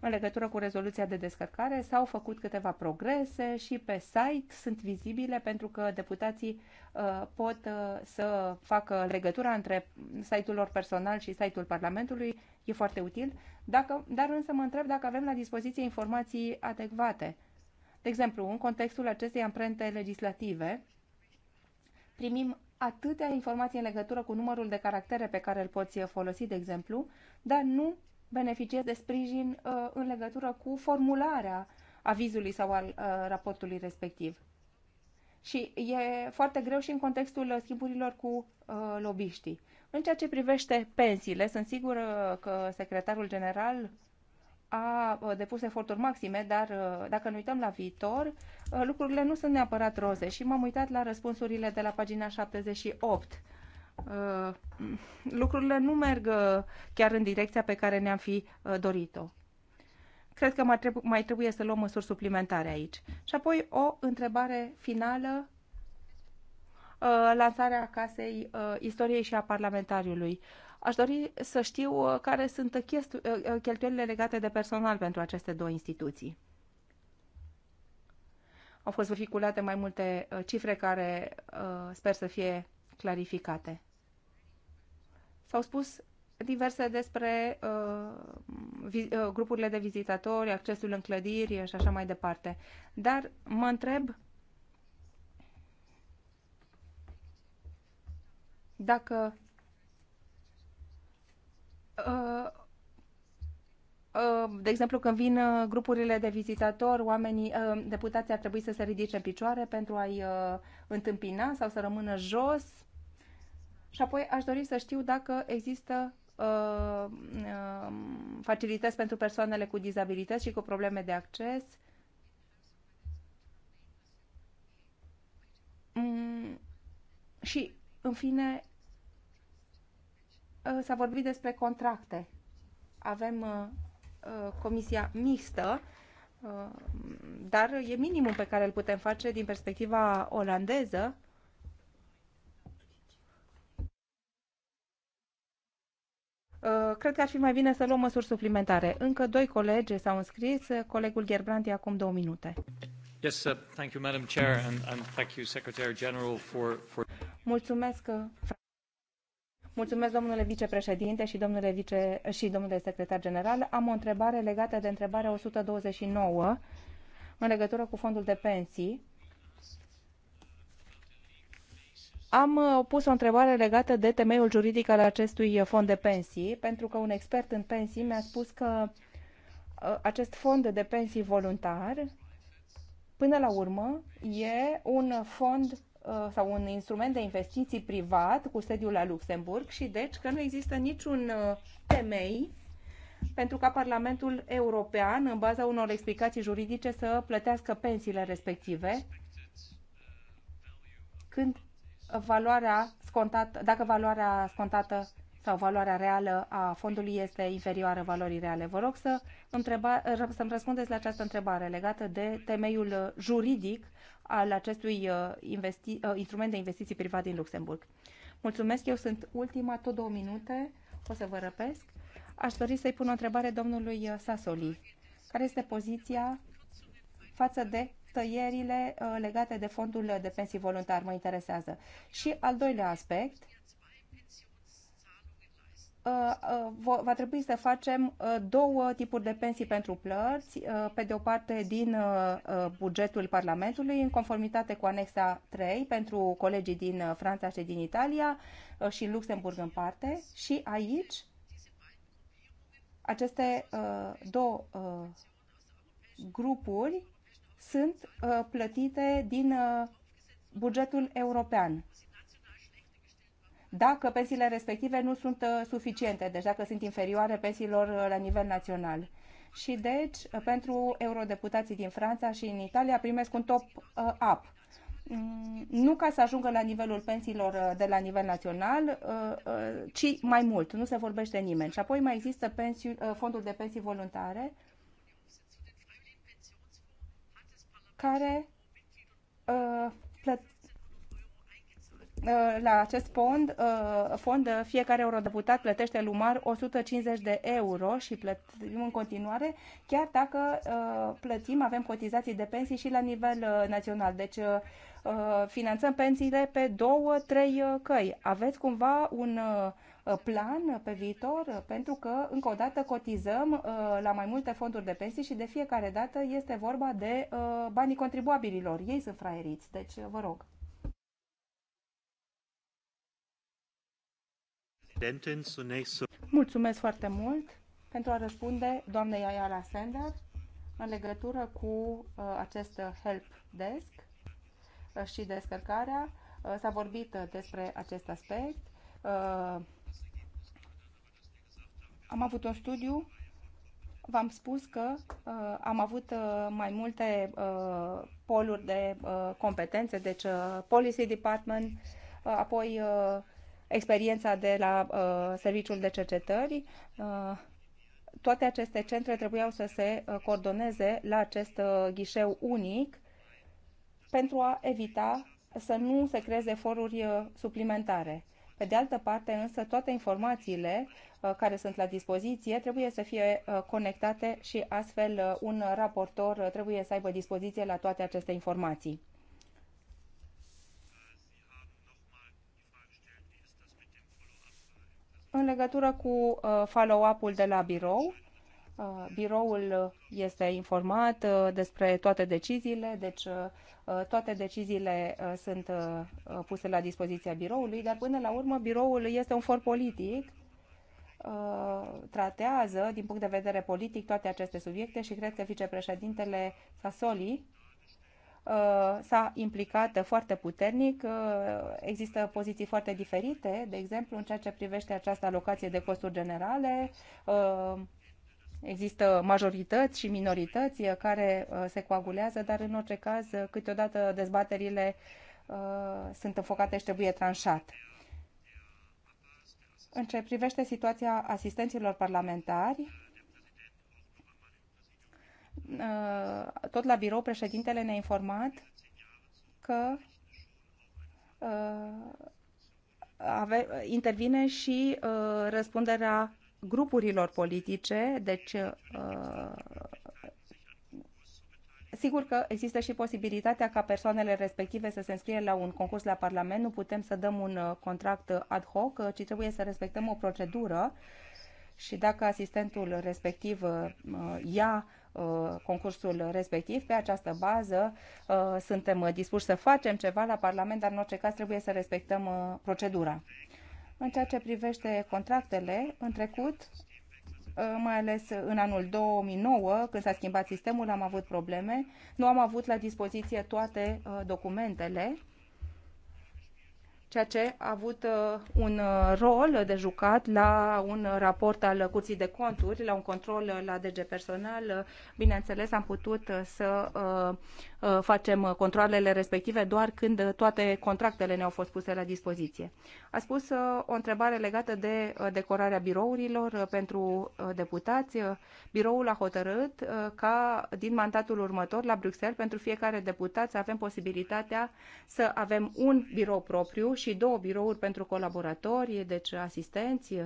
în legătură cu rezoluția de descărcare. S-au făcut câteva progrese și pe site sunt vizibile pentru că deputații uh, pot uh, să facă legătura între site-ul lor personal și site-ul Parlamentului. E foarte util. Dacă, dar însă mă întreb dacă avem la dispoziție informații adecvate. De exemplu, în contextul acestei amprente legislative, primim atâtea informații în legătură cu numărul de caractere pe care îl poți folosi, de exemplu, dar nu beneficiez de sprijin uh, în legătură cu formularea avizului sau al uh, raportului respectiv. Și e foarte greu și în contextul schimburilor cu uh, lobiștii. În ceea ce privește pensiile, sunt sigură că secretarul general a depus eforturi maxime, dar dacă ne uităm la viitor, lucrurile nu sunt neapărat roze și m-am uitat la răspunsurile de la pagina 78 Uh, lucrurile nu merg uh, chiar în direcția pe care ne-am fi uh, dorit-o. Cred că mai, trebuie să luăm măsuri suplimentare aici. Și apoi o întrebare finală lansarea casei istoriei și a parlamentariului. Aș dori să știu care sunt cheltuielile legate de personal pentru aceste două instituții. Au fost vehiculate mai multe cifre care sper să fie clarificate. S-au spus diverse despre uh, uh, grupurile de vizitatori, accesul în clădiri și așa mai departe. Dar mă întreb dacă uh, uh de exemplu, când vin uh, grupurile de vizitatori, oamenii, deputații ar trebui să se ridice în picioare pentru a-i întâmpina sau să rămână jos și apoi aș dori să știu dacă există uh, uh, facilități pentru persoanele cu dizabilități și cu probleme de acces. Mm, și, în fine, uh, s-a vorbit despre contracte. Avem uh, uh comisia mixtă uh, dar e minimul pe care îl putem face din perspectiva olandeză Uh, cred că ar fi mai bine să luăm măsuri suplimentare. Încă doi colegi s-au înscris, colegul Gherbrandi acum două minute. Yes, uh, thank you, Madam Chair, and, and thank you, Secretary General, for, for... Mulțumesc, uh, Mulțumesc, domnule vicepreședinte și domnule, vice, uh, și domnule secretar general. Am o întrebare legată de întrebarea 129 în legătură cu fondul de pensii Am uh, pus o întrebare legată de temeiul juridic al acestui uh, fond de pensii, pentru că un expert în pensii mi-a spus că uh, acest fond de pensii voluntar, până la urmă, e un fond sau un instrument de investiții privat cu sediul la Luxemburg și deci că nu există niciun temei pentru ca Parlamentul European, în baza unor explicații juridice, să plătească pensiile respective, când valoarea scontată, dacă valoarea scontată sau valoarea reală a fondului este inferioară valorii reale. Vă rog să întreba, să-mi răspundeți la această întrebare legată de temeiul juridic al acestui uh, investi, uh, instrument de investiții privat din Luxemburg. Mulțumesc, eu sunt ultima, tot două minute, o să vă răpesc. Aș dori să-i pun o întrebare domnului uh, Sasoli. Care este poziția față de tăierile uh, legate de fondul de pensii voluntar mă interesează. Și al doilea aspect, uh, uh, va trebui să facem două tipuri de pensii pentru plăți, pe de o parte din bugetul Parlamentului, în conformitate cu anexa 3 pentru colegii din Franța și din Italia și Luxemburg în parte și aici aceste două grupuri sunt uh, plătite din uh, bugetul european dacă pensiile respective nu sunt uh, suficiente, deci dacă sunt inferioare pensiilor la nivel național. Și deci, pentru eurodeputații din Franța și în Italia, primesc un top-up. Mm, nu ca să ajungă la nivelul pensiilor de la nivel național, ci mai mult. Nu se vorbește nimeni. Și apoi mai există pensii, fondul de pensii voluntare, care uh, uh, la acest fond, uh, fond uh, fiecare eurodeputat plătește lumar 150 de euro și plătim în continuare, chiar dacă plătim, avem cotizații de pensii și la nivel național. Deci finanțăm pensiile pe două, trei căi. Aveți cumva un uh, Uh, plan pe viitor, uh, pentru că, încă o dată, cotizăm uh, la mai multe fonduri de pensii și de fiecare dată este vorba de banii contribuabililor. Ei sunt fraieriți, deci vă rog. Mulțumesc foarte mult pentru a răspunde doamnei Ayala Sender în legătură cu uh, acest help desk uh, și descărcarea. Uh, s-a vorbit despre acest aspect. Uh, am avut un studiu, v-am spus că uh, am avut uh, mai multe uh, poluri de uh, competențe, deci uh, Policy Department, uh, apoi uh, experiența de la uh, Serviciul de Cercetări. Uh, toate aceste centre trebuiau să se uh, coordoneze la acest uh, ghișeu unic pentru a evita să nu se creeze foruri uh, suplimentare. Pe de altă parte, însă, toate informațiile Uh, care sunt la dispoziție trebuie să fie uh, conectate și astfel uh, un raportor trebuie să aibă dispoziție la toate aceste informații. În legătură cu follow-up-ul de la birou, biroul este informat despre toate deciziile, deci toate deciziile sunt puse la dispoziția biroului, dar până la urmă biroul este un for politic Uh, tratează, din punct de vedere politic, toate aceste subiecte și cred că vicepreședintele Sassoli uh, s-a implicat foarte puternic. Uh, există poziții foarte diferite, de exemplu, în ceea ce privește această alocație de costuri generale. Există majorități și minorități care se coagulează, dar în orice caz, câteodată dezbaterile sunt înfocate și trebuie tranșat. În ce privește situația asistenților parlamentari, uh, tot la birou președintele ne-a informat că uh, ave, intervine și uh, răspunderea grupurilor politice, deci Sigur că există și posibilitatea ca persoanele respective să se înscrie la un concurs la Parlament. Nu putem să dăm un uh, contract ad hoc, uh, ci trebuie să respectăm o procedură și dacă asistentul respectiv uh, ia concursul respectiv. Pe această bază suntem dispuși să facem ceva la Parlament, dar în orice caz trebuie să respectăm procedura. În ceea ce privește contractele, în trecut Uh, mai ales în anul 2009, când s-a schimbat sistemul, am avut probleme. Nu am avut la dispoziție toate uh, documentele, ceea ce a avut uh, un rol de jucat la un raport al Curții de Conturi, la un control la DG Personal. Bineînțeles, am putut să Uh, facem uh, controlele respective doar când uh, toate contractele ne-au fost puse la dispoziție. A spus o întrebare legată de decorarea birourilor pentru deputați. Biroul a hotărât ca din mandatul următor la Bruxelles pentru fiecare deputat să avem posibilitatea să avem un birou propriu și două birouri pentru colaboratori, deci asistenți,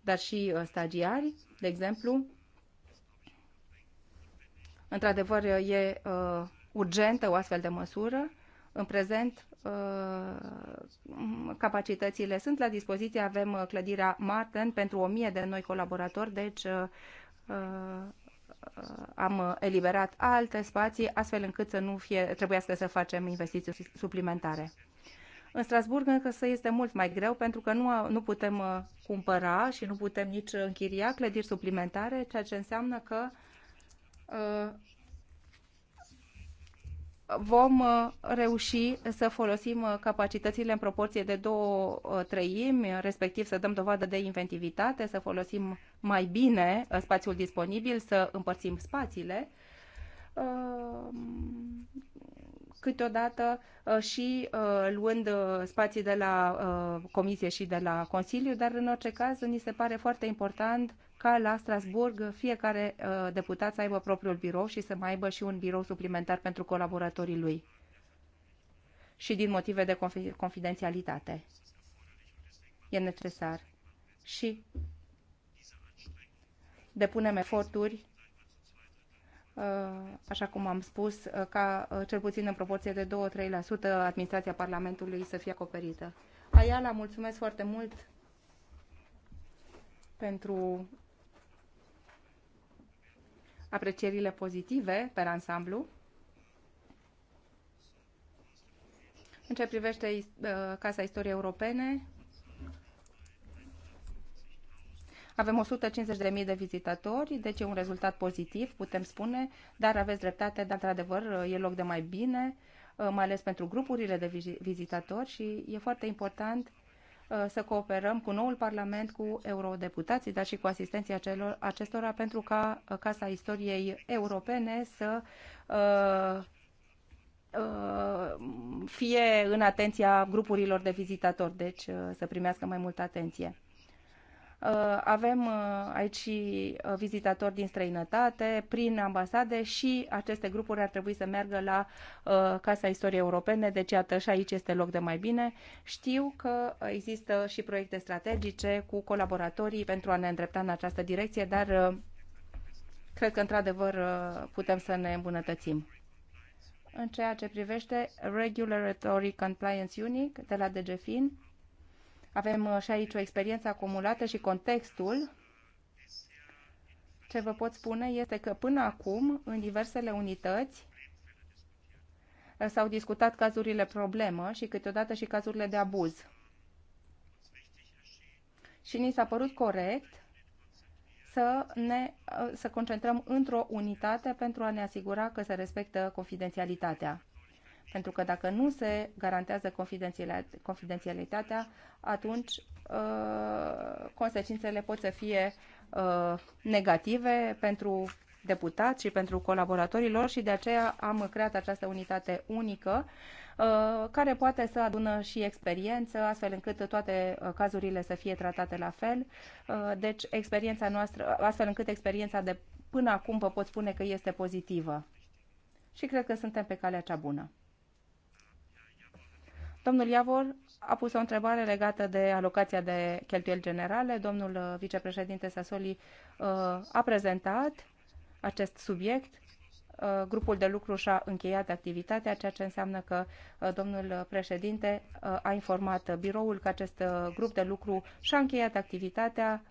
dar și stagiari, de exemplu. Într-adevăr, e uh, urgentă o astfel de măsură. În prezent, uh, capacitățile sunt la dispoziție. Avem uh, clădirea Marten pentru o mie de noi colaboratori, deci uh, am eliberat alte spații, astfel încât să nu fie, trebuiască să facem investiții suplimentare. În Strasburg încă să este mult mai greu pentru că nu, nu putem cumpăra și nu putem nici închiria clădiri suplimentare, ceea ce înseamnă că vom uh, reuși să folosim uh, capacitățile în proporție de două uh, treimi, respectiv să dăm dovadă de inventivitate, să folosim mai bine spațiul disponibil, să împărțim spațiile câteodată uh, și uh, luând uh, spații de la Comisie și de la Consiliu, dar în orice caz ni se pare foarte important ca la Strasburg fiecare deputat să aibă propriul birou și să mai aibă și un birou suplimentar pentru colaboratorii lui și din motive de confidențialitate. E necesar. Și depunem eforturi Uh, așa cum am spus, uh, ca uh, cel puțin în proporție de 2-3% administrația Parlamentului să fie acoperită. Ayala, mulțumesc foarte mult pentru aprecierile pozitive pe ansamblu. În ce privește Casa Istoriei Europene, Avem 150.000 de vizitatori, deci e un rezultat pozitiv, putem spune, dar aveți dreptate, dar într-adevăr e loc de mai bine, uh, mai ales pentru grupurile de vizitatori și e foarte important uh, să cooperăm cu noul Parlament, cu eurodeputații, dar și cu asistenția celor, acestora pentru ca uh, Casa Istoriei Europene să uh, uh, fie în atenția grupurilor de vizitatori, deci uh, să primească mai multă atenție. Uh, avem uh, aici uh, vizitatori din străinătate, prin ambasade și aceste grupuri ar trebui să meargă la Casa Istoriei Europene, deci iată și aici este loc de mai bine. Știu că există și proiecte strategice cu colaboratorii pentru a ne îndrepta în această direcție, dar cred că într-adevăr putem să ne îmbunătățim. În ceea ce privește Regulatory Compliance Unit de la DGFIN, avem uh, și aici o experiență acumulată și contextul. Ce vă pot spune este că până acum, în diversele unități, uh, s-au discutat cazurile problemă și câteodată și cazurile de abuz. Și ni s-a părut corect să ne uh, să concentrăm într-o unitate pentru a ne asigura că se respectă confidențialitatea. Pentru că dacă nu se garantează confidențialitatea, atunci uh, consecințele pot să fie uh, negative pentru deputați și pentru colaboratorii lor și de aceea am creat această unitate unică uh, care poate să adună și experiență, astfel încât toate cazurile să fie tratate la fel. Deci, experiența noastră, astfel încât experiența de până acum vă pot spune că este pozitivă. Și cred că suntem pe calea cea bună. Domnul Iavor a pus o întrebare legată de alocația de cheltuieli generale. Domnul uh, vicepreședinte Sasoli uh, a prezentat acest subiect. Uh, grupul de lucru și-a încheiat activitatea, ceea ce înseamnă că domnul președinte a informat biroul că acest grup de lucru și-a încheiat activitatea.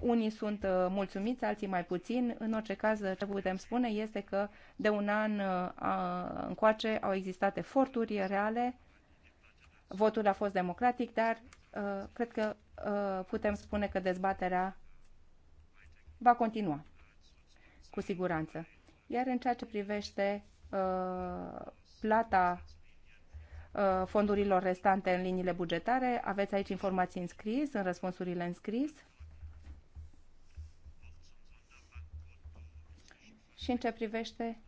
Unii sunt mulțumiți, alții mai puțin. În orice caz, ce putem spune este că de un an încoace au existat eforturi reale Votul a fost democratic, dar uh, cred că uh, putem spune că dezbaterea va continua, cu siguranță. Iar în ceea ce privește uh, plata uh, fondurilor restante în liniile bugetare, aveți aici informații în scris, în răspunsurile în scris. Și în ce privește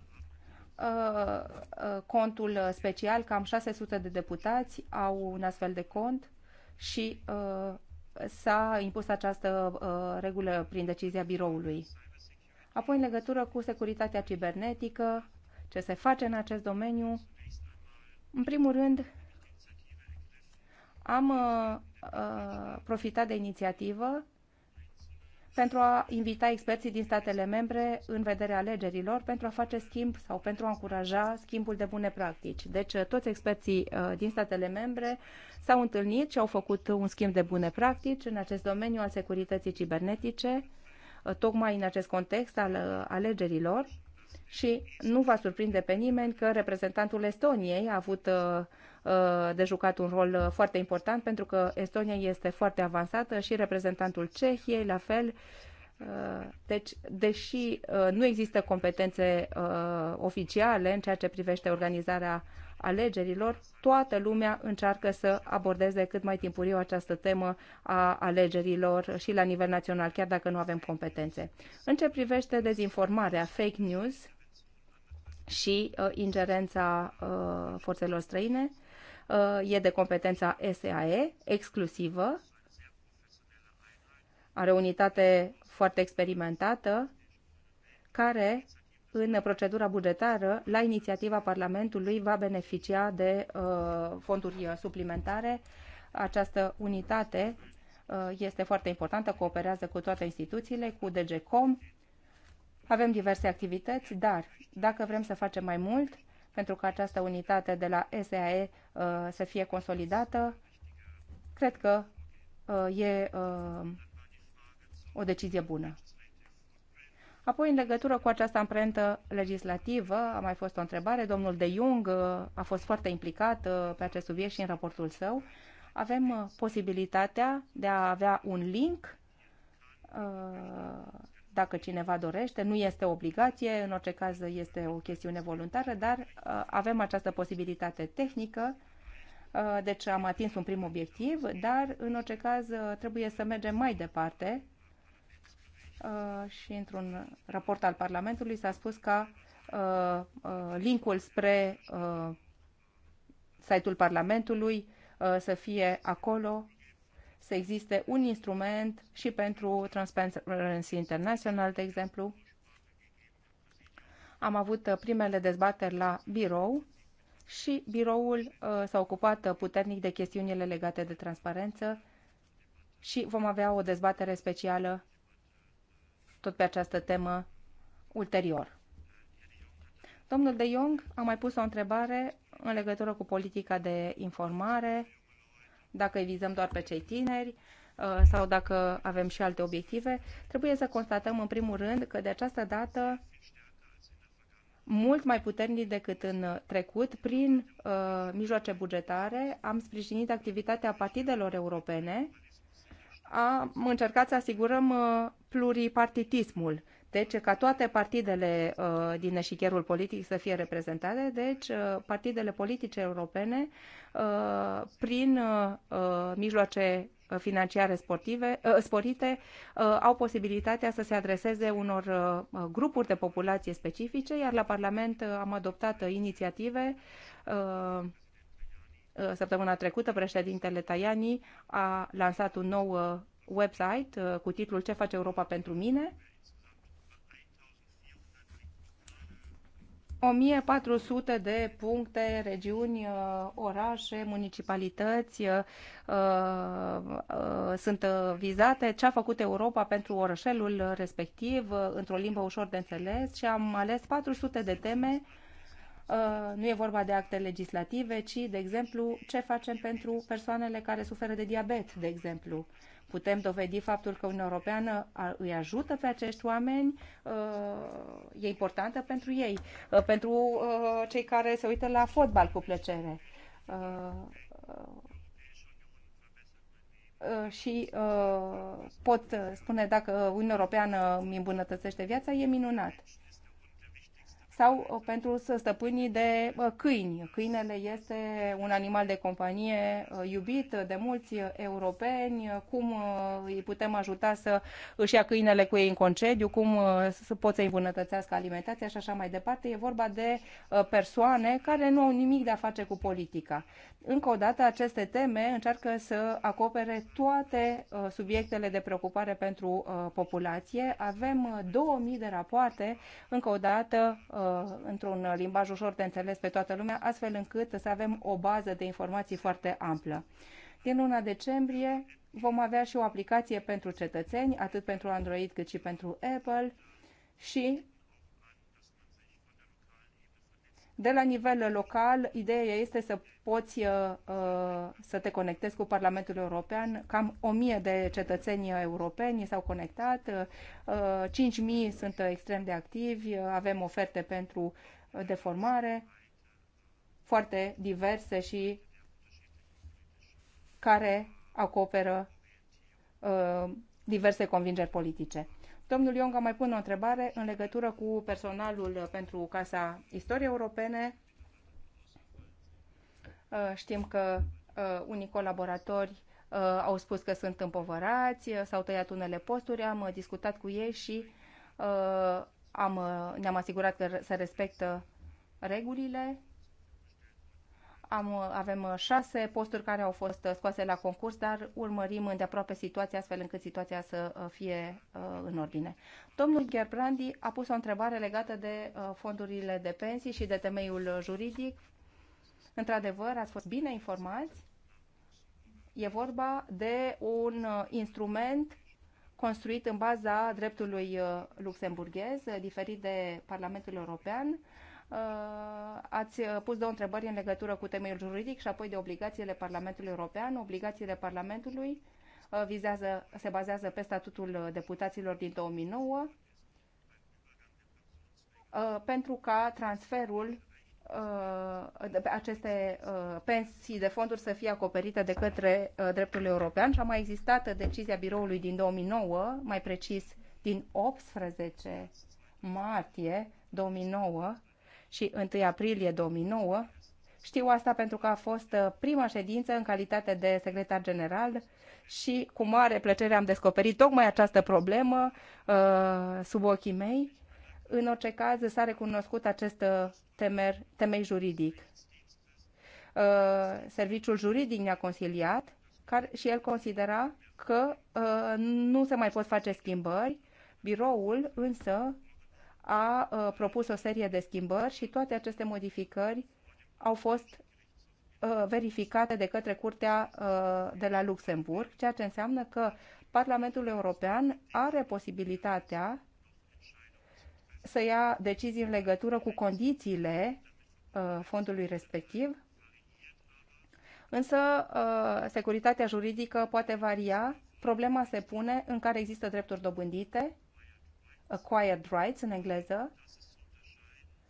Uh, uh, contul special, cam 600 de deputați au un astfel de cont și uh, s-a impus această regulă prin decizia biroului. Apoi, în legătură cu securitatea cibernetică, ce se face în acest domeniu, în primul rând, am uh, profitat de inițiativă pentru a invita experții din statele membre în vederea alegerilor, pentru a face schimb sau pentru a încuraja schimbul de bune practici. Deci uh, toți experții uh, din statele membre s-au întâlnit și au făcut un schimb de bune practici în acest domeniu al securității cibernetice, uh, tocmai în acest context al alegerilor și nu va surprinde pe nimeni că reprezentantul Estoniei a avut uh, uh, de jucat un rol uh, foarte important pentru că Estonia este foarte avansată și reprezentantul Cehiei la fel. Deci, deși nu există competențe oficiale în ceea ce privește organizarea alegerilor, toată lumea încearcă să abordeze cât mai timpuriu această temă a alegerilor și la nivel național, chiar dacă nu avem competențe. În ce privește dezinformarea, fake news și uh, ingerența uh, forțelor străine, uh, e de competența SAE exclusivă, are unitate foarte experimentată care în procedura bugetară, la inițiativa Parlamentului, va beneficia de uh, fonduri suplimentare. Această unitate uh, este foarte importantă, cooperează cu toate instituțiile, cu DGCOM. Avem diverse activități, dar dacă vrem să facem mai mult, pentru ca această unitate de la SAE uh, să fie consolidată, cred că uh, e uh, o decizie bună. Apoi, în legătură cu această amprentă legislativă, a mai fost o întrebare, domnul De Jung uh, a fost foarte implicat uh, pe acest subiect și în raportul său. Avem uh, posibilitatea de a avea un link dacă cineva dorește, nu este obligație, în orice caz este o chestiune voluntară, dar avem această posibilitate tehnică, deci am atins un prim obiectiv, dar în orice caz trebuie să mergem mai departe Uh, și într-un raport al Parlamentului s-a spus că uh, uh, linkul spre site-ul Parlamentului să fie acolo, să existe un instrument și pentru Transparency International, de exemplu. Am avut primele dezbateri la birou și biroul s-a ocupat puternic de chestiunile legate de transparență și vom avea o dezbatere specială tot pe această temă ulterior. Domnul De Jong a mai pus o întrebare în legătură cu politica de informare, dacă îi vizăm doar pe cei tineri uh, sau dacă avem și alte obiective. Trebuie să constatăm în primul rând că de această dată mult mai puternic decât în trecut, prin uh, mijloace bugetare, am sprijinit activitatea partidelor europene am încercat să asigurăm uh, pluripartitismul. Deci, ca toate partidele uh, din eșichierul politic să fie reprezentate, deci uh, partidele politice europene, uh, prin uh, uh, mijloace financiare sportive, uh, sporite, uh, au posibilitatea să se adreseze unor uh, grupuri de populație specifice, iar la Parlament uh, am adoptat uh, inițiative uh, Uh, săptămâna trecută, președintele Tajani a lansat un nou uh, website uh, cu titlul Ce face Europa pentru mine? 1400 de puncte, regiuni, orașe, municipalități sunt vizate. Ce a făcut Europa pentru orășelul respectiv într-o limbă ușor de înțeles și am ales 400 de teme Uh, nu e vorba de acte legislative, ci, de exemplu, ce facem pentru persoanele care suferă de diabet, de exemplu. Putem dovedi faptul că Uniunea Europeană îi ajută pe acești oameni, uh, e importantă pentru ei, uh, pentru cei care se uită la fotbal cu plăcere și pot spune dacă Uniunea Europeană îmi îmbunătățește viața, e minunat sau uh, pentru stăpânii de uh, câini. Câinele este un animal de companie uh, iubit de mulți europeni. Cum îi putem ajuta să își ia câinele cu ei în concediu, cum să pot să îmbunătățească alimentația și așa mai departe. E vorba de persoane care nu au nimic de a face cu politica. Încă o dată, aceste teme încearcă să acopere toate subiectele de preocupare pentru populație. Avem 2000 de rapoarte, încă o dată, Uh, într-un limbaj ușor de înțeles pe toată lumea, astfel încât să avem o bază de informații foarte amplă. Din luna decembrie vom avea și o aplicație pentru cetățeni, atât pentru Android cât și pentru Apple și de la nivel local, ideea este să poți uh, să te conectezi cu Parlamentul European. Cam 1000 de cetățeni europeni s-au conectat, 5000 uh, sunt extrem de activi, avem oferte pentru uh, deformare foarte diverse și care acoperă diverse convingeri politice. Domnul Ionga mai pune o întrebare în legătură cu personalul pentru Casa Istoriei Europene. Uh, știm că uh, unii colaboratori uh, au spus că sunt împovărați, s-au tăiat unele posturi, am discutat cu ei și am, ne-am asigurat că se respectă regulile. Am, uh, avem uh, șase posturi care au fost uh, scoase la concurs, dar urmărim îndeaproape situația astfel încât situația să fie în ordine. Domnul Gerbrandi a pus o întrebare legată de fondurile de pensii și de temeiul juridic. Într-adevăr, ați fost bine informați. E vorba de un instrument construit în baza dreptului luxemburghez, diferit de Parlamentul European, Uh, ați uh, pus două întrebări în legătură cu temeiul juridic și apoi de obligațiile Parlamentului European. Obligațiile Parlamentului uh, vizează, se bazează pe statutul deputaților din 2009 pentru ca transferul aceste pensii de fonduri să fie acoperite de către dreptul european și a mai existat decizia biroului din 2009, mai precis din 18 martie 2009, și 1 aprilie 2009. Știu asta pentru că a fost uh, prima ședință în calitate de secretar general și cu mare plăcere am descoperit tocmai această problemă uh, sub ochii mei. În orice caz, s-a recunoscut acest uh, temer, temei juridic. serviciul juridic ne-a consiliat și el considera că nu se mai pot face schimbări. Biroul însă a uh, propus o serie de schimbări și toate aceste modificări au fost uh, verificate de către Curtea uh, de la Luxemburg, ceea ce înseamnă că Parlamentul European are posibilitatea să ia decizii în legătură cu condițiile fondului respectiv, însă securitatea juridică poate varia, problema se pune în care există drepturi dobândite acquired rights în engleză,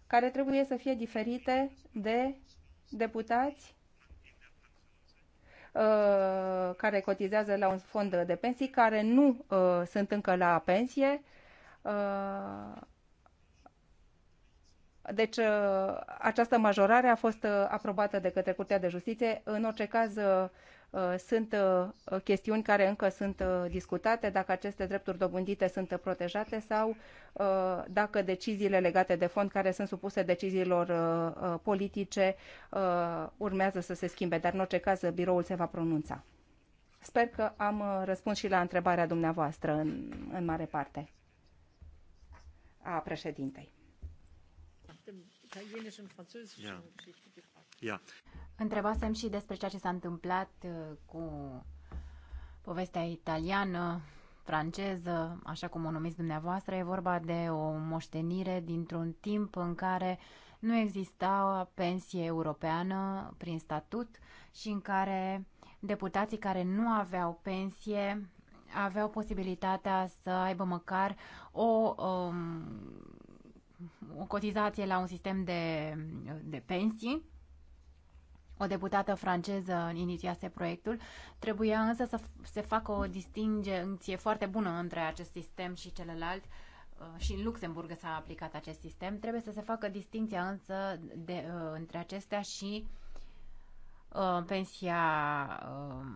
care trebuie să fie diferite de deputați uh, care cotizează la un fond de pensii, care nu uh, sunt încă la pensie. Uh, deci, uh, această majorare a fost uh, aprobată de către Curtea de Justiție. În orice caz, uh, Uh, sunt uh, chestiuni care încă sunt uh, discutate, dacă aceste drepturi dobândite sunt protejate sau dacă deciziile legate de fond care sunt supuse deciziilor politice urmează să se schimbe, dar în orice caz biroul se va pronunța. Sper că am răspuns și la întrebarea dumneavoastră în, în mare parte a președintei. Yeah. Yeah. Întrebasem și despre ceea ce s-a întâmplat uh, cu povestea italiană, franceză, așa cum o numiți dumneavoastră. E vorba de o moștenire dintr-un timp în care nu exista pensie europeană prin statut și în care deputații care nu aveau pensie aveau posibilitatea să aibă măcar o, um, o cotizație la un sistem de, de pensii o deputată franceză inițiase proiectul, trebuia însă să se facă o distinție foarte bună între acest sistem și celălalt uh, și în Luxemburg s-a aplicat acest sistem. Trebuie să se facă distinția însă de, uh, între acestea și uh, pensia uh,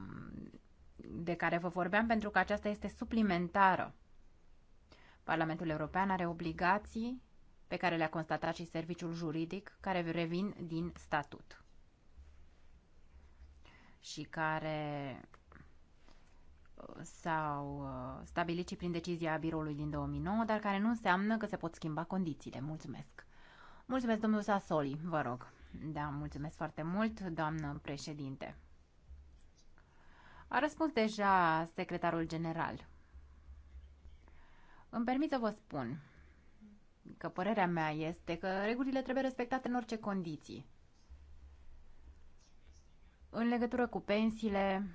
de care vă vorbeam, pentru că aceasta este suplimentară. Parlamentul European are obligații pe care le-a constatat și serviciul juridic, care revin din statut și care uh, s-au uh, stabilit și prin decizia biroului din 2009, dar care nu înseamnă că se pot schimba condițiile. Mulțumesc! Mulțumesc, domnul Sasoli, vă rog. Da, mulțumesc foarte mult, doamnă președinte. A răspuns deja secretarul general. Îmi permit să vă spun că părerea mea este că regulile trebuie respectate în orice condiții. În legătură cu pensiile,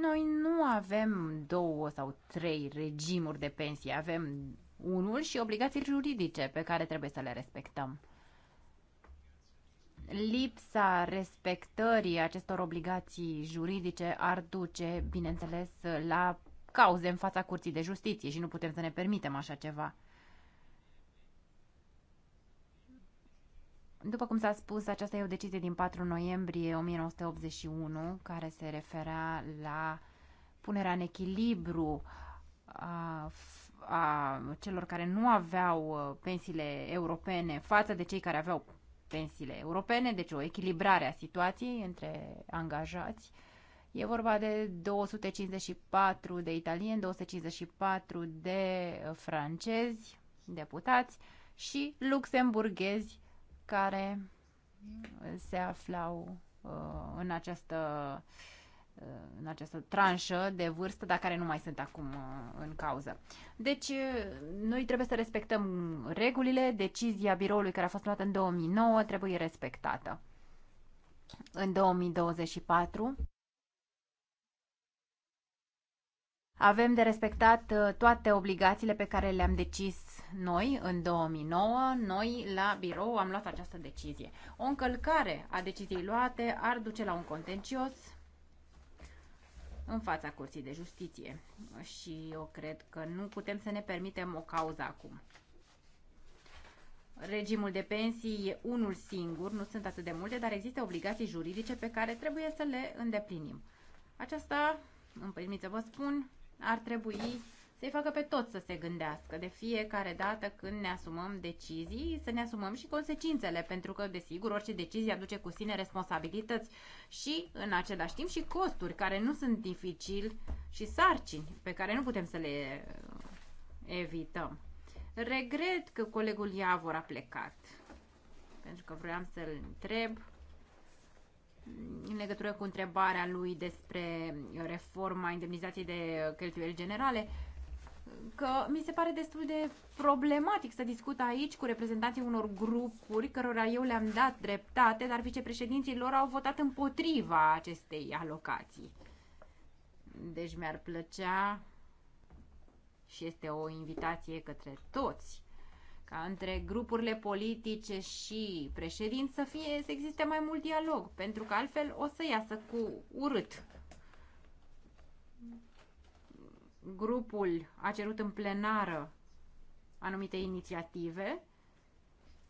noi nu avem două sau trei regimuri de pensie, avem unul și obligații juridice pe care trebuie să le respectăm. Lipsa respectării acestor obligații juridice ar duce, bineînțeles, la cauze în fața Curții de Justiție și nu putem să ne permitem așa ceva. După cum s-a spus, aceasta e o decizie din 4 noiembrie 1981 care se referea la punerea în echilibru a, a celor care nu aveau uh, pensiile europene față de cei care aveau pensiile europene, deci o echilibrare a situației între angajați. E vorba de 254 de italieni, 254 de uh, francezi, deputați și luxemburghezi care se aflau uh, în această uh, în această tranșă de vârstă, dar care nu mai sunt acum uh, în cauză. Deci, uh, noi trebuie să respectăm regulile, decizia biroului care a fost luată în 2009 trebuie respectată. În 2024 avem de respectat toate obligațiile pe care le-am decis noi, în 2009, noi la birou am luat această decizie. O încălcare a deciziei luate ar duce la un contencios în fața Curții de Justiție și eu cred că nu putem să ne permitem o cauză acum. Regimul de pensii e unul singur, nu sunt atât de multe, dar există obligații juridice pe care trebuie să le îndeplinim. Aceasta, îmi permit să vă spun, ar trebui să-i facă pe toți să se gândească. De fiecare dată când ne asumăm decizii, să ne asumăm și consecințele, pentru că, desigur, orice decizie aduce cu sine responsabilități și, în același timp, și costuri care nu sunt dificili și sarcini pe care nu putem să le uh, evităm. Regret că colegul Iavor a plecat, pentru că vroiam să-l întreb în legătură cu întrebarea lui despre reforma indemnizației de cheltuieli generale, că mi se pare destul de problematic să discut aici cu reprezentanții unor grupuri cărora eu le-am dat dreptate, dar vicepreședinții lor au votat împotriva acestei alocații. Deci mi-ar plăcea și este o invitație către toți ca între grupurile politice și președinți să fie să existe mai mult dialog, pentru că altfel o să iasă cu urât grupul a cerut în plenară anumite inițiative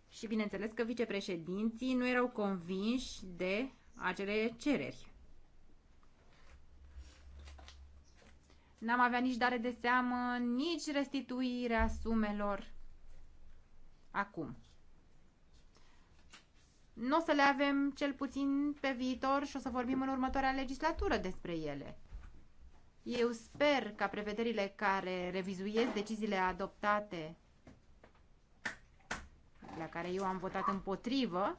și bineînțeles că vicepreședinții nu erau convinși de acele cereri. N-am avea nici dare de seamă, nici restituirea sumelor acum. Nu o să le avem cel puțin pe viitor și o să vorbim în următoarea legislatură despre ele. Eu sper ca prevederile care revizuiesc deciziile adoptate, la care eu am votat împotrivă,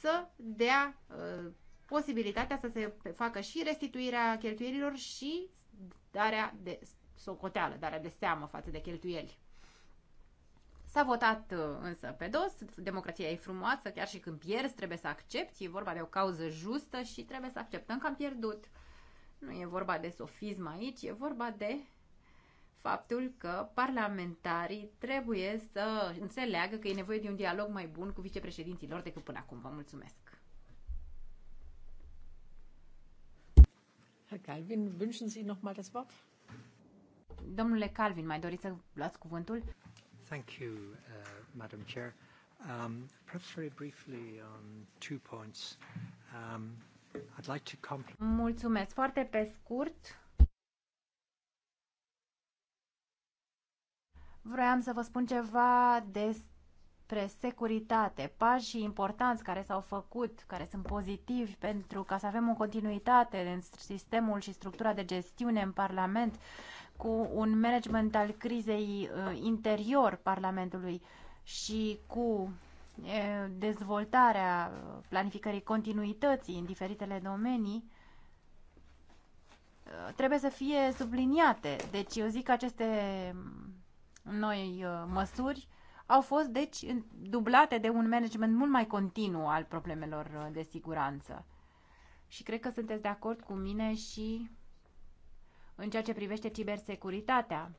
să dea uh, posibilitatea să se facă și restituirea cheltuielilor și darea de socoteală, darea de seamă față de cheltuieli. S-a votat uh, însă pe dos, democrația e frumoasă, chiar și când pierzi trebuie să accepti, e vorba de o cauză justă și trebuie să acceptăm că am pierdut. Nu e vorba de sofism aici, e vorba de faptul că parlamentarii trebuie să înțeleagă că e nevoie de un dialog mai bun cu vicepreședinții lor decât până acum. Vă mulțumesc! Herr Calvin, wünschen Sie noch mal das Wort? Domnule Calvin, mai doriți să luați cuvântul? Thank you, uh, Madam Chair. Um, perhaps very briefly on two points. Um, Mulțumesc. Foarte pe scurt. Vroiam să vă spun ceva despre securitate, pașii importanți care s-au făcut, care sunt pozitivi pentru ca să avem o continuitate în sistemul și structura de gestiune în Parlament cu un management al crizei uh, interior Parlamentului și cu dezvoltarea planificării continuității în diferitele domenii trebuie să fie subliniate. Deci eu zic că aceste noi măsuri au fost deci dublate de un management mult mai continuu al problemelor de siguranță. Și cred că sunteți de acord cu mine și în ceea ce privește cibersecuritatea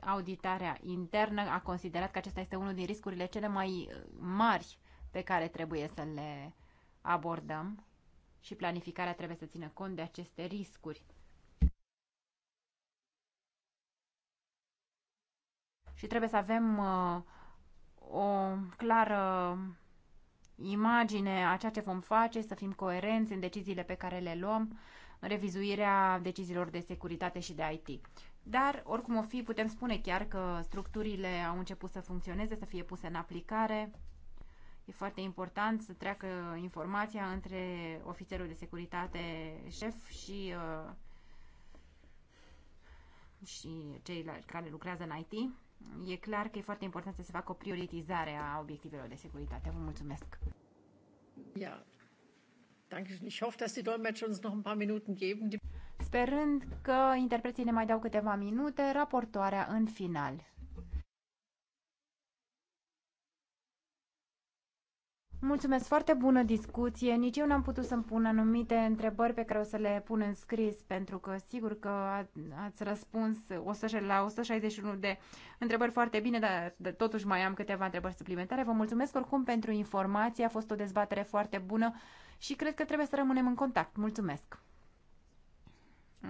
auditarea internă a considerat că acesta este unul din riscurile cele mai uh, mari pe care trebuie să le abordăm și planificarea trebuie să țină cont de aceste riscuri. Și trebuie să avem uh, o clară imagine a ceea ce vom face, să fim coerenți în deciziile pe care le luăm, în revizuirea deciziilor de securitate și de IT. Dar, oricum o fi, putem spune chiar că structurile au început să funcționeze, să fie puse în aplicare. E foarte important să treacă informația între ofițerul de securitate șef și, uh, și cei care lucrează în IT. E clar că e foarte important să se facă o prioritizare a obiectivelor de securitate. Vă mulțumesc! Yeah. danke Ich hoffe, dass die Dolmetscher uns noch ein paar Minuten geben sperând că interpreții ne mai dau câteva minute, raportoarea în final. Mulțumesc, foarte bună discuție. Nici eu n-am putut să-mi pun anumite întrebări pe care o să le pun în scris, pentru că sigur că ați răspuns la 161 de întrebări foarte bine, dar totuși mai am câteva întrebări suplimentare. Vă mulțumesc oricum pentru informație, a fost o dezbatere foarte bună și cred că trebuie să rămânem în contact. Mulțumesc!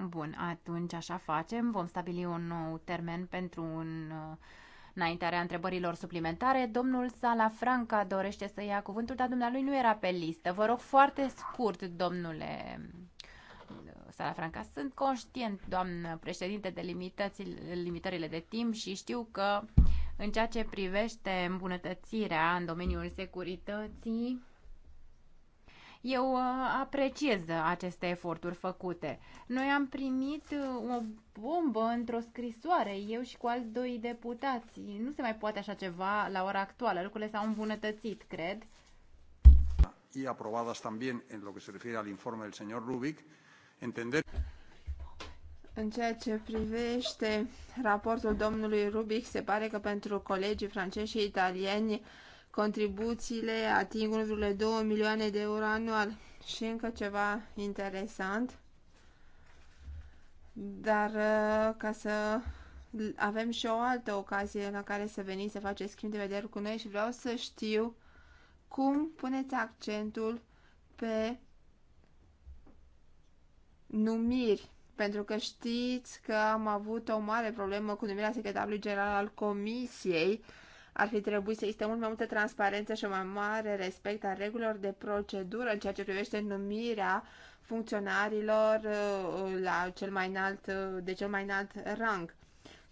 Bun, atunci așa facem. Vom stabili un nou termen pentru un uh, înaintarea întrebărilor suplimentare. Domnul Salafranca dorește să ia cuvântul, dar dumnealui nu era pe listă. Vă rog foarte scurt, domnule uh, Salafranca. Sunt conștient, doamnă președinte, de limitările de timp și știu că în ceea ce privește îmbunătățirea în domeniul securității, eu uh, apreciez aceste eforturi făcute. Noi am primit uh, o bombă într-o scrisoare, eu și cu alți doi deputați. Nu se mai poate așa ceva la ora actuală. Lucrurile s-au îmbunătățit, cred. Și aprobadas también en lo que se refiere al informe del señor Rubic, entender în ceea ce privește raportul domnului Rubic, se pare că pentru colegii francezi și italieni Contribuțiile ating 1,2 milioane de euro anual. Și încă ceva interesant, dar uh, ca să avem și o altă ocazie la care să veniți să faceți schimb de vedere cu noi și vreau să știu cum puneți accentul pe numiri, pentru că știți că am avut o mare problemă cu numirea secretarului general al comisiei, ar fi trebuit să existe mult mai multă transparență și o mai mare respect a regulilor de procedură în ceea ce privește numirea funcționarilor uh, la cel mai înalt, uh, de cel mai înalt rang.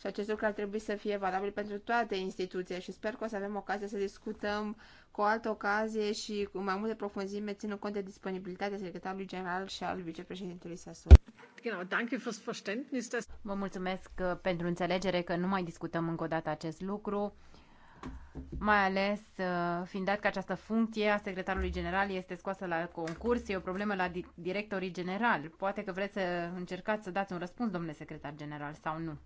Și acest lucru ar trebui să fie valabil pentru toate instituțiile și sper că o să avem ocazia să discutăm cu o altă ocazie și cu mai multe profunzime, ținând cont de disponibilitatea secretarului general și al vicepreședintelui Sassoli. Genau, danke fürs Verständnis. Vă mulțumesc uh, pentru înțelegere că nu mai discutăm încă o dată acest lucru mai ales uh, fiind dat că această funcție a secretarului general este scoasă la concurs, e o problemă la directorii general. Poate că vreți să încercați să dați un răspuns, domnule secretar general, sau nu.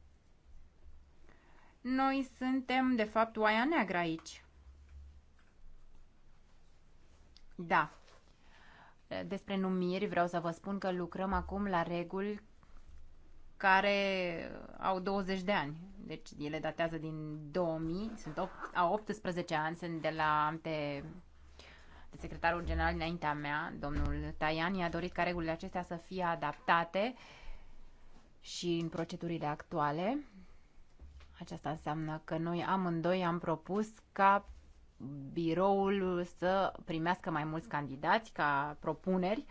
Noi suntem, de fapt, oaia neagră aici. Da. Despre numiri vreau să vă spun că lucrăm acum la reguli care au 20 de ani. Deci ele datează din 2000, sunt 8, au 18 ani, sunt de la ante de secretarul general înaintea mea, domnul Taian, i-a dorit ca regulile acestea să fie adaptate și în procedurile actuale. Aceasta înseamnă că noi amândoi am propus ca biroul să primească mai mulți candidați ca propuneri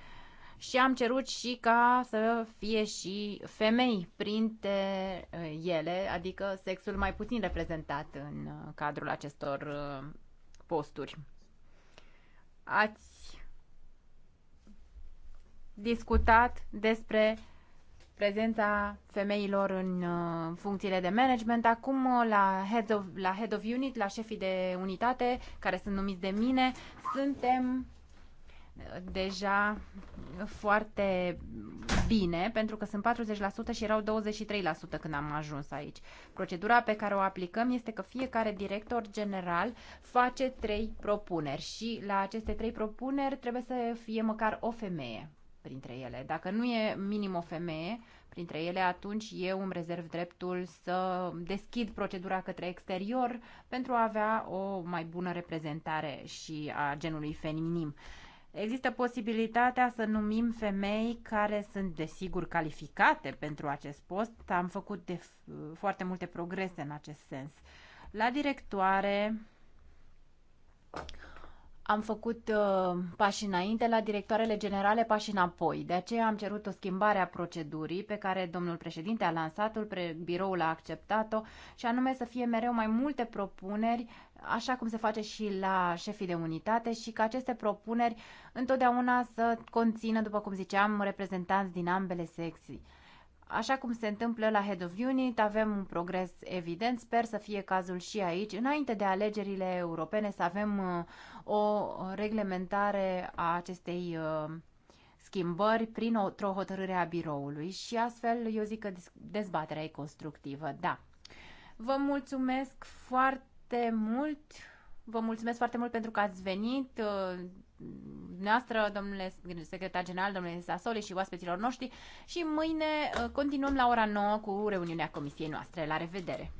și am cerut și ca să fie și femei printre uh, ele, adică sexul mai puțin reprezentat în uh, cadrul acestor uh, posturi. Ați discutat despre prezența femeilor în funcțiile de management. Acum, la head of, la head of unit, la șefii de unitate, care sunt numiți de mine, suntem deja foarte bine, pentru că sunt 40% și erau 23% când am ajuns aici. Procedura pe care o aplicăm este că fiecare director general face trei propuneri și la aceste trei propuneri trebuie să fie măcar o femeie printre ele. Dacă nu e minim o femeie printre ele, atunci eu îmi rezerv dreptul să deschid procedura către exterior pentru a avea o mai bună reprezentare și a genului feminim. Există posibilitatea să numim femei care sunt, desigur, calificate pentru acest post. Am făcut de foarte multe progrese în acest sens. La directoare am făcut uh, pași înainte la directoarele generale, pași înapoi. De aceea am cerut o schimbare a procedurii pe care domnul președinte a lansat-o, biroul a acceptat-o și anume să fie mereu mai multe propuneri, așa cum se face și la șefii de unitate și că aceste propuneri întotdeauna să conțină, după cum ziceam, reprezentanți din ambele sexii. Așa cum se întâmplă la Head of Unit, avem un progres evident, sper să fie cazul și aici. Înainte de alegerile europene să avem uh, o reglementare a acestei uh, schimbări prin o, o hotărâre a biroului și astfel eu zic că dezbaterea e constructivă, da. Vă mulțumesc foarte mult, vă mulțumesc foarte mult pentru că ați venit, uh, noastră, domnule secretar general, domnule Sasoli și oaspeților noștri și mâine uh, continuăm la ora 9 cu reuniunea comisiei noastre. La revedere!